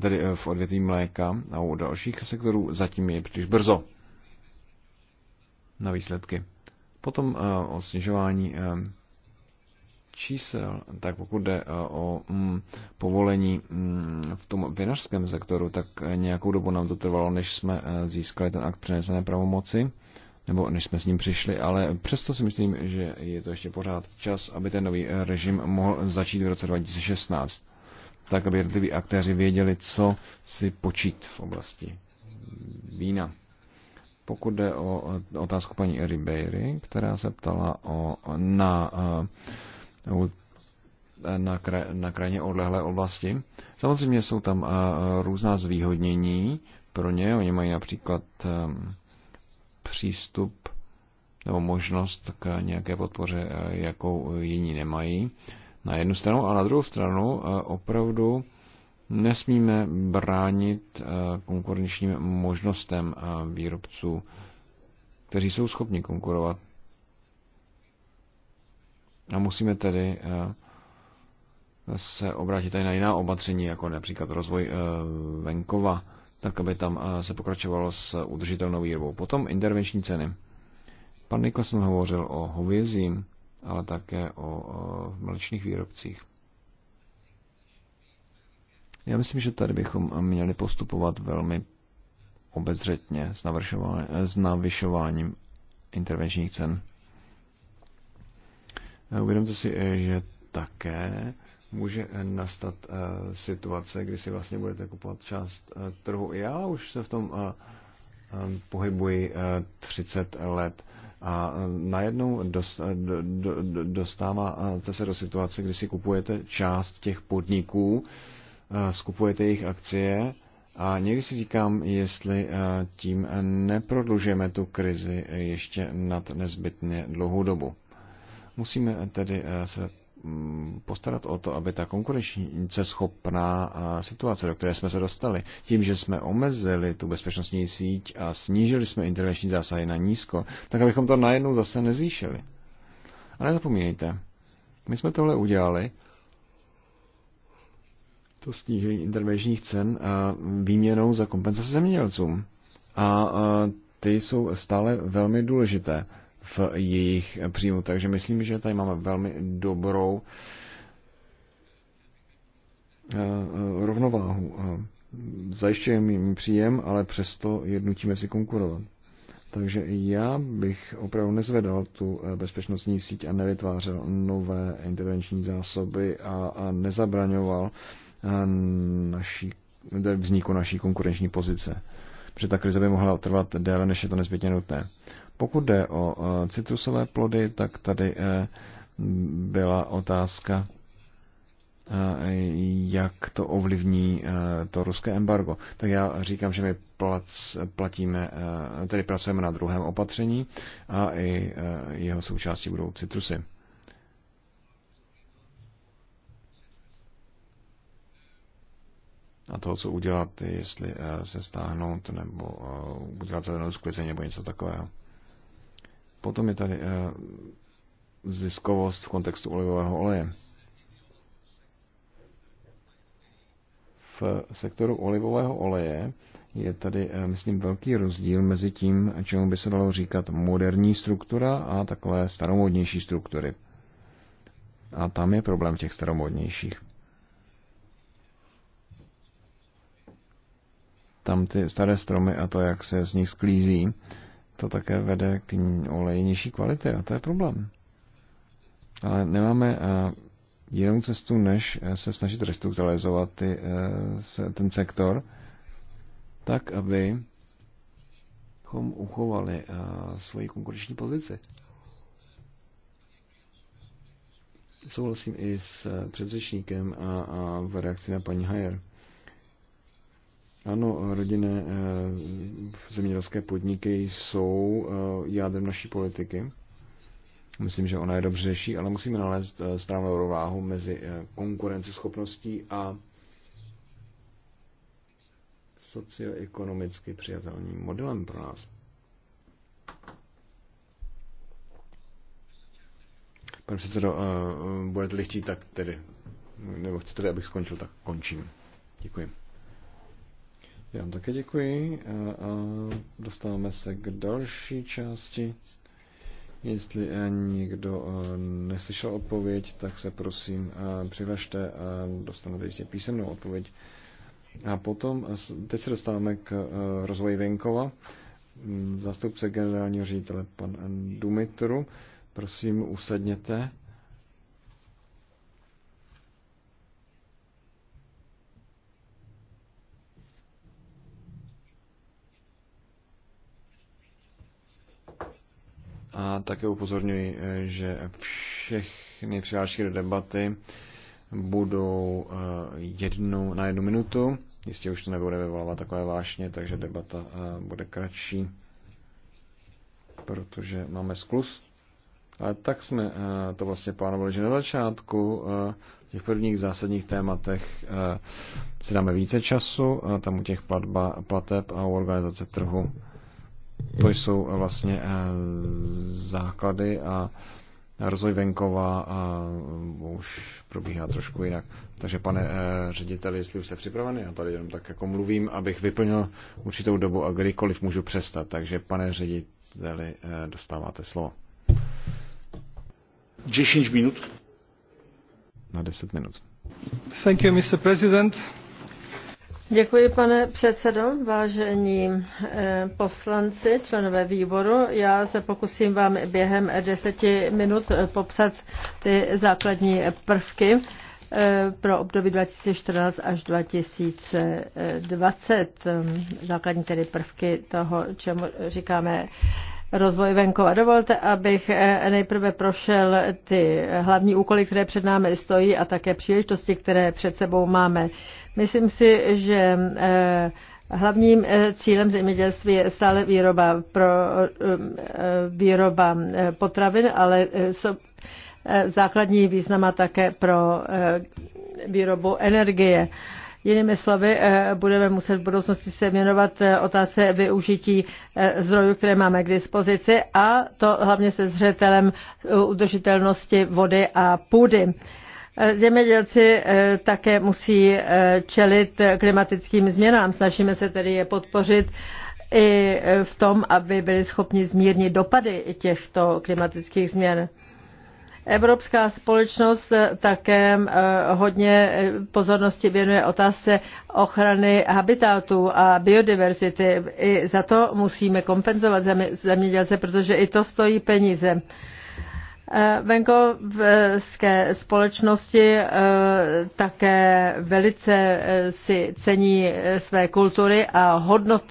A: tedy eh, v odvětví mléka a u dalších sektorů zatím je příliš brzo na výsledky. Potom eh, o snižování čísel, tak pokud jde eh, o mm, povolení mm, v tom vinařském sektoru, tak nějakou dobu nám to trvalo, než jsme získali ten akt přenesené pravomoci nebo než jsme s ním přišli, ale přesto si myslím, že je to ještě pořád čas, aby ten nový režim mohl začít v roce 2016, tak aby jednotliví aktéři věděli, co si počít v oblasti vína. Pokud jde o otázku paní Ribeiry, která se ptala o, na, eh, eh, na, kraj, na krajně odlehlé oblasti, samozřejmě jsou tam eh, různá zvýhodnění pro ně. Oni mají například přístup nebo možnost k nějaké podpoře, eh, jakou jiní nemají. Na jednu stranu a na druhou stranu eh, opravdu nesmíme bránit eh, konkurenčním možnostem výrobců, kteří jsou schopni konkurovat. A musíme tedy se obrátit tady na jiná opatření, jako například rozvoj venkova tak aby tam eh, se pokračovalo s udržitelnou výrobou. Potom intervenční ceny. Pan Nikolson hovořil o hovězím, ale také o eh, mlečných výrobcích. Já myslím, že tady bychom měli postupovat velmi obezřetně s, s navyšováním intervenčních cen. Eh, uvědomte si, že také může nastat eh, situace, kdy si vlastně budete kupovat část eh, trhu. Já už se v tom eh, pohybuji 30 let a najednou dostáváte se do situace, kdy si kupujete část těch podniků, skupujete jejich akcie a někdy si říkám, jestli tím neprodlužujeme tu krizi ještě nad nezbytně dlouhou dobu. Musíme tedy se Mm, postarat o to, aby ta konkurenčně schopná situace, do které jsme se dostali, tím, že jsme omezili tu bezpečnostní síť a snížili jsme intervenční zásahy na nízko, tak abychom to najednou zase nezvýšili. A nezapomínejte, my jsme tohle udělali, to snížení intervenčních cen výměnou za kompenzace zemědělcům. A ty jsou stále velmi důležité v jejich příjmu. Takže myslím, že tady máme velmi dobrou eh, rovnováhu. Zajišťujeme jim příjem, ale přesto jednutíme si konkurovat. Takže já bych opravdu nezvedal tu eh, bezpečnostní síť a nevytvářel nové intervenční zásoby a, a nezabraňoval eh, naší, vzniku naší konkurenční pozice. Protože ta krize by mohla trvat déle, než je to nezbytně nutné. Pokud jde o citrusové plody, tak tady e, byla otázka, e, jak to ovlivní e, to ruské embargo. Tak já říkám, že my platíme, tedy pracujeme na druhém opatření a i jeho součástí budou citrusy. a toho, co udělat, jestli se stáhnout nebo udělat zelenou sklizeň nebo něco takového. Potom je tady eh, ziskovost v kontextu olivového oleje. V sektoru olivového oleje je tady, eh, myslím, velký rozdíl mezi tím, čemu by se dalo říkat moderní struktura a takové staromodnější struktury. A tam je problém těch staromodnějších. Tam ty staré stromy a to, jak se z nich sklízí, to také vede k oleji nižší kvality a to je problém. Ale nemáme eh, jinou cestu, než eh, se snažit restrukturalizovat ty, eh, ten sektor, tak, aby uchovali svoji konkurenční pozici. Souhlasím i s předřečníkem a, a v reakci na paní Hajer. Ano, rodinné eh, zemědělské podniky jsou eh, jádrem naší politiky. Myslím, že ona je dobře řeší, ale musíme nalézt eh, správnou rováhu mezi konkurenceschopností a socioekonomicky přijatelným modelem pro nás. Pane předsedo, budete-li chtít, tak tedy, nebo chcete abych skončil, tak končím. Děkuji. Já vám také děkuji a, a dostáváme se k další části. Jestli eh, někdo eh, neslyšel odpověď, tak se prosím eh, přihlašte a dostanete jistě písemnou odpověď. A potom, teď se dostáváme k rozvoji venkova. Mm, Zastupce generálního ředitele pan Dumitru, prosím usadněte A také upozorňuji, eh, že všechny přihlášky do debaty budou eh, jednu na jednu minutu. Jistě už to nebude vyvolávat takové vášně, takže debata eh, bude kratší, protože máme sklus. Ale tak jsme to vlastně plánovali, že na začátku v těch prvních zásadních tématech si dáme více času, tam u těch platba, plateb a u organizace trhu to jsou eh, vlastně eh, základy a rozvoj venkova a eh, už probíhá trošku jinak. Takže pane řediteli, jestli už jste připraveni, já tady jenom tak jako mluvím, abych vyplnil určitou dobu a kdykoliv můžu přestat. Takže pane řediteli, dostáváte slovo. 10 minut. Na 10 minut.
B: Thank you, Mr. President.
C: Děkuji, pane předsedo, vážení eh, poslanci, členové výboru. Já se pokusím vám během deseti minut eh, popsat ty základní prvky eh, pro období 2014 až 2020. Ehm, základní tedy prvky toho, čemu říkáme rozvoj venkova. Dovolte, abych eh, nejprve prošel ty hlavní úkoly, které před námi stojí a také příležitosti, které před sebou máme. Myslím si, že eh, hlavním eh, cílem zemědělství je stále výroba, pro, výroba potravin, ale základní význam má také pro výrobu energie. Jinými slovy, eh, budeme muset v budoucnosti se věnovat eh, otázce využití eh, zdrojů, které máme k dispozici a to hlavně se zřetelem udržitelnosti vody a půdy. Zemědělci také musí čelit klimatickým změnám. Snažíme se tedy je podpořit i v tom, aby byli schopni zmírnit dopady těchto klimatických změn. Evropská společnost také eh, hodně eh, pozornosti věnuje otázce ochrany habitatů a biodiverzity. I za to musíme kompenzovat zemědělce, protože i to stojí peníze. Eh, venkovské společnosti také velice si cení své kultury a hodnot,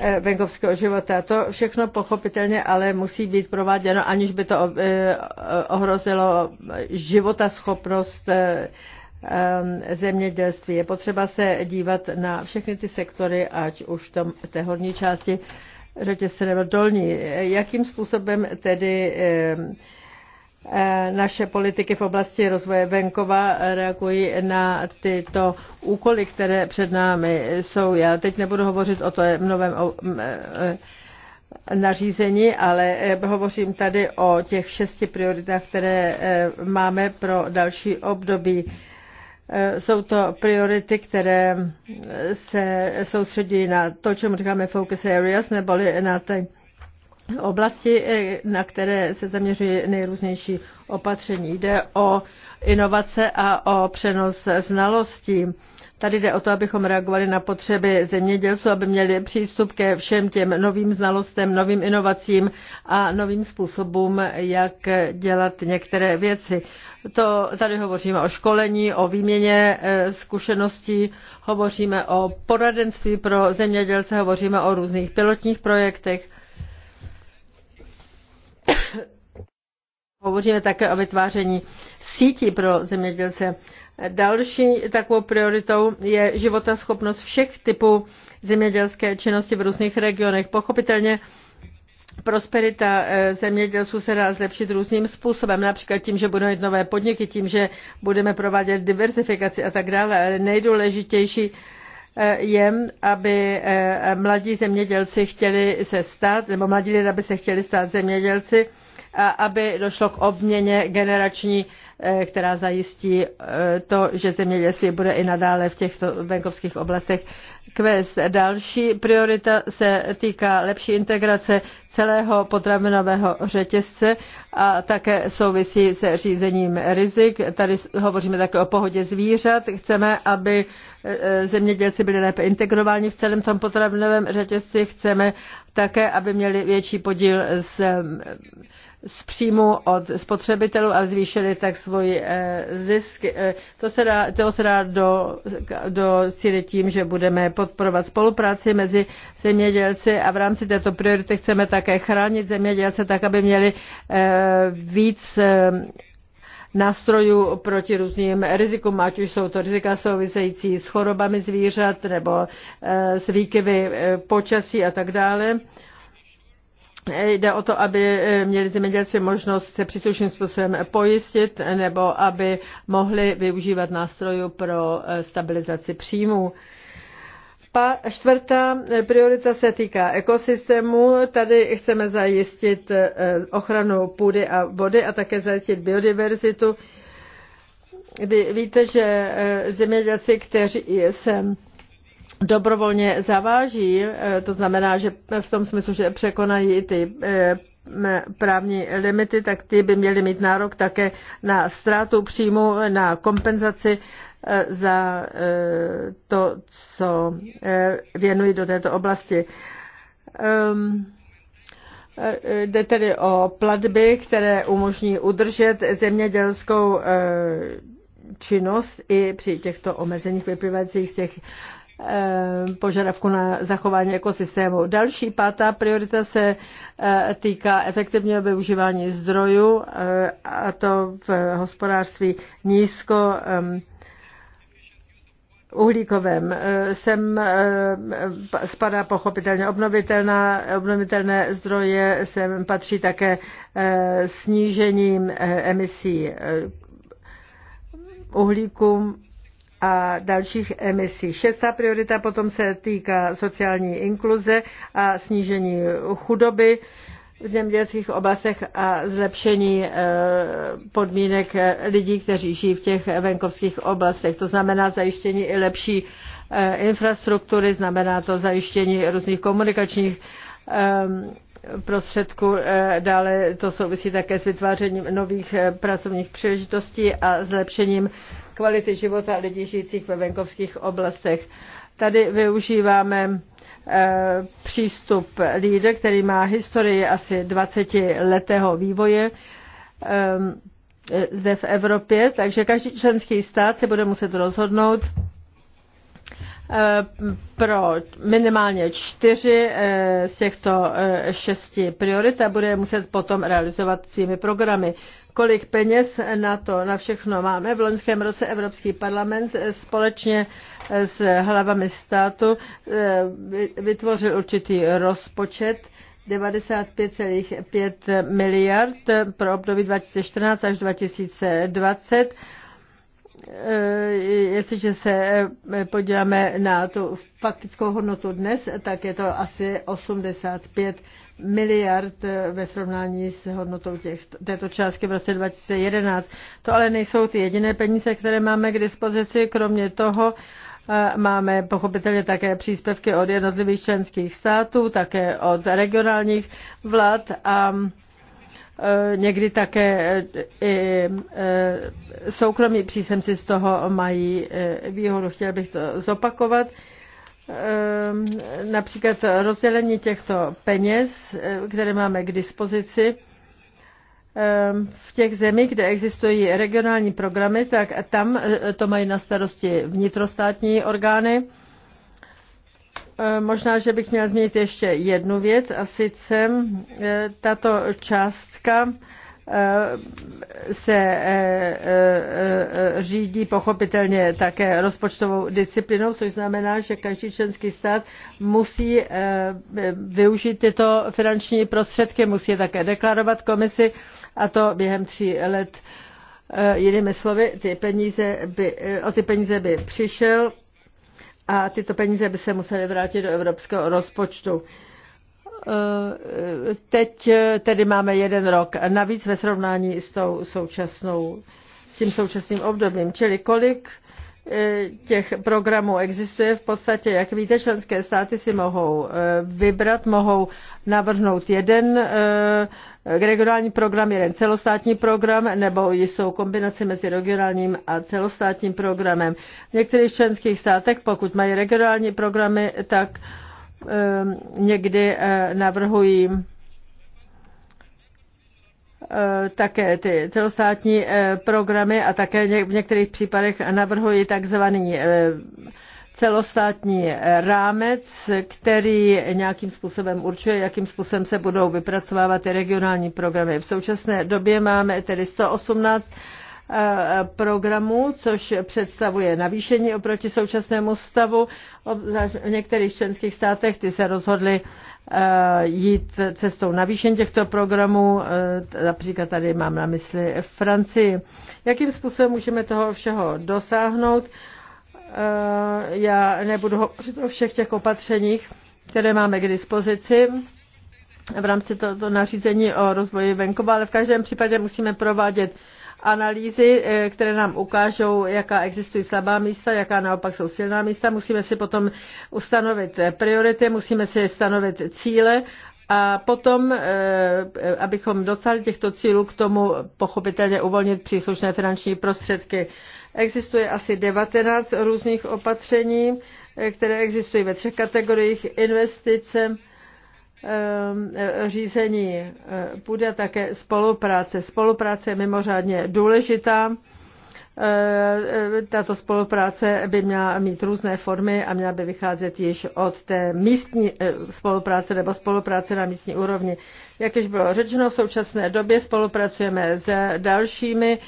C: Eh, venkovského života. To všechno pochopitelně ale musí být prováděno, aniž by to eh, eh, ohrozilo schopnost zemědělství. Je potřeba se dívat na všechny ty sektory, ať už tam té horní části řetězce nebo dolní. Jakým způsobem tedy Eh, naše politiky v oblasti rozvoje venkova reagují na tyto úkoly, které před námi jsou. Já teď nebudu hovořit o tom eh, novém eh, nařízení, ale hovořím tady o těch šesti prioritách, které máme pro další období. Jsou to priority, které se soustředí na to, čemu říkáme focus areas, neboli na ty oblasti, eh, na které se zaměřují nejrůznější opatření. Jde o inovace a o přenos znalostí. Tady jde o to, abychom reagovali na potřeby zemědělců, aby měli přístup ke všem těm novým znalostem, novým inovacím a novým způsobům, jak dělat některé věci. To, tady hovoříme o školení, o výměně eh, zkušeností, hovoříme o poradenství pro zemědělce, hovoříme o různých pilotních projektech [coughs] Hovoříme také o vytváření sítí pro zemědělce. Další takovou prioritou je schopnost všech typů zemědělské činnosti v různých regionech. Pochopitelně prosperita eh, zemědělců se dá zlepšit různým způsobem, například tím, že budeme mít nové podniky, tím, že budeme provádět diversifikaci a tak dále, ale nejdůležitější Eh, je, aby eh, mladí zemědělci chtěli se stát, nebo mladí lidé, aby se chtěli stát zemědělci a aby došlo k obměně generační Eh, která zajistí eh, to, že zemědělství bude i nadále v těchto venkovských oblastech kvést. Další priorita se týká lepší integrace celého potravinového řetězce a také souvisí se řízením rizik. Tady hovoříme také o pohodě zvířat. Chceme, aby eh, zemědělci byli lépe integrováni v celém tom potravinovém řetězci. Chceme také, aby měli větší podíl z z příjmu od spotřebitelů a zvýšili tak svůj eh, zisk. Eh, to se dá, to se dá do, do síly tím, že budeme podporovat spolupráci mezi zemědělci a v rámci této priority chceme také chránit zemědělce tak, aby měli eh, víc nástrojů proti různým rizikům, ať už jsou to rizika související s chorobami zvířat nebo s výkyvy počasí a tak dále. Jde o to, aby eh, měli zemědělci možnost se příslušným způsobem pojistit nebo aby mohli využívat nástrojů pro eh, stabilizaci příjmů. Pa, čtvrtá eh, priorita se týká ekosystému. Tady chceme zajistit ochranu půdy a vody a také zajistit biodiverzitu. Vy víte, že zemědělci, kteří jsem dobrovolně zaváží, eh, to znamená, že v tom smyslu, že překonají ty eh, právní limity, tak ty by měly mít nárok také na ztrátu příjmu, na kompenzaci eh, za to, co věnují do této oblasti. Ehm, jde tedy o platby, které umožní udržet zemědělskou činnost i při těchto omezeních vyplývajících z těch Eh, požadavku na zachování ekosystému. Další pátá priorita se eh, týká efektivního využívání zdrojů, eh, a to v hospodářství nízko uhlíkovém. Sem spadá pochopitelně obnovitelná, obnovitelné zdroje, sem patří také snížením emisí uhlíku a dalších emisí. Šestá priorita potom se týká sociální inkluze a snížení chudoby v zemědělských oblastech a zlepšení eh, podmínek lidí, kteří žijí v těch venkovských oblastech. To znamená zajištění i lepší eh, infrastruktury, znamená to zajištění různých komunikačních eh, prostředků. Dále to souvisí také s vytvářením nových pracovních příležitostí a zlepšením kvality života lidí žijících ve venkovských oblastech. Tady využíváme eh, přístup LEADER, který má historii asi 20 letého vývoje eh, zde v Evropě, takže každý členský stát se bude muset rozhodnout, Eh, pro minimálně čtyři eh, z těchto eh, šesti priorit a bude muset potom realizovat svými programy. Kolik peněz na to, na všechno máme. V loňském roce Evropský parlament společně s hlavami státu vytvořil určitý rozpočet 95,5 miliard pro období 2014 až 2020 Eh, jestliže se eh, podíváme na tu faktickou hodnotu dnes, tak je to asi 85 miliard eh, ve srovnání s hodnotou těch, této částky v roce 2011. To ale nejsou ty jediné peníze, které máme k dispozici. Kromě toho máme pochopitelně také příspěvky od jednotlivých členských států, také od regionálních vlád a Eh, někdy také eh, i eh, soukromí přísemci z toho mají výhodu. Chtěl bych to zopakovat. Například rozdělení těchto peněz, které máme k dispozici, v těch zemích, kde existují regionální programy, tak tam to mají na starosti vnitrostátní orgány. Možná, že bych měla zmínit ještě jednu věc, a sice tato část Řecka eh, se eh, eh, řídí pochopitelně také rozpočtovou disciplinou, což znamená, že každý členský stát musí využít tyto finanční prostředky, musí je také deklarovat komisi a to během tří let. Jinými slovy, ty peníze by, o ty peníze by přišel a tyto peníze by se musely vrátit do evropského rozpočtu. Eh, teď eh, tedy máme jeden rok navíc ve srovnání s, tou současnou, s tím současným obdobím. Čili kolik eh, těch programů existuje v podstatě, jak víte, členské státy si mohou vybrat, mohou navrhnout jeden regionální program, jeden celostátní program, nebo jsou kombinace mezi regionálním a celostátním programem. V některých členských státech, pokud mají regionální programy, tak uh, Ehm, někdy eh, navrhují eh, také ty celostátní eh, programy a také v některých případech navrhují takzvaný celostátní rámec, který nějakým způsobem určuje, jakým způsobem se budou vypracovávat ty regionální programy. V současné době máme tedy 118 Eh, programu, což představuje navýšení oproti současnému stavu. V některých členských státech ty se rozhodly eh, jít cestou navýšení těchto programů. Eh, například tady mám na mysli Francii. Jakým způsobem můžeme toho všeho dosáhnout? Já nebudu hovořit o všech těch opatřeních, které máme k dispozici v rámci tohoto nařízení o rozvoji venkova, ale v každém případě musíme provádět analýzy, eh, které nám ukážou, jaká existují slabá místa, jaká naopak jsou silná místa. Musíme si potom ustanovit eh, priority, musíme si stanovit cíle a potom, eh, abychom dosáhli těchto cílů, k tomu pochopitelně uvolnit příslušné finanční prostředky. Existuje asi 19 různých opatření, které existují ve třech kategoriích investice, Ehm, e, řízení e, bude také spolupráce. Spolupráce je mimořádně důležitá. Ehm, e, tato spolupráce by měla mít různé formy a měla by vycházet již od té místní spolupráce nebo spolupráce na místní úrovni. Jak již bylo řečeno, v současné době spolupracujeme s dalšími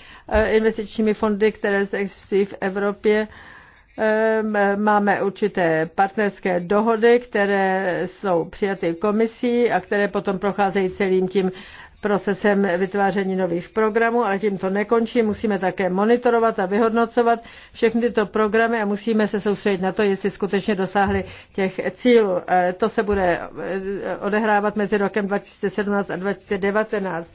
C: investičními fondy, které existují v Evropě Máme určité partnerské dohody, které jsou přijaty komisí a které potom procházejí celým tím procesem vytváření nových programů, ale tím to nekončí. Musíme také monitorovat a vyhodnocovat všechny tyto programy a musíme se soustředit na to, jestli skutečně dosáhli těch cílů. E, to se bude e, odehrávat mezi rokem 2017 a 2019.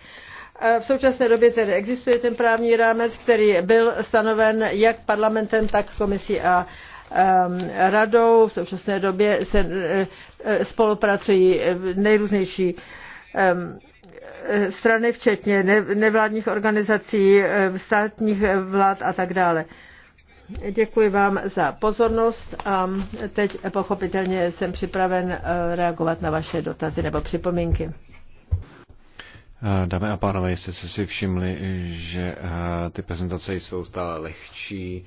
C: V současné době tedy existuje ten právní rámec, který byl stanoven jak parlamentem, tak komisí a radou. V současné době se e, e, spolupracují nejrůznější e, strany, včetně nevládních organizací, státních vlád a tak dále. Děkuji vám za pozornost a teď pochopitelně jsem připraven reagovat na vaše dotazy nebo připomínky.
A: Dámy a pánové, jestli jste si všimli, že eh, ty prezentace jsou stále lehčí,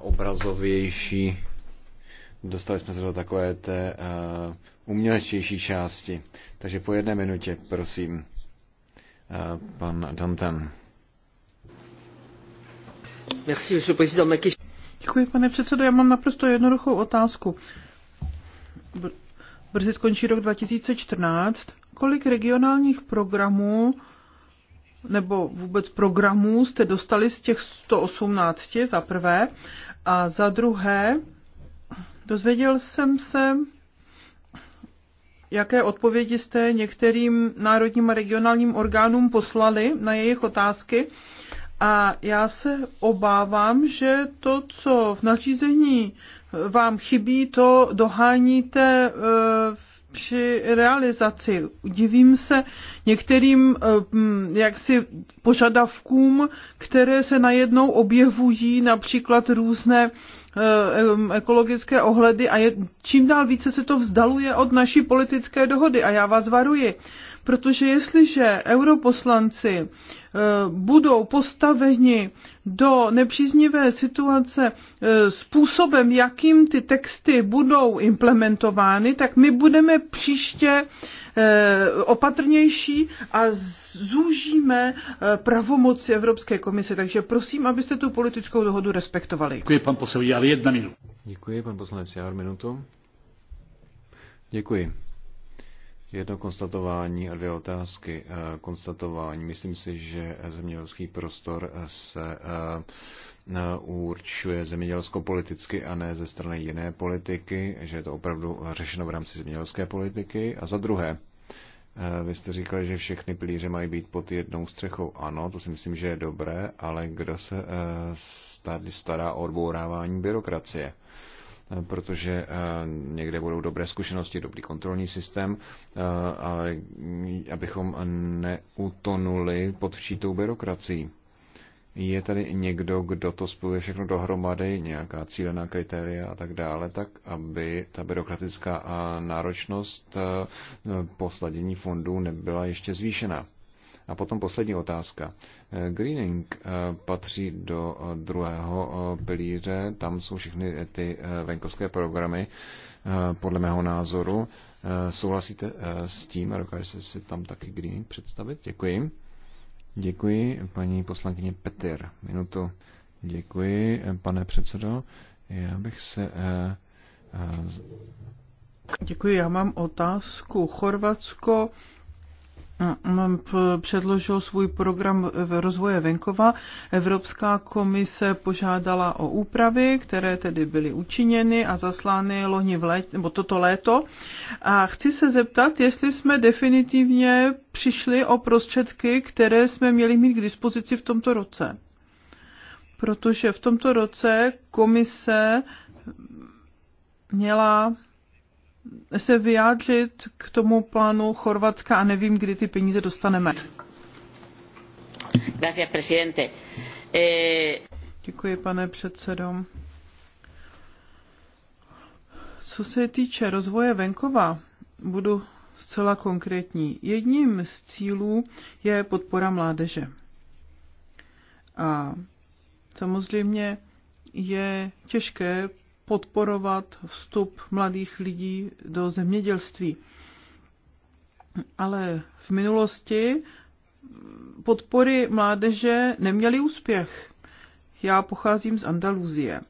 A: obrazovější, dostali jsme se do takové té eh, umělečtější části. Takže po jedné minutě, prosím, eh, pan Dantan.
B: Děkuji, pane předsedo. Já mám naprosto jednoduchou otázku. Brzy skončí rok 2014 kolik regionálních programů nebo vůbec programů jste dostali z těch 118 za prvé a za druhé dozvěděl jsem se, jaké odpovědi jste některým národním a regionálním orgánům poslali na jejich otázky. A já se obávám, že to, co v nařízení vám chybí, to doháníte v eh, při realizaci. Divím se některým eh, jaksi požadavkům, které se najednou objevují, například různé eh, ekologické ohledy a je, čím dál více se to vzdaluje od naší politické dohody a já vás varuji protože jestliže europoslanci eh, budou postaveni do nepříznivé situace eh, způsobem, jakým ty texty budou implementovány, tak my budeme příště eh, opatrnější a zúžíme pravomoci Evropské komise. Takže prosím, abyste tu politickou dohodu respektovali.
A: Děkuji, pan poslanec Jár, jedna minuta. Děkuji, pan poslanec Jár, minutu. Děkuji. Jedno konstatování a dvě otázky. Eh, konstatování. Myslím si, že zemědělský prostor eh, se eh, určuje zemědělsko-politicky a ne ze strany jiné politiky, že je to opravdu řešeno v rámci zemědělské politiky. A za druhé, vy jste říkali, že všechny pilíře mají být pod jednou střechou. Ano, to si myslím, že je dobré, ale kdo se stará o odbourávání byrokracie? Eh, protože eh, někde budou dobré zkušenosti, dobrý kontrolní systém, eh, ale abychom neutonuli pod včítou byrokracií. Je tady někdo, kdo to spojuje všechno dohromady, nějaká cílená kritéria a tak dále, tak aby ta byrokratická náročnost posladění fondů nebyla ještě zvýšena. A potom poslední otázka. Eh, greening eh, patří do eh, druhého pilíře, tam jsou všechny ty venkovské programy, podle mého názoru. Souhlasíte s tím a dokážete si tam taky greening představit? Děkuji. Děkuji, paní poslankyně Petir. Minutu. Děkuji, pane předsedo. Já bych se... Děkuji, já mám otázku. Chorvatsko
B: předložil svůj program rozvoje venkova. Evropská komise požádala o úpravy, které tedy byly učiněny a zaslány loni v létě, nebo toto léto. A chci se zeptat, jestli jsme definitivně přišli o prostředky, které jsme měli mít k dispozici v tomto roce. Protože v tomto roce komise měla se vyjádřit k tomu plánu Chorvatska a nevím, kdy ty peníze dostaneme.
A: Eh, Děkuji,
B: pane předsedo. Co se týče rozvoje venkova, budu zcela konkrétní. Jedním z cílů je podpora mládeže. A samozřejmě je těžké podporovat vstup mladých lidí do zemědělství. Ale v minulosti podpory mládeže neměly úspěch. Já pocházím z Andaluzie.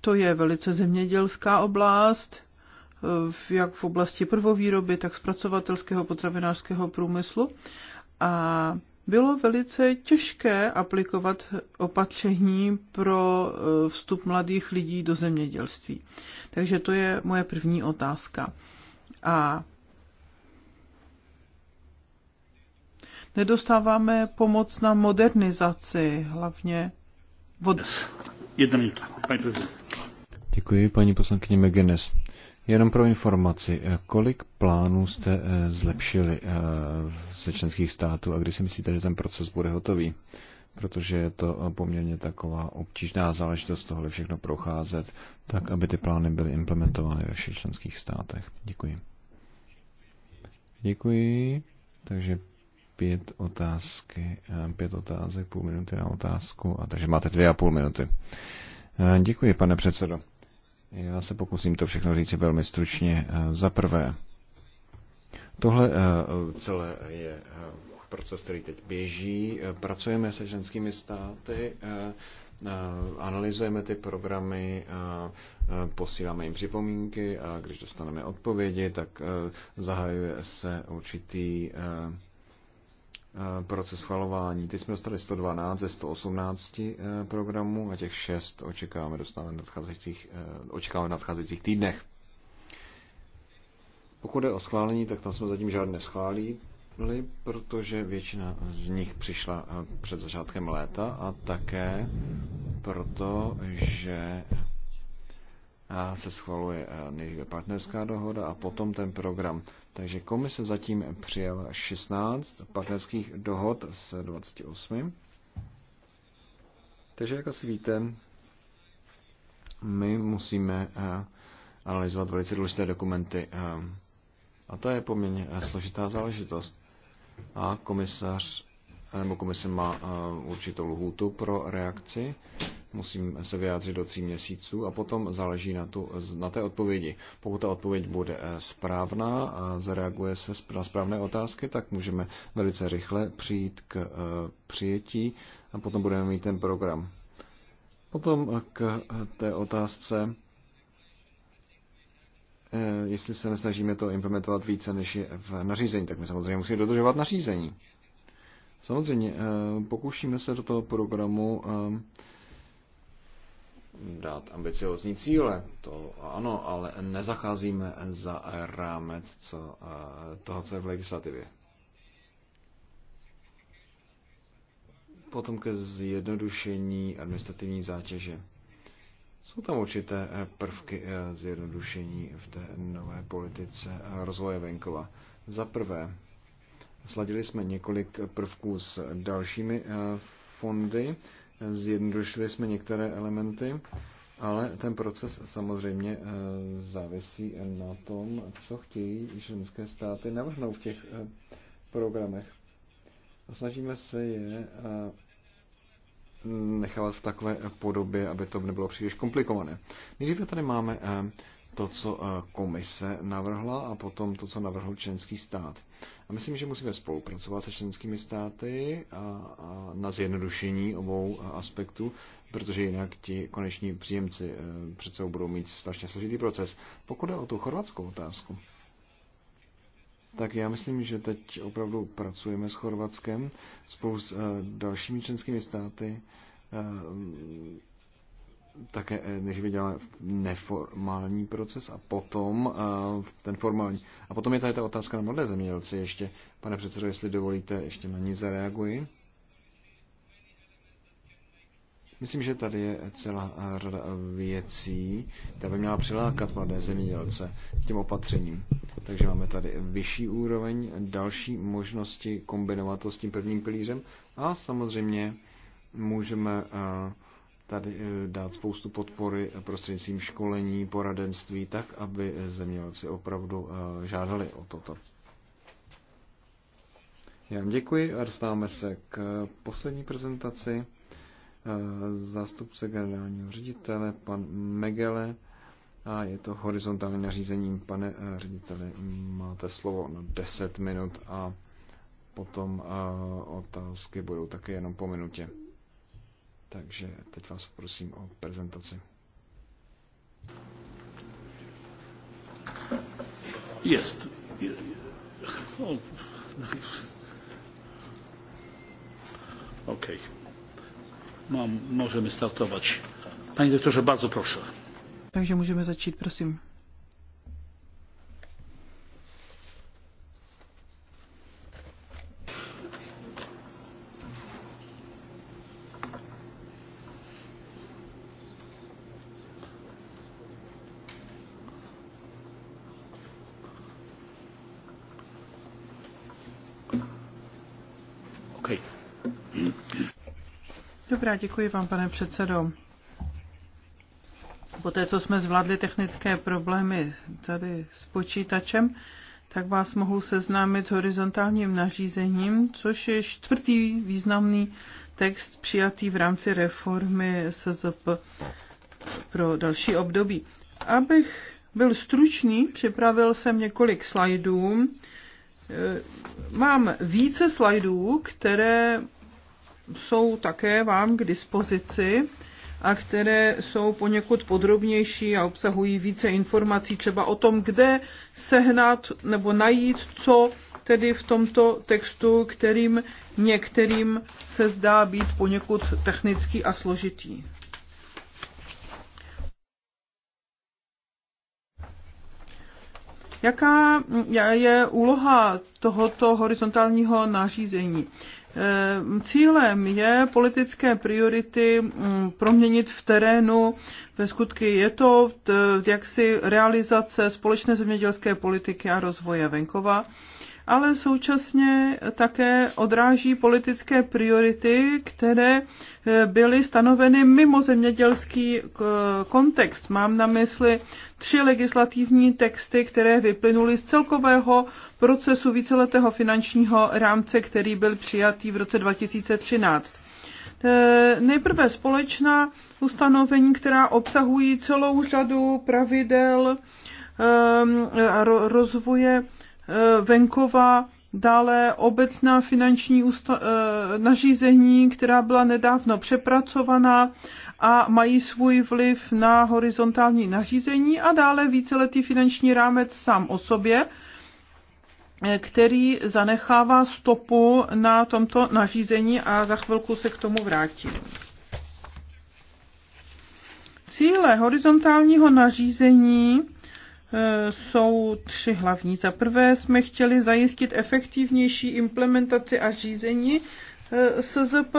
B: To je velice zemědělská oblast, jak v oblasti prvovýroby, tak zpracovatelského potravinářského průmyslu. A bylo velice těžké aplikovat opatření pro eh, vstup mladých lidí do zemědělství. Takže to je moje první otázka. A nedostáváme pomoc na modernizaci, hlavně vod. Jedna minuta, paní
A: Děkuji, paní poslankyně Megenes. Jenom pro informaci, eh, kolik plánů jste eh, zlepšili eh, ze členských států a kdy si myslíte, že ten proces bude hotový? Protože je to poměrně taková obtížná záležitost tohle všechno procházet, tak aby ty plány byly implementovány ve všech členských státech. Děkuji. Děkuji. Takže pět otázky, pět otázek, půl minuty na otázku, a takže máte dvě a půl minuty. Děkuji, pane předsedo. Já se pokusím to všechno říct velmi stručně. Eh, za prvé, tohle eh, celé je eh, proces, který teď běží. Pracujeme se ženskými státy, analyzujeme ty programy, posíláme jim připomínky a když dostaneme odpovědi, tak zahajuje se určitý Eh, proces schvalování. Teď jsme dostali 112 ze 118 eh, programů a těch 6 očekáváme, dostáváme nadcházejících, eh, očekáváme v nadcházejících týdnech. Pokud je o schválení, tak tam jsme zatím žádné schválili, protože většina z nich přišla před začátkem léta a také proto, že se schvaluje eh, nejdříve partnerská dohoda a potom ten program. Takže komise zatím přijala 16 partnerských dohod z 28. Takže jak asi víte, my musíme eh, analyzovat velice důležité dokumenty. Eh, a to je poměrně složitá záležitost. A komisař nebo komise má eh, určitou lhůtu pro reakci, musím se vyjádřit do tří měsíců a potom záleží na, tu, na té odpovědi. Pokud ta odpověď bude eh, správná a zareaguje se na správné otázky, tak můžeme velice rychle přijít k eh, přijetí a potom budeme mít ten program. Potom k té otázce, jestli se nesnažíme to implementovat více, než je v nařízení, tak my samozřejmě musíme dodržovat nařízení. Samozřejmě, eh, pokoušíme se do toho programu eh, dát ambiciozní cíle, to ano, ale nezacházíme za rámec co, eh, toho, co je v legislativě. Potom ke zjednodušení administrativní zátěže. Jsou tam určité prvky zjednodušení v té nové politice rozvoje venkova. Za prvé, Sladili jsme několik prvků s dalšími eh, fondy, zjednodušili jsme některé elementy, ale ten proces samozřejmě eh, závisí na tom, co chtějí ženské státy navrhnout v těch eh, programech. Snažíme se je nechávat v takové podobě, aby to nebylo příliš komplikované. Nejdříve tady máme to, co eh, komise navrhla a potom to, co navrhl členský stát. A myslím, že musíme spolupracovat se členskými státy a, a na zjednodušení obou eh, aspektů, protože jinak ti koneční příjemci eh, přece budou mít strašně složitý proces. Pokud je o tu chorvatskou otázku, tak já myslím, že teď opravdu pracujeme s Chorvatskem spolu s dalšími členskými státy také, eh, než viděla neformální proces a potom eh, ten formální. A potom je tady ta otázka na mladé zemědělci ještě. Pane předsedo, jestli dovolíte, ještě na ní zareaguji. Myslím, že tady je celá eh, řada věcí, která by měla přilákat mladé zemědělce k těm opatřením. Takže máme tady vyšší úroveň, další možnosti kombinovat to s tím prvním pilířem a samozřejmě můžeme tady eh, dát spoustu podpory prostřednictvím školení, poradenství, tak, aby zemědělci opravdu eh, žádali o toto. Já vám děkuji a dostáváme se k poslední prezentaci eh, zástupce generálního ředitele, pan Megele, a je to horizontální nařízením. Pane ředitele, máte slovo na 10 minut a potom otázky budou také jenom po minutě. Takže teď vás prosím o prezentaci. Jest.
B: OK. Mám, můžeme startovat. Panie doktorze, bardzo proszę. Takže můžeme začít, prosím. Dobrá, děkuji vám, pane předsedo. té, co jsme zvládli technické problémy tady s počítačem, tak vás mohu seznámit s horizontálním nařízením, což je čtvrtý významný text přijatý v rámci reformy SZP pro další období. Abych byl stručný, připravil jsem několik slajdů. Mám více slajdů, které jsou také vám k dispozici a které jsou poněkud podrobnější a obsahují více informací třeba o tom, kde sehnat nebo najít, co tedy v tomto textu, kterým některým se zdá být poněkud technický a složitý. Jaká je úloha tohoto horizontálního nařízení? Eh, cílem je politické priority mm, proměnit v terénu ve skutky. Je to eh, jaksi realizace společné zemědělské politiky a rozvoje venkova ale současně také odráží politické priority, které eh, byly stanoveny mimo zemědělský eh, kontext. Mám na mysli tři legislativní texty, které vyplynuly z celkového procesu víceletého finančního rámce, který byl přijatý v roce 2013. Eh, nejprve společná ustanovení, která obsahují celou řadu pravidel ehm, rozvoje Eh, venkova, dále obecná finanční eh, nařízení, která byla nedávno přepracovaná a mají svůj vliv na horizontální nařízení a dále víceletý finanční rámec sám o sobě, eh, který zanechává stopu na tomto nařízení a za chvilku se k tomu vrátím. Cíle horizontálního nařízení Eh, jsou tři hlavní. Za prvé jsme chtěli zajistit efektivnější implementaci a řízení SZP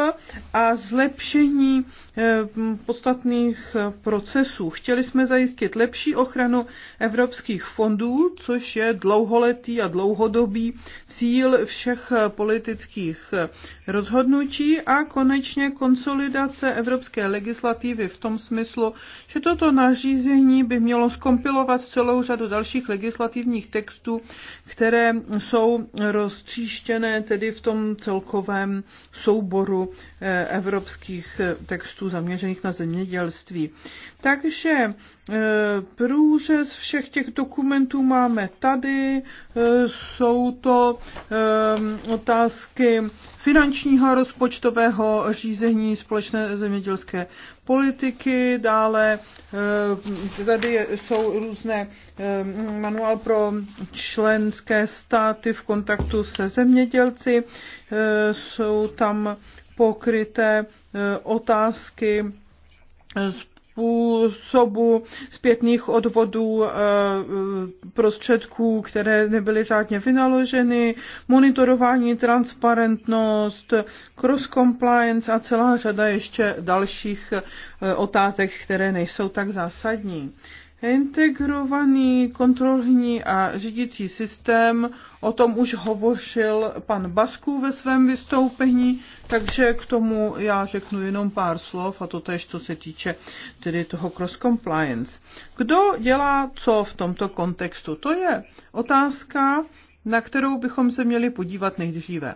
B: a zlepšení eh, podstatných procesů. Chtěli jsme zajistit lepší ochranu evropských fondů, což je dlouholetý a dlouhodobý cíl všech politických rozhodnutí a konečně konsolidace evropské legislativy v tom smyslu, že toto nařízení by mělo skompilovat celou řadu dalších legislativních textů, které jsou roztříštěné tedy v tom celkovém souboru eh, evropských eh, textů zaměřených na zemědělství. Takže e, průřez všech těch dokumentů máme tady. E, jsou to e, otázky finančního rozpočtového řízení společné zemědělské politiky, dále tady jsou různé manuál pro členské státy v kontaktu se zemědělci, jsou tam pokryté otázky způsobu zpětných odvodů eh, prostředků, které nebyly řádně vynaloženy, monitorování, transparentnost, cross-compliance a celá řada ještě dalších eh, otázek, které nejsou tak zásadní. Integrovaný kontrolní a řídící systém, o tom už hovořil pan Basku ve svém vystoupení, takže k tomu já řeknu jenom pár slov a to tež, co se týče tedy toho cross compliance. Kdo dělá co v tomto kontextu? To je otázka, na kterou bychom se měli podívat nejdříve.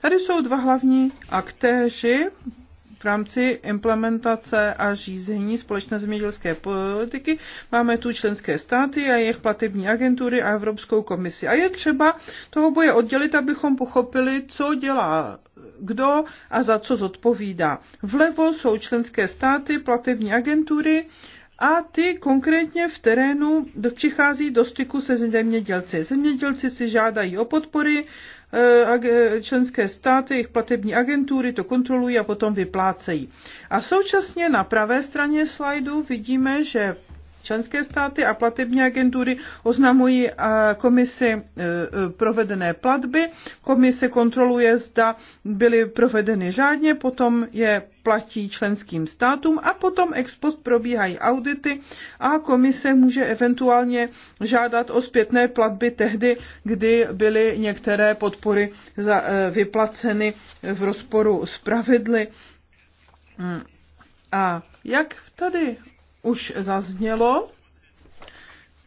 B: Tady jsou dva hlavní aktéři v rámci implementace a řízení společné zemědělské politiky máme tu členské státy a jejich platební agentury a Evropskou komisi. A je třeba toho boje oddělit, abychom pochopili, co dělá kdo a za co zodpovídá. Vlevo jsou členské státy, platební agentury, a ty konkrétně v terénu přichází do styku se zemědělci. Zemědělci si žádají o podpory, e, členské státy, jejich platební agentury to kontrolují a potom vyplácejí. A současně na pravé straně slajdu vidíme, že Členské státy a platební agentury oznamují eh, komisi eh, eh, provedené platby, komise kontroluje, zda byly provedeny řádně, potom je platí členským státům a potom ex post probíhají audity a komise může eventuálně žádat o zpětné platby tehdy, kdy byly některé podpory vyplaceny v rozporu s pravidly. Hmm. A jak tady už zaznělo.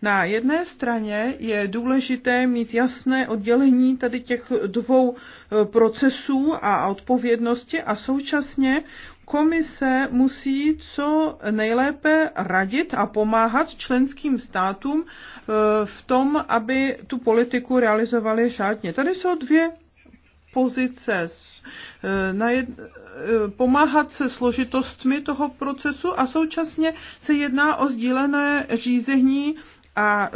B: Na jedné straně je důležité mít jasné oddělení tady těch dvou e, procesů a odpovědnosti a současně komise musí co nejlépe radit a pomáhat členským státům e, v tom, aby tu politiku realizovali řádně. Tady jsou dvě pozice, eh, najed, eh, pomáhat se složitostmi toho procesu a současně se jedná o sdílené řízení a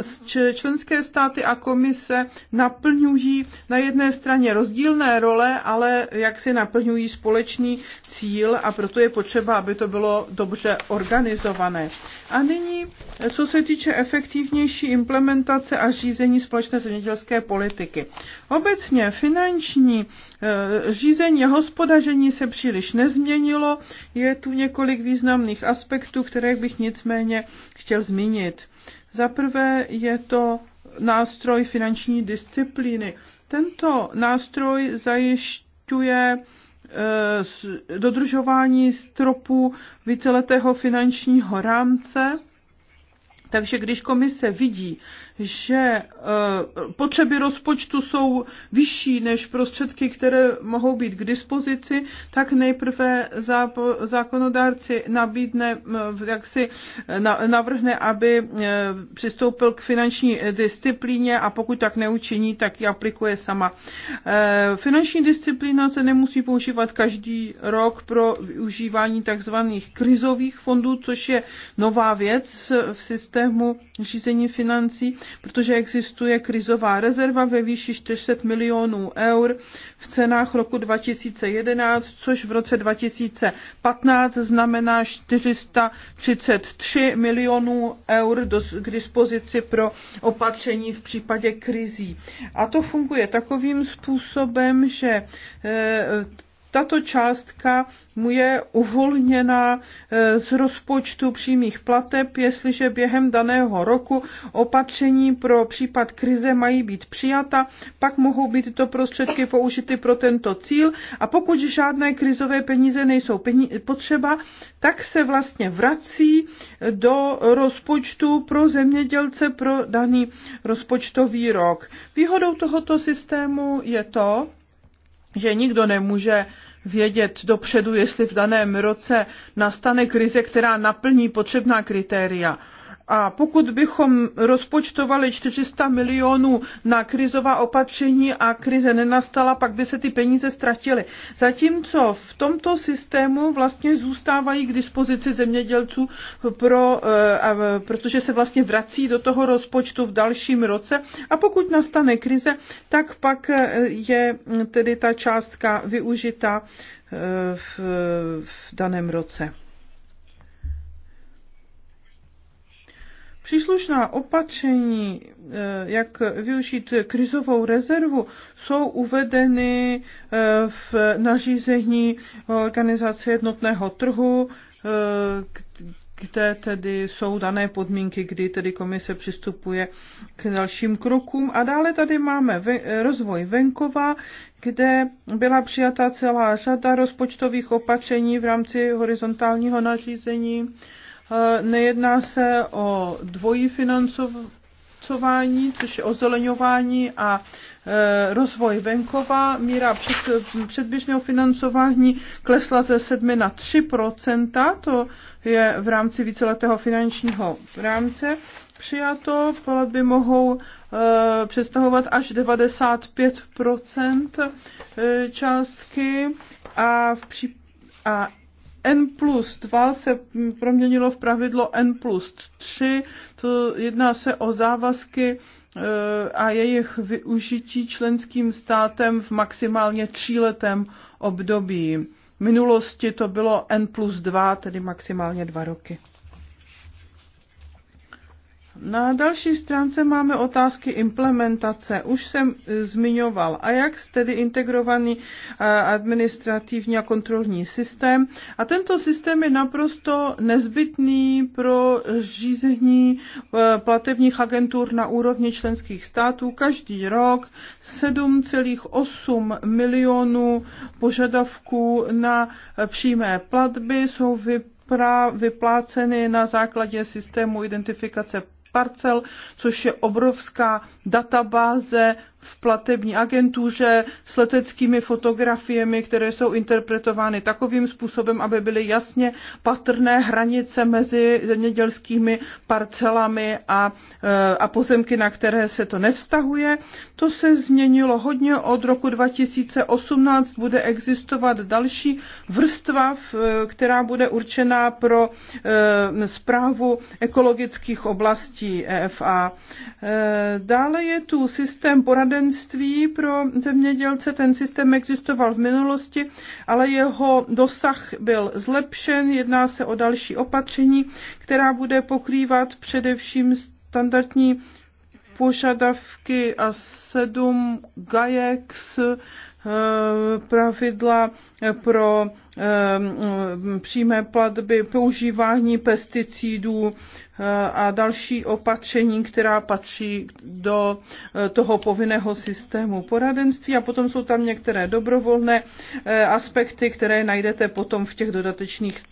B: členské státy a komise naplňují na jedné straně rozdílné role, ale jak si naplňují společný cíl a proto je potřeba, aby to bylo dobře organizované. A nyní, co se týče efektivnější implementace a řízení společné zemědělské politiky. Obecně finanční e, řízení a hospodaření se příliš nezměnilo, je tu několik významných aspektů, které bych nicméně chtěl zmínit. Za prvé je to nástroj finanční disciplíny. Tento nástroj zajišťuje e, dodržování stropu víceletého finančního rámce. Takže když komise vidí, že e, potřeby rozpočtu jsou vyšší než prostředky, které mohou být k dispozici, tak nejprve zákonodárci nabídne, jak si navrhne, aby e, přistoupil k finanční disciplíně a pokud tak neučiní, tak ji aplikuje sama. E, finanční disciplína se nemusí používat každý rok pro využívání takzvaných krizových fondů, což je nová věc v systému řízení financí, protože existuje krizová rezerva ve výši 400 milionů eur v cenách roku 2011, což v roce 2015 znamená 433 milionů eur k dispozici pro opatření v případě krizí. A to funguje takovým způsobem, že eh, tato částka mu je uvolněna e, z rozpočtu přímých plateb, jestliže během daného roku opatření pro případ krize mají být přijata, pak mohou být tyto prostředky použity pro tento cíl a pokud žádné krizové peníze nejsou potřeba, tak se vlastně vrací do rozpočtu pro zemědělce pro daný rozpočtový rok. Výhodou tohoto systému je to, že nikdo nemůže vědět dopředu, jestli v daném roce nastane krize, která naplní potřebná kritéria. A pokud bychom rozpočtovali 400 milionů na krizová opatření a krize nenastala, pak by se ty peníze ztratily. Zatímco v tomto systému vlastně zůstávají k dispozici zemědělců, pro, eh, protože se vlastně vrací do toho rozpočtu v dalším roce. A pokud nastane krize, tak pak eh, je mm, tedy ta částka využita eh, v, v daném roce. Příslušná opatření, eh, jak využít krizovou rezervu, jsou uvedeny eh, v nařízení Organizace jednotného trhu, eh, kde tedy jsou dané podmínky, kdy tedy komise přistupuje k dalším krokům. A dále tady máme rozvoj venkova, kde byla přijata celá řada rozpočtových opatření v rámci horizontálního nařízení Eh, nejedná se o dvojí financování, což je ozeleňování a eh, rozvoj venkova. Míra před, předběžného financování klesla ze 7 na 3 to je v rámci víceletého finančního rámce přijato. Platby mohou eh, představovat až 95 částky a v případě a N plus 2 se proměnilo v pravidlo N plus 3. To jedná se o závazky eh, a jejich využití členským státem v maximálně tříletém období. V minulosti to bylo N plus 2, tedy maximálně dva roky. Na další stránce máme otázky implementace. Už jsem e, zmiňoval jak tedy integrovaný e, administrativní a kontrolní systém. A tento systém je naprosto nezbytný pro řízení e, platebních agentur na úrovni členských států. Každý rok 7,8 milionů požadavků na přímé platby jsou vypláceny vypláceny na základě systému identifikace parcel, což je obrovská databáze v platební agentuře s leteckými fotografiemi, které jsou interpretovány takovým způsobem, aby byly jasně patrné hranice mezi zemědělskými parcelami a, eh, a pozemky, na které se to nevztahuje. To se změnilo hodně od roku 2018. Bude existovat další vrstva, eh, která bude určená pro zprávu eh, ekologických oblastí EFA. Dále je tu systém poradenství poradenství pro zemědělce. Ten systém existoval v minulosti, ale jeho dosah byl zlepšen. Jedná se o další opatření, která bude pokrývat především standardní požadavky a sedm GAEX Eh, pravidla pro eh, přímé platby, používání pesticidů eh, a další opatření, která patří do toho povinného systému poradenství. A potom jsou tam některé dobrovolné aspekty, které najdete potom v těch dodatečných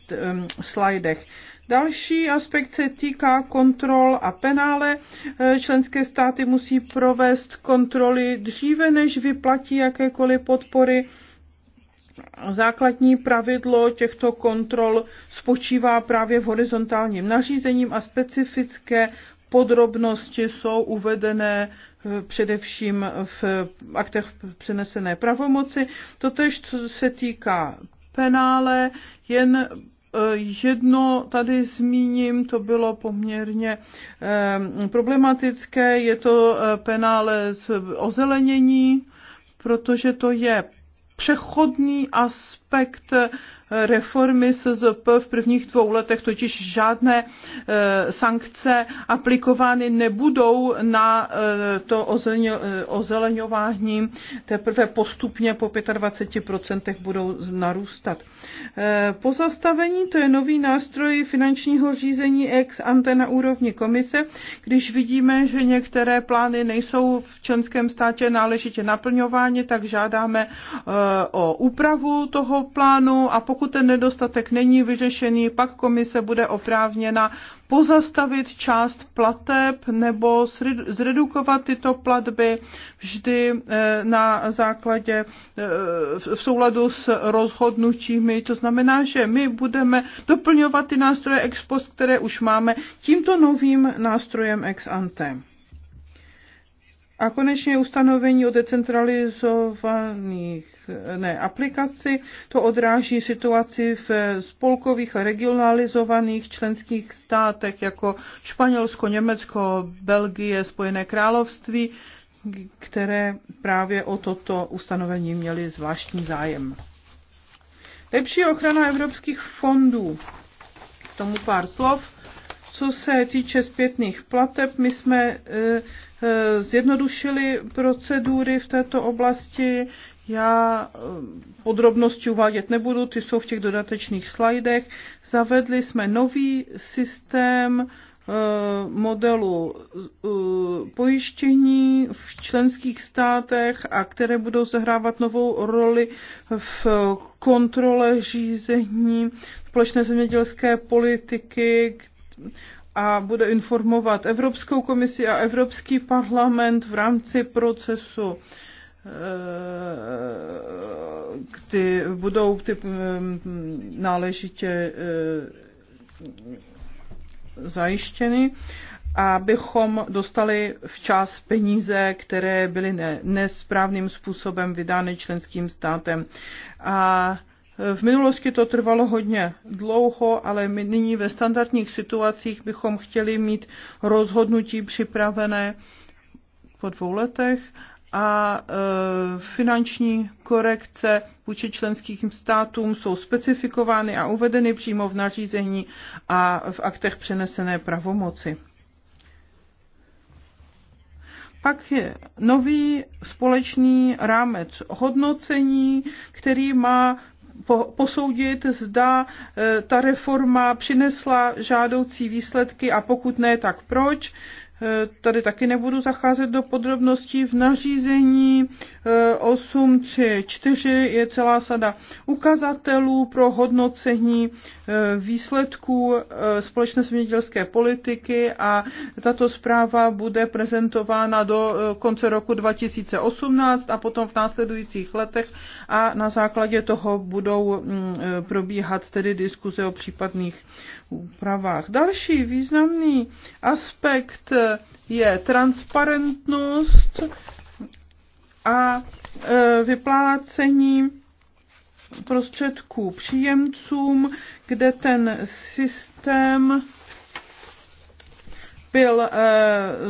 B: slajdech. Další aspekt se týká kontrol a penále. Eh, členské státy musí provést kontroly dříve, než vyplatí jakékoliv podpory. Základní pravidlo těchto kontrol spočívá právě v horizontálním nařízením a specifické podrobnosti jsou uvedené eh, především v aktech přenesené pravomoci. Totež se týká penále, jen Jedno tady zmíním, to bylo poměrně eh, problematické, je to eh, penále z ozelenění, protože to je přechodný aspekt reformy SZP v prvních dvou letech totiž žádné e, sankce aplikovány nebudou na e, to e, ozeleňování, teprve postupně po 25% budou narůstat. Pozastavení to je nový nástroj finančního řízení ex ante na úrovni komise, když vidíme, že některé plány nejsou v členském státě náležitě naplňovány, tak žádáme o úpravu toho plánu a pokud pokud ten nedostatek není vyřešený, pak komise bude oprávněna pozastavit část plateb nebo zredukovat tyto platby vždy eh, na základě eh, v souladu s rozhodnutími. To znamená, že my budeme doplňovat ty nástroje ex post, které už máme, tímto novým nástrojem ex ante. A konečně ustanovení o decentralizovaných ne, aplikaci. To odráží situaci v spolkových a regionalizovaných členských státech jako Španělsko, Německo, Belgie, Spojené království, které právě o toto ustanovení měly zvláštní zájem. Lepší ochrana evropských fondů. K tomu pár slov. Co se týče zpětných plateb, my jsme eh, eh, zjednodušili procedury v této oblasti. Já eh, podrobnosti uvádět nebudu, ty jsou v těch dodatečných slajdech. Zavedli jsme nový systém eh, modelu eh, pojištění v členských státech a které budou zahrávat novou roli v kontrole řízení společné zemědělské politiky a bude informovat Evropskou komisi a Evropský parlament v rámci procesu Eh, ty budou ty, eh, náležitě eh, zajištěny, abychom dostali včas peníze, které byly ne, nesprávným způsobem vydány členským státem. A v minulosti to trvalo hodně dlouho, ale my nyní ve standardních situacích bychom chtěli mít rozhodnutí připravené po dvou letech a e, finanční korekce vůči členským státům jsou specifikovány a uvedeny přímo v nařízení a v aktech přenesené pravomoci. Pak je nový společný rámec hodnocení, který má posoudit, zda e, ta reforma přinesla žádoucí výsledky a pokud ne, tak proč. Eh, tady taky nebudu zacházet do podrobností. V nařízení 4 eh, je celá sada ukazatelů pro hodnocení eh, výsledků společné zemědělské politiky a tato zpráva bude prezentována do konce roku 2018 a potom v následujících letech a na základě toho budou mm, probíhat tedy diskuze o případných úpravách. Další významný aspekt je transparentnost a e, vyplácení prostředků příjemcům, kde ten systém byl eh,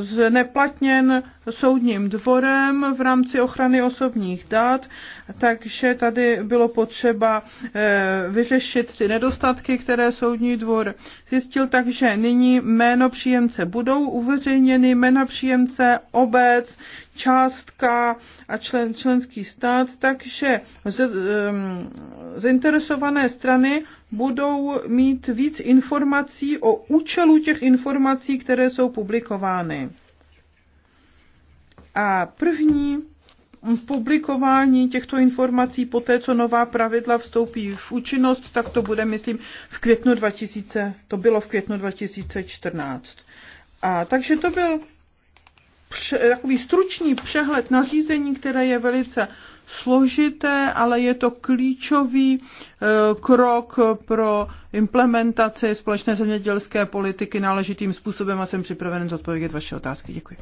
B: zneplatněn soudním dvorem v rámci ochrany osobních dat, takže tady bylo potřeba eh, vyřešit ty nedostatky, které soudní dvor zjistil, takže nyní jméno příjemce budou uveřejněny, jména příjemce, obec, částka a člen, členský stát, takže z, um, zainteresované strany budou mít víc informací o účelu těch informací, které jsou publikovány. A první publikování těchto informací po té, co nová pravidla vstoupí v účinnost, tak to bude, myslím, v květnu 2000, to bylo v květnu 2014. A takže to byl takový stručný přehled nařízení, které je velice složité, ale je to klíčový e, krok pro implementaci společné zemědělské politiky náležitým způsobem a jsem připraven zodpovědět vaše otázky.
A: Děkuji.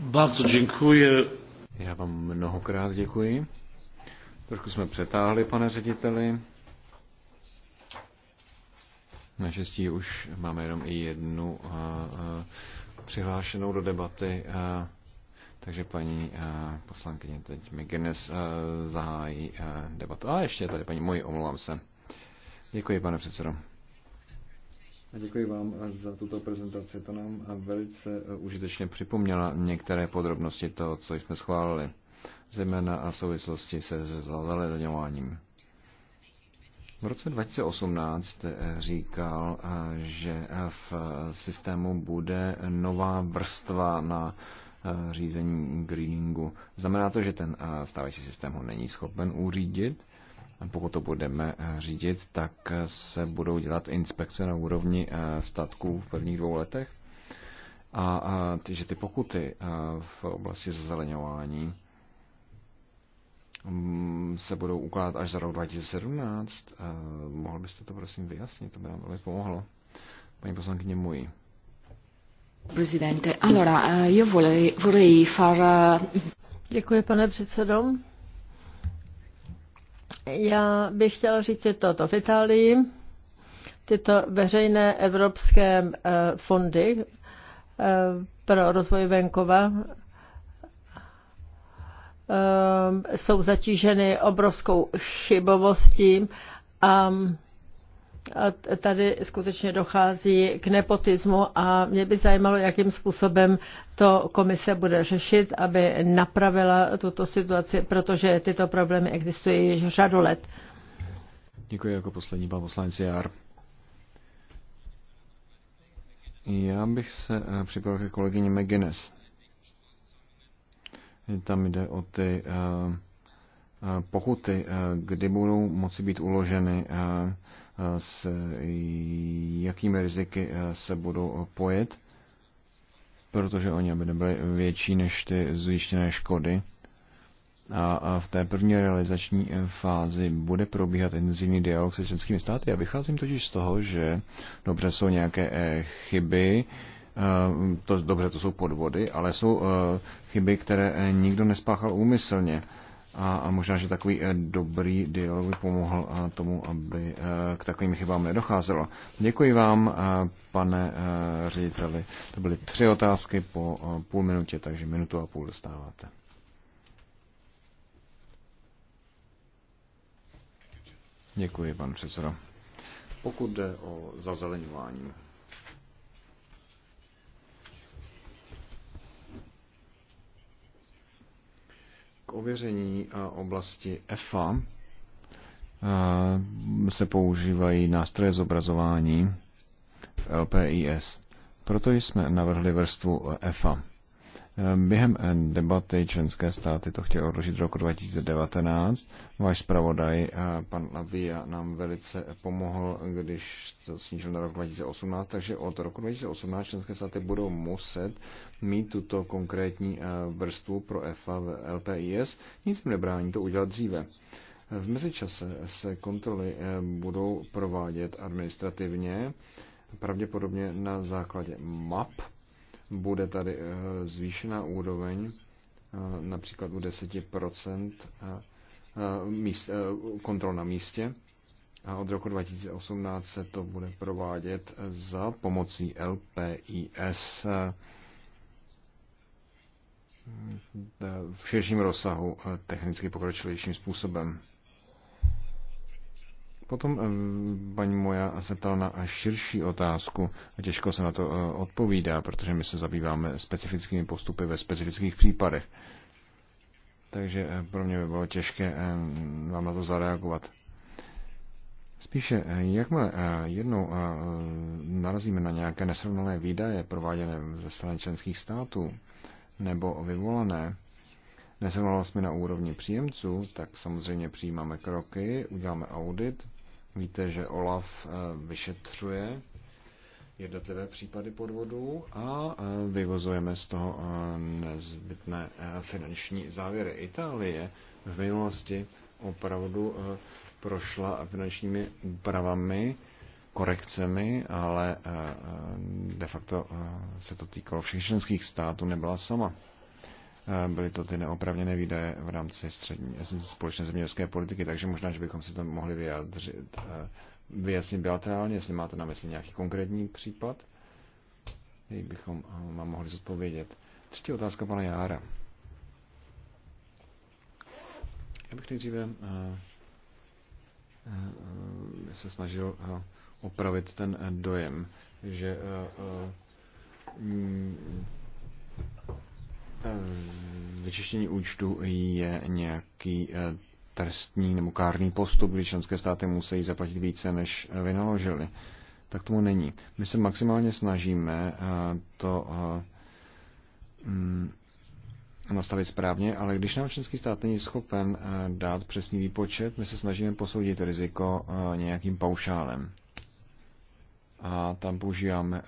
A: Bardzo děkuji. Já vám mnohokrát děkuji. Trošku jsme přetáhli, pane řediteli. Naštěstí už máme jenom i jednu a, a, přihlášenou do debaty, eh, takže paní eh, poslankyně teď McGuinness eh, zahájí debatu. A ještě tady paní moji, omlouvám se. Děkuji, pane předsedo. A děkuji vám za tuto prezentaci. To nám velice užitečně připomněla některé podrobnosti toho, co jsme schválili, zejména v souvislosti se zazeleňováním. V roce 2018 eh, říkal, eh, že eh, v systému bude nová vrstva na řízení greeningu. Znamená to, že ten stávající systém ho není schopen uřídit. pokud to budeme řídit, tak se budou dělat inspekce na úrovni statků v prvních dvou letech. A, a že ty pokuty v oblasti zazeleňování Mm, se budou ukládat až za rok 2017. Eh, Mohl byste to prosím vyjasnit, to by nám velmi pomohlo. Paní poslankyně můj. Prezidente,
C: allora, eh, io vorrei far... Eh, Děkuji, pane předsedo. Já bych chtěla říct toto. V Itálii tyto veřejné evropské fondy pro rozvoj venkova Ehm, jsou zatíženy obrovskou chybovostí ehm, a tady skutečně dochází k nepotismu a mě by zajímalo, jakým způsobem to komise bude řešit, aby napravila tuto situaci, protože tyto problémy existují již řadu let.
A: Děkuji jako poslední pan poslanec Jár. Já bych se eh, připojil ke kolegyni McGuinness. Tam jde o ty eh, eh, pokuty, eh, kdy budou moci být uloženy, s jakými riziky se budou pojet, protože oni aby nebyly větší než ty zjištěné škody. A v té první realizační fázi bude probíhat intenzivní dialog se členskými státy. Já vycházím totiž z toho, že dobře jsou nějaké chyby, Eh, to, dobře, to jsou podvody, ale jsou eh, chyby, které eh, nikdo nespáchal úmyslně. A možná, že takový dobrý dialog by pomohl tomu, aby k takovým chybám nedocházelo. Děkuji vám, pane řediteli. To byly tři otázky po půl minutě, takže minutu a půl dostáváte. Děkuji, pan předsedo. Pokud jde o zazeleňování, k ověření a oblasti EFA se používají nástroje zobrazování v LPIS. Proto jsme navrhli vrstvu EFA. Během debaty členské státy to chtěl odložit roku 2019. Váš zpravodaj, eh, pan Lavia, nám velice pomohl, když to snížil na rok 2018, takže od roku 2018 členské státy budou muset mít tuto konkrétní eh, vrstvu pro EFA v LPIS. Nic mi nebrání to udělat dříve. V mezičase se kontroly eh, budou provádět administrativně, pravděpodobně na základě map, bude tady eh, zvýšená úroveň, eh, například u 10% eh, míst, kontrol na místě. A od roku 2018 se to bude provádět za pomocí LPIS v širším rozsahu technicky pokročilejším způsobem. Potom paní moja se ptala na širší otázku a těžko se na to eh, odpovídá, protože my se zabýváme specifickými postupy ve specifických případech. Takže eh, pro mě by bylo těžké vám na to zareagovat. Spíše, eh, jakmile jednou narazíme na nějaké nesrovnalé výdaje prováděné ze strany členských států nebo vyvolané nesrovnalostmi na úrovni příjemců, tak samozřejmě přijímáme kroky, uděláme audit Víte, že OLAF eh, vyšetřuje jednotlivé případy podvodů a eh, vyvozujeme z toho eh, nezbytné finanční závěry. Itálie v minulosti opravdu prošla finančními úpravami, korekcemi, ale de facto se to týkalo všech členských států, nebyla sama. Eh, byly to ty neopravněné výdaje v rámci střední, společné zemědělské politiky, takže možná, že bychom si to mohli vyjádřit, eh, vyjasnit bilaterálně, jestli máte na mysli nějaký konkrétní případ, který bychom eh, vám mohli zodpovědět. Třetí otázka pana Jára. Já bych nejdříve se snažil opravit ten dojem, že Eh, vyčištění účtu je nějaký eh, trestní nebo kárný postup, kdy členské státy musí zaplatit více, než eh, vynaložili. Tak tomu není. My se maximálně snažíme to mm, nastavit správně, ale když nám členský stát není schopen dát přesný výpočet, my se snažíme posoudit riziko nějakým paušálem. A tam používáme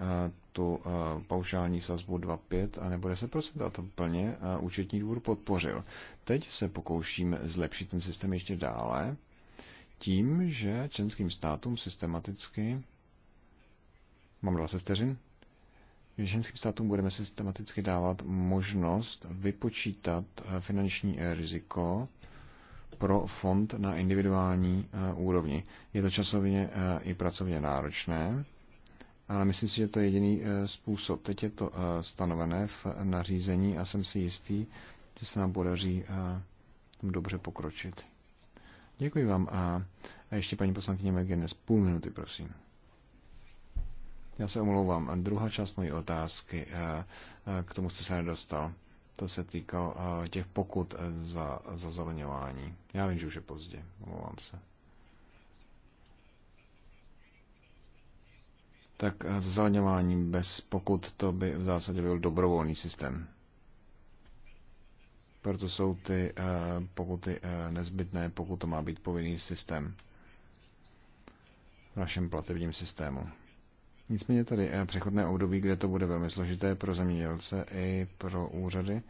A: tu eh, paušální sazbu 2,5 a nebo 10% a to plně eh, účetní dvůr podpořil. Teď se pokoušíme zlepšit ten systém ještě dále tím, že členským státům systematicky mám 20 vteřin, že ženským státům budeme systematicky dávat možnost vypočítat eh, finanční riziko pro fond na individuální úrovni. Je to časově i pracovně náročné, ale myslím si, že to je jediný eh, způsob. Teď je to eh, stanovené v nařízení a jsem si jistý, že se nám podaří eh, tam dobře pokročit. Děkuji vám a, ještě paní poslankyně McGinnis, půl minuty, prosím. Já se omlouvám. A druhá část mojí otázky, k tomu jste se nedostal. To se týkalo těch pokut za zazeleňování. Já vím, že už je pozdě, omlouvám se. tak zazelňování bez pokud to by v zásadě byl dobrovolný systém. Proto jsou ty eh, pokuty eh, nezbytné, pokud to má být povinný systém v našem plativním systému. Nicméně tady eh, přechodné období, kde to bude velmi složité pro zemědělce i pro úřady,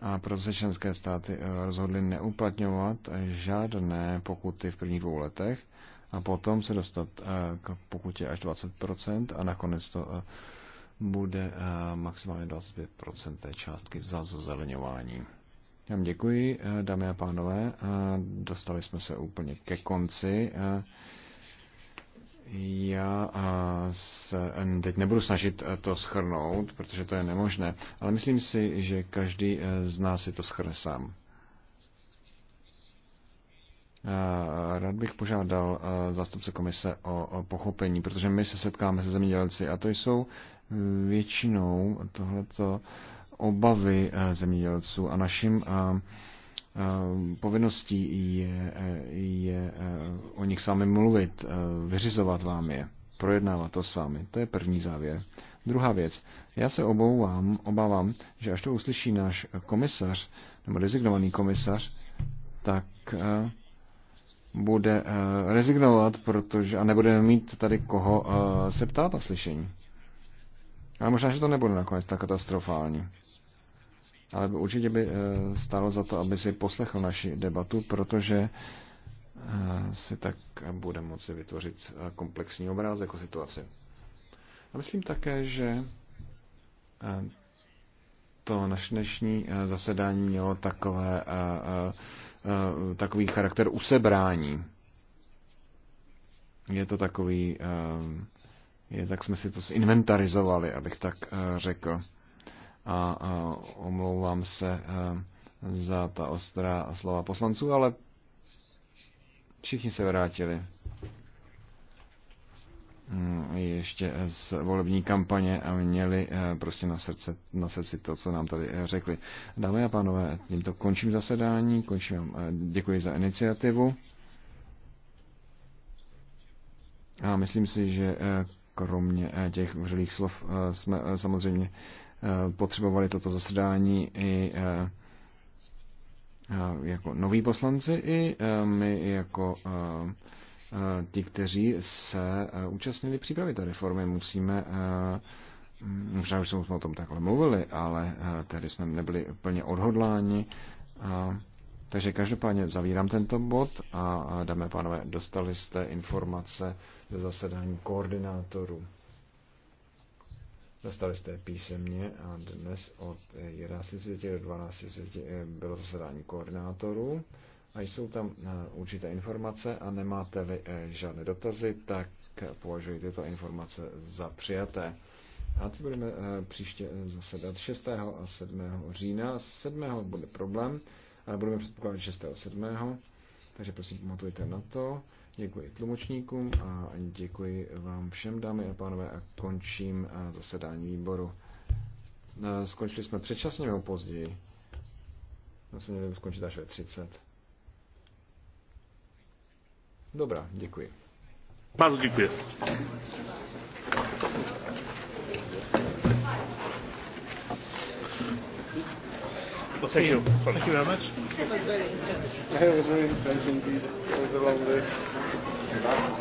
A: a proto se členské státy rozhodly neuplatňovat žádné pokuty v prvních dvou letech a potom se dostat eh, k pokutě až 20% a nakonec to eh, bude eh, maximálně 25% té částky za zazeleňování. Já vám děkuji, dámy a pánové. Dostali jsme se úplně ke konci. Já se teď nebudu snažit to schrnout, protože to je nemožné, ale myslím si, že každý z nás si to schrne sám. Eh, rád bych požádal eh, zástupce komise o pochopení, protože my se setkáme se zemědělci a to jsou většinou tohleto obavy eh, zemědělců a naším povinností je, je o nich s vámi mluvit, vyřizovat vám je, projednávat to s vámi. To je první závěr. Druhá věc. Já se obouvám, obávám, že až to uslyší náš komisař, nebo rezignovaný komisař, tak bude eh, rezignovat, protože a nebudeme mít tady koho eh, se ptát na slyšení. Ale možná, že to nebude nakonec tak katastrofální. Ale určitě by eh, stálo za to, aby si poslechl naši debatu, protože si tak bude moci vytvořit komplexní obrázek o situaci. A myslím také, že to naše dnešní zasedání mělo takové Eh, takový charakter usebrání. Je to takový, eh, je, tak jsme si to zinventarizovali, abych tak eh, řekl. A, omlouvám se za ta ostrá slova poslanců, ale všichni se vrátili. Mm, ještě z volební kampaně a měli eh, prostě na, srdce, na srdci to, co nám tady eh, řekli. Dámy a pánové, tímto končím zasedání, končím, eh, děkuji za iniciativu. A myslím si, že kromě těch vřelých slov jsme samozřejmě potřebovali toto zasedání i jako noví poslanci, i my jako Eh, ti, kteří se eh, účastnili přípravy té reformy. Musíme eh, možná už jsme o tom takhle mluvili, ale tehdy jsme nebyli plně odhodláni. Takže každopádně zavírám tento bod a dáme pánové, dostali jste informace ze zasedání koordinátorů. Dostali jste písemně a dnes od 11.30 do 12.30 bylo zasedání koordinátorů a jsou tam eh, určité informace a nemáte-li eh, žádné dotazy, tak považuji tyto informace za přijaté. A teď budeme eh, příště zasedat 6. a 7. října. 7. bude problém, ale budeme předpokládat 6. a 7. Takže prosím, pamatujte na to. Děkuji tlumočníkům a děkuji vám všem, dámy a pánové, a končím zasedání výboru. Skončili jsme předčasně nebo později. Já jsem měl skončit až ve 30. Dobrá, děkuji. Bardzo děkuji.
C: thank you. Thank
A: you very much.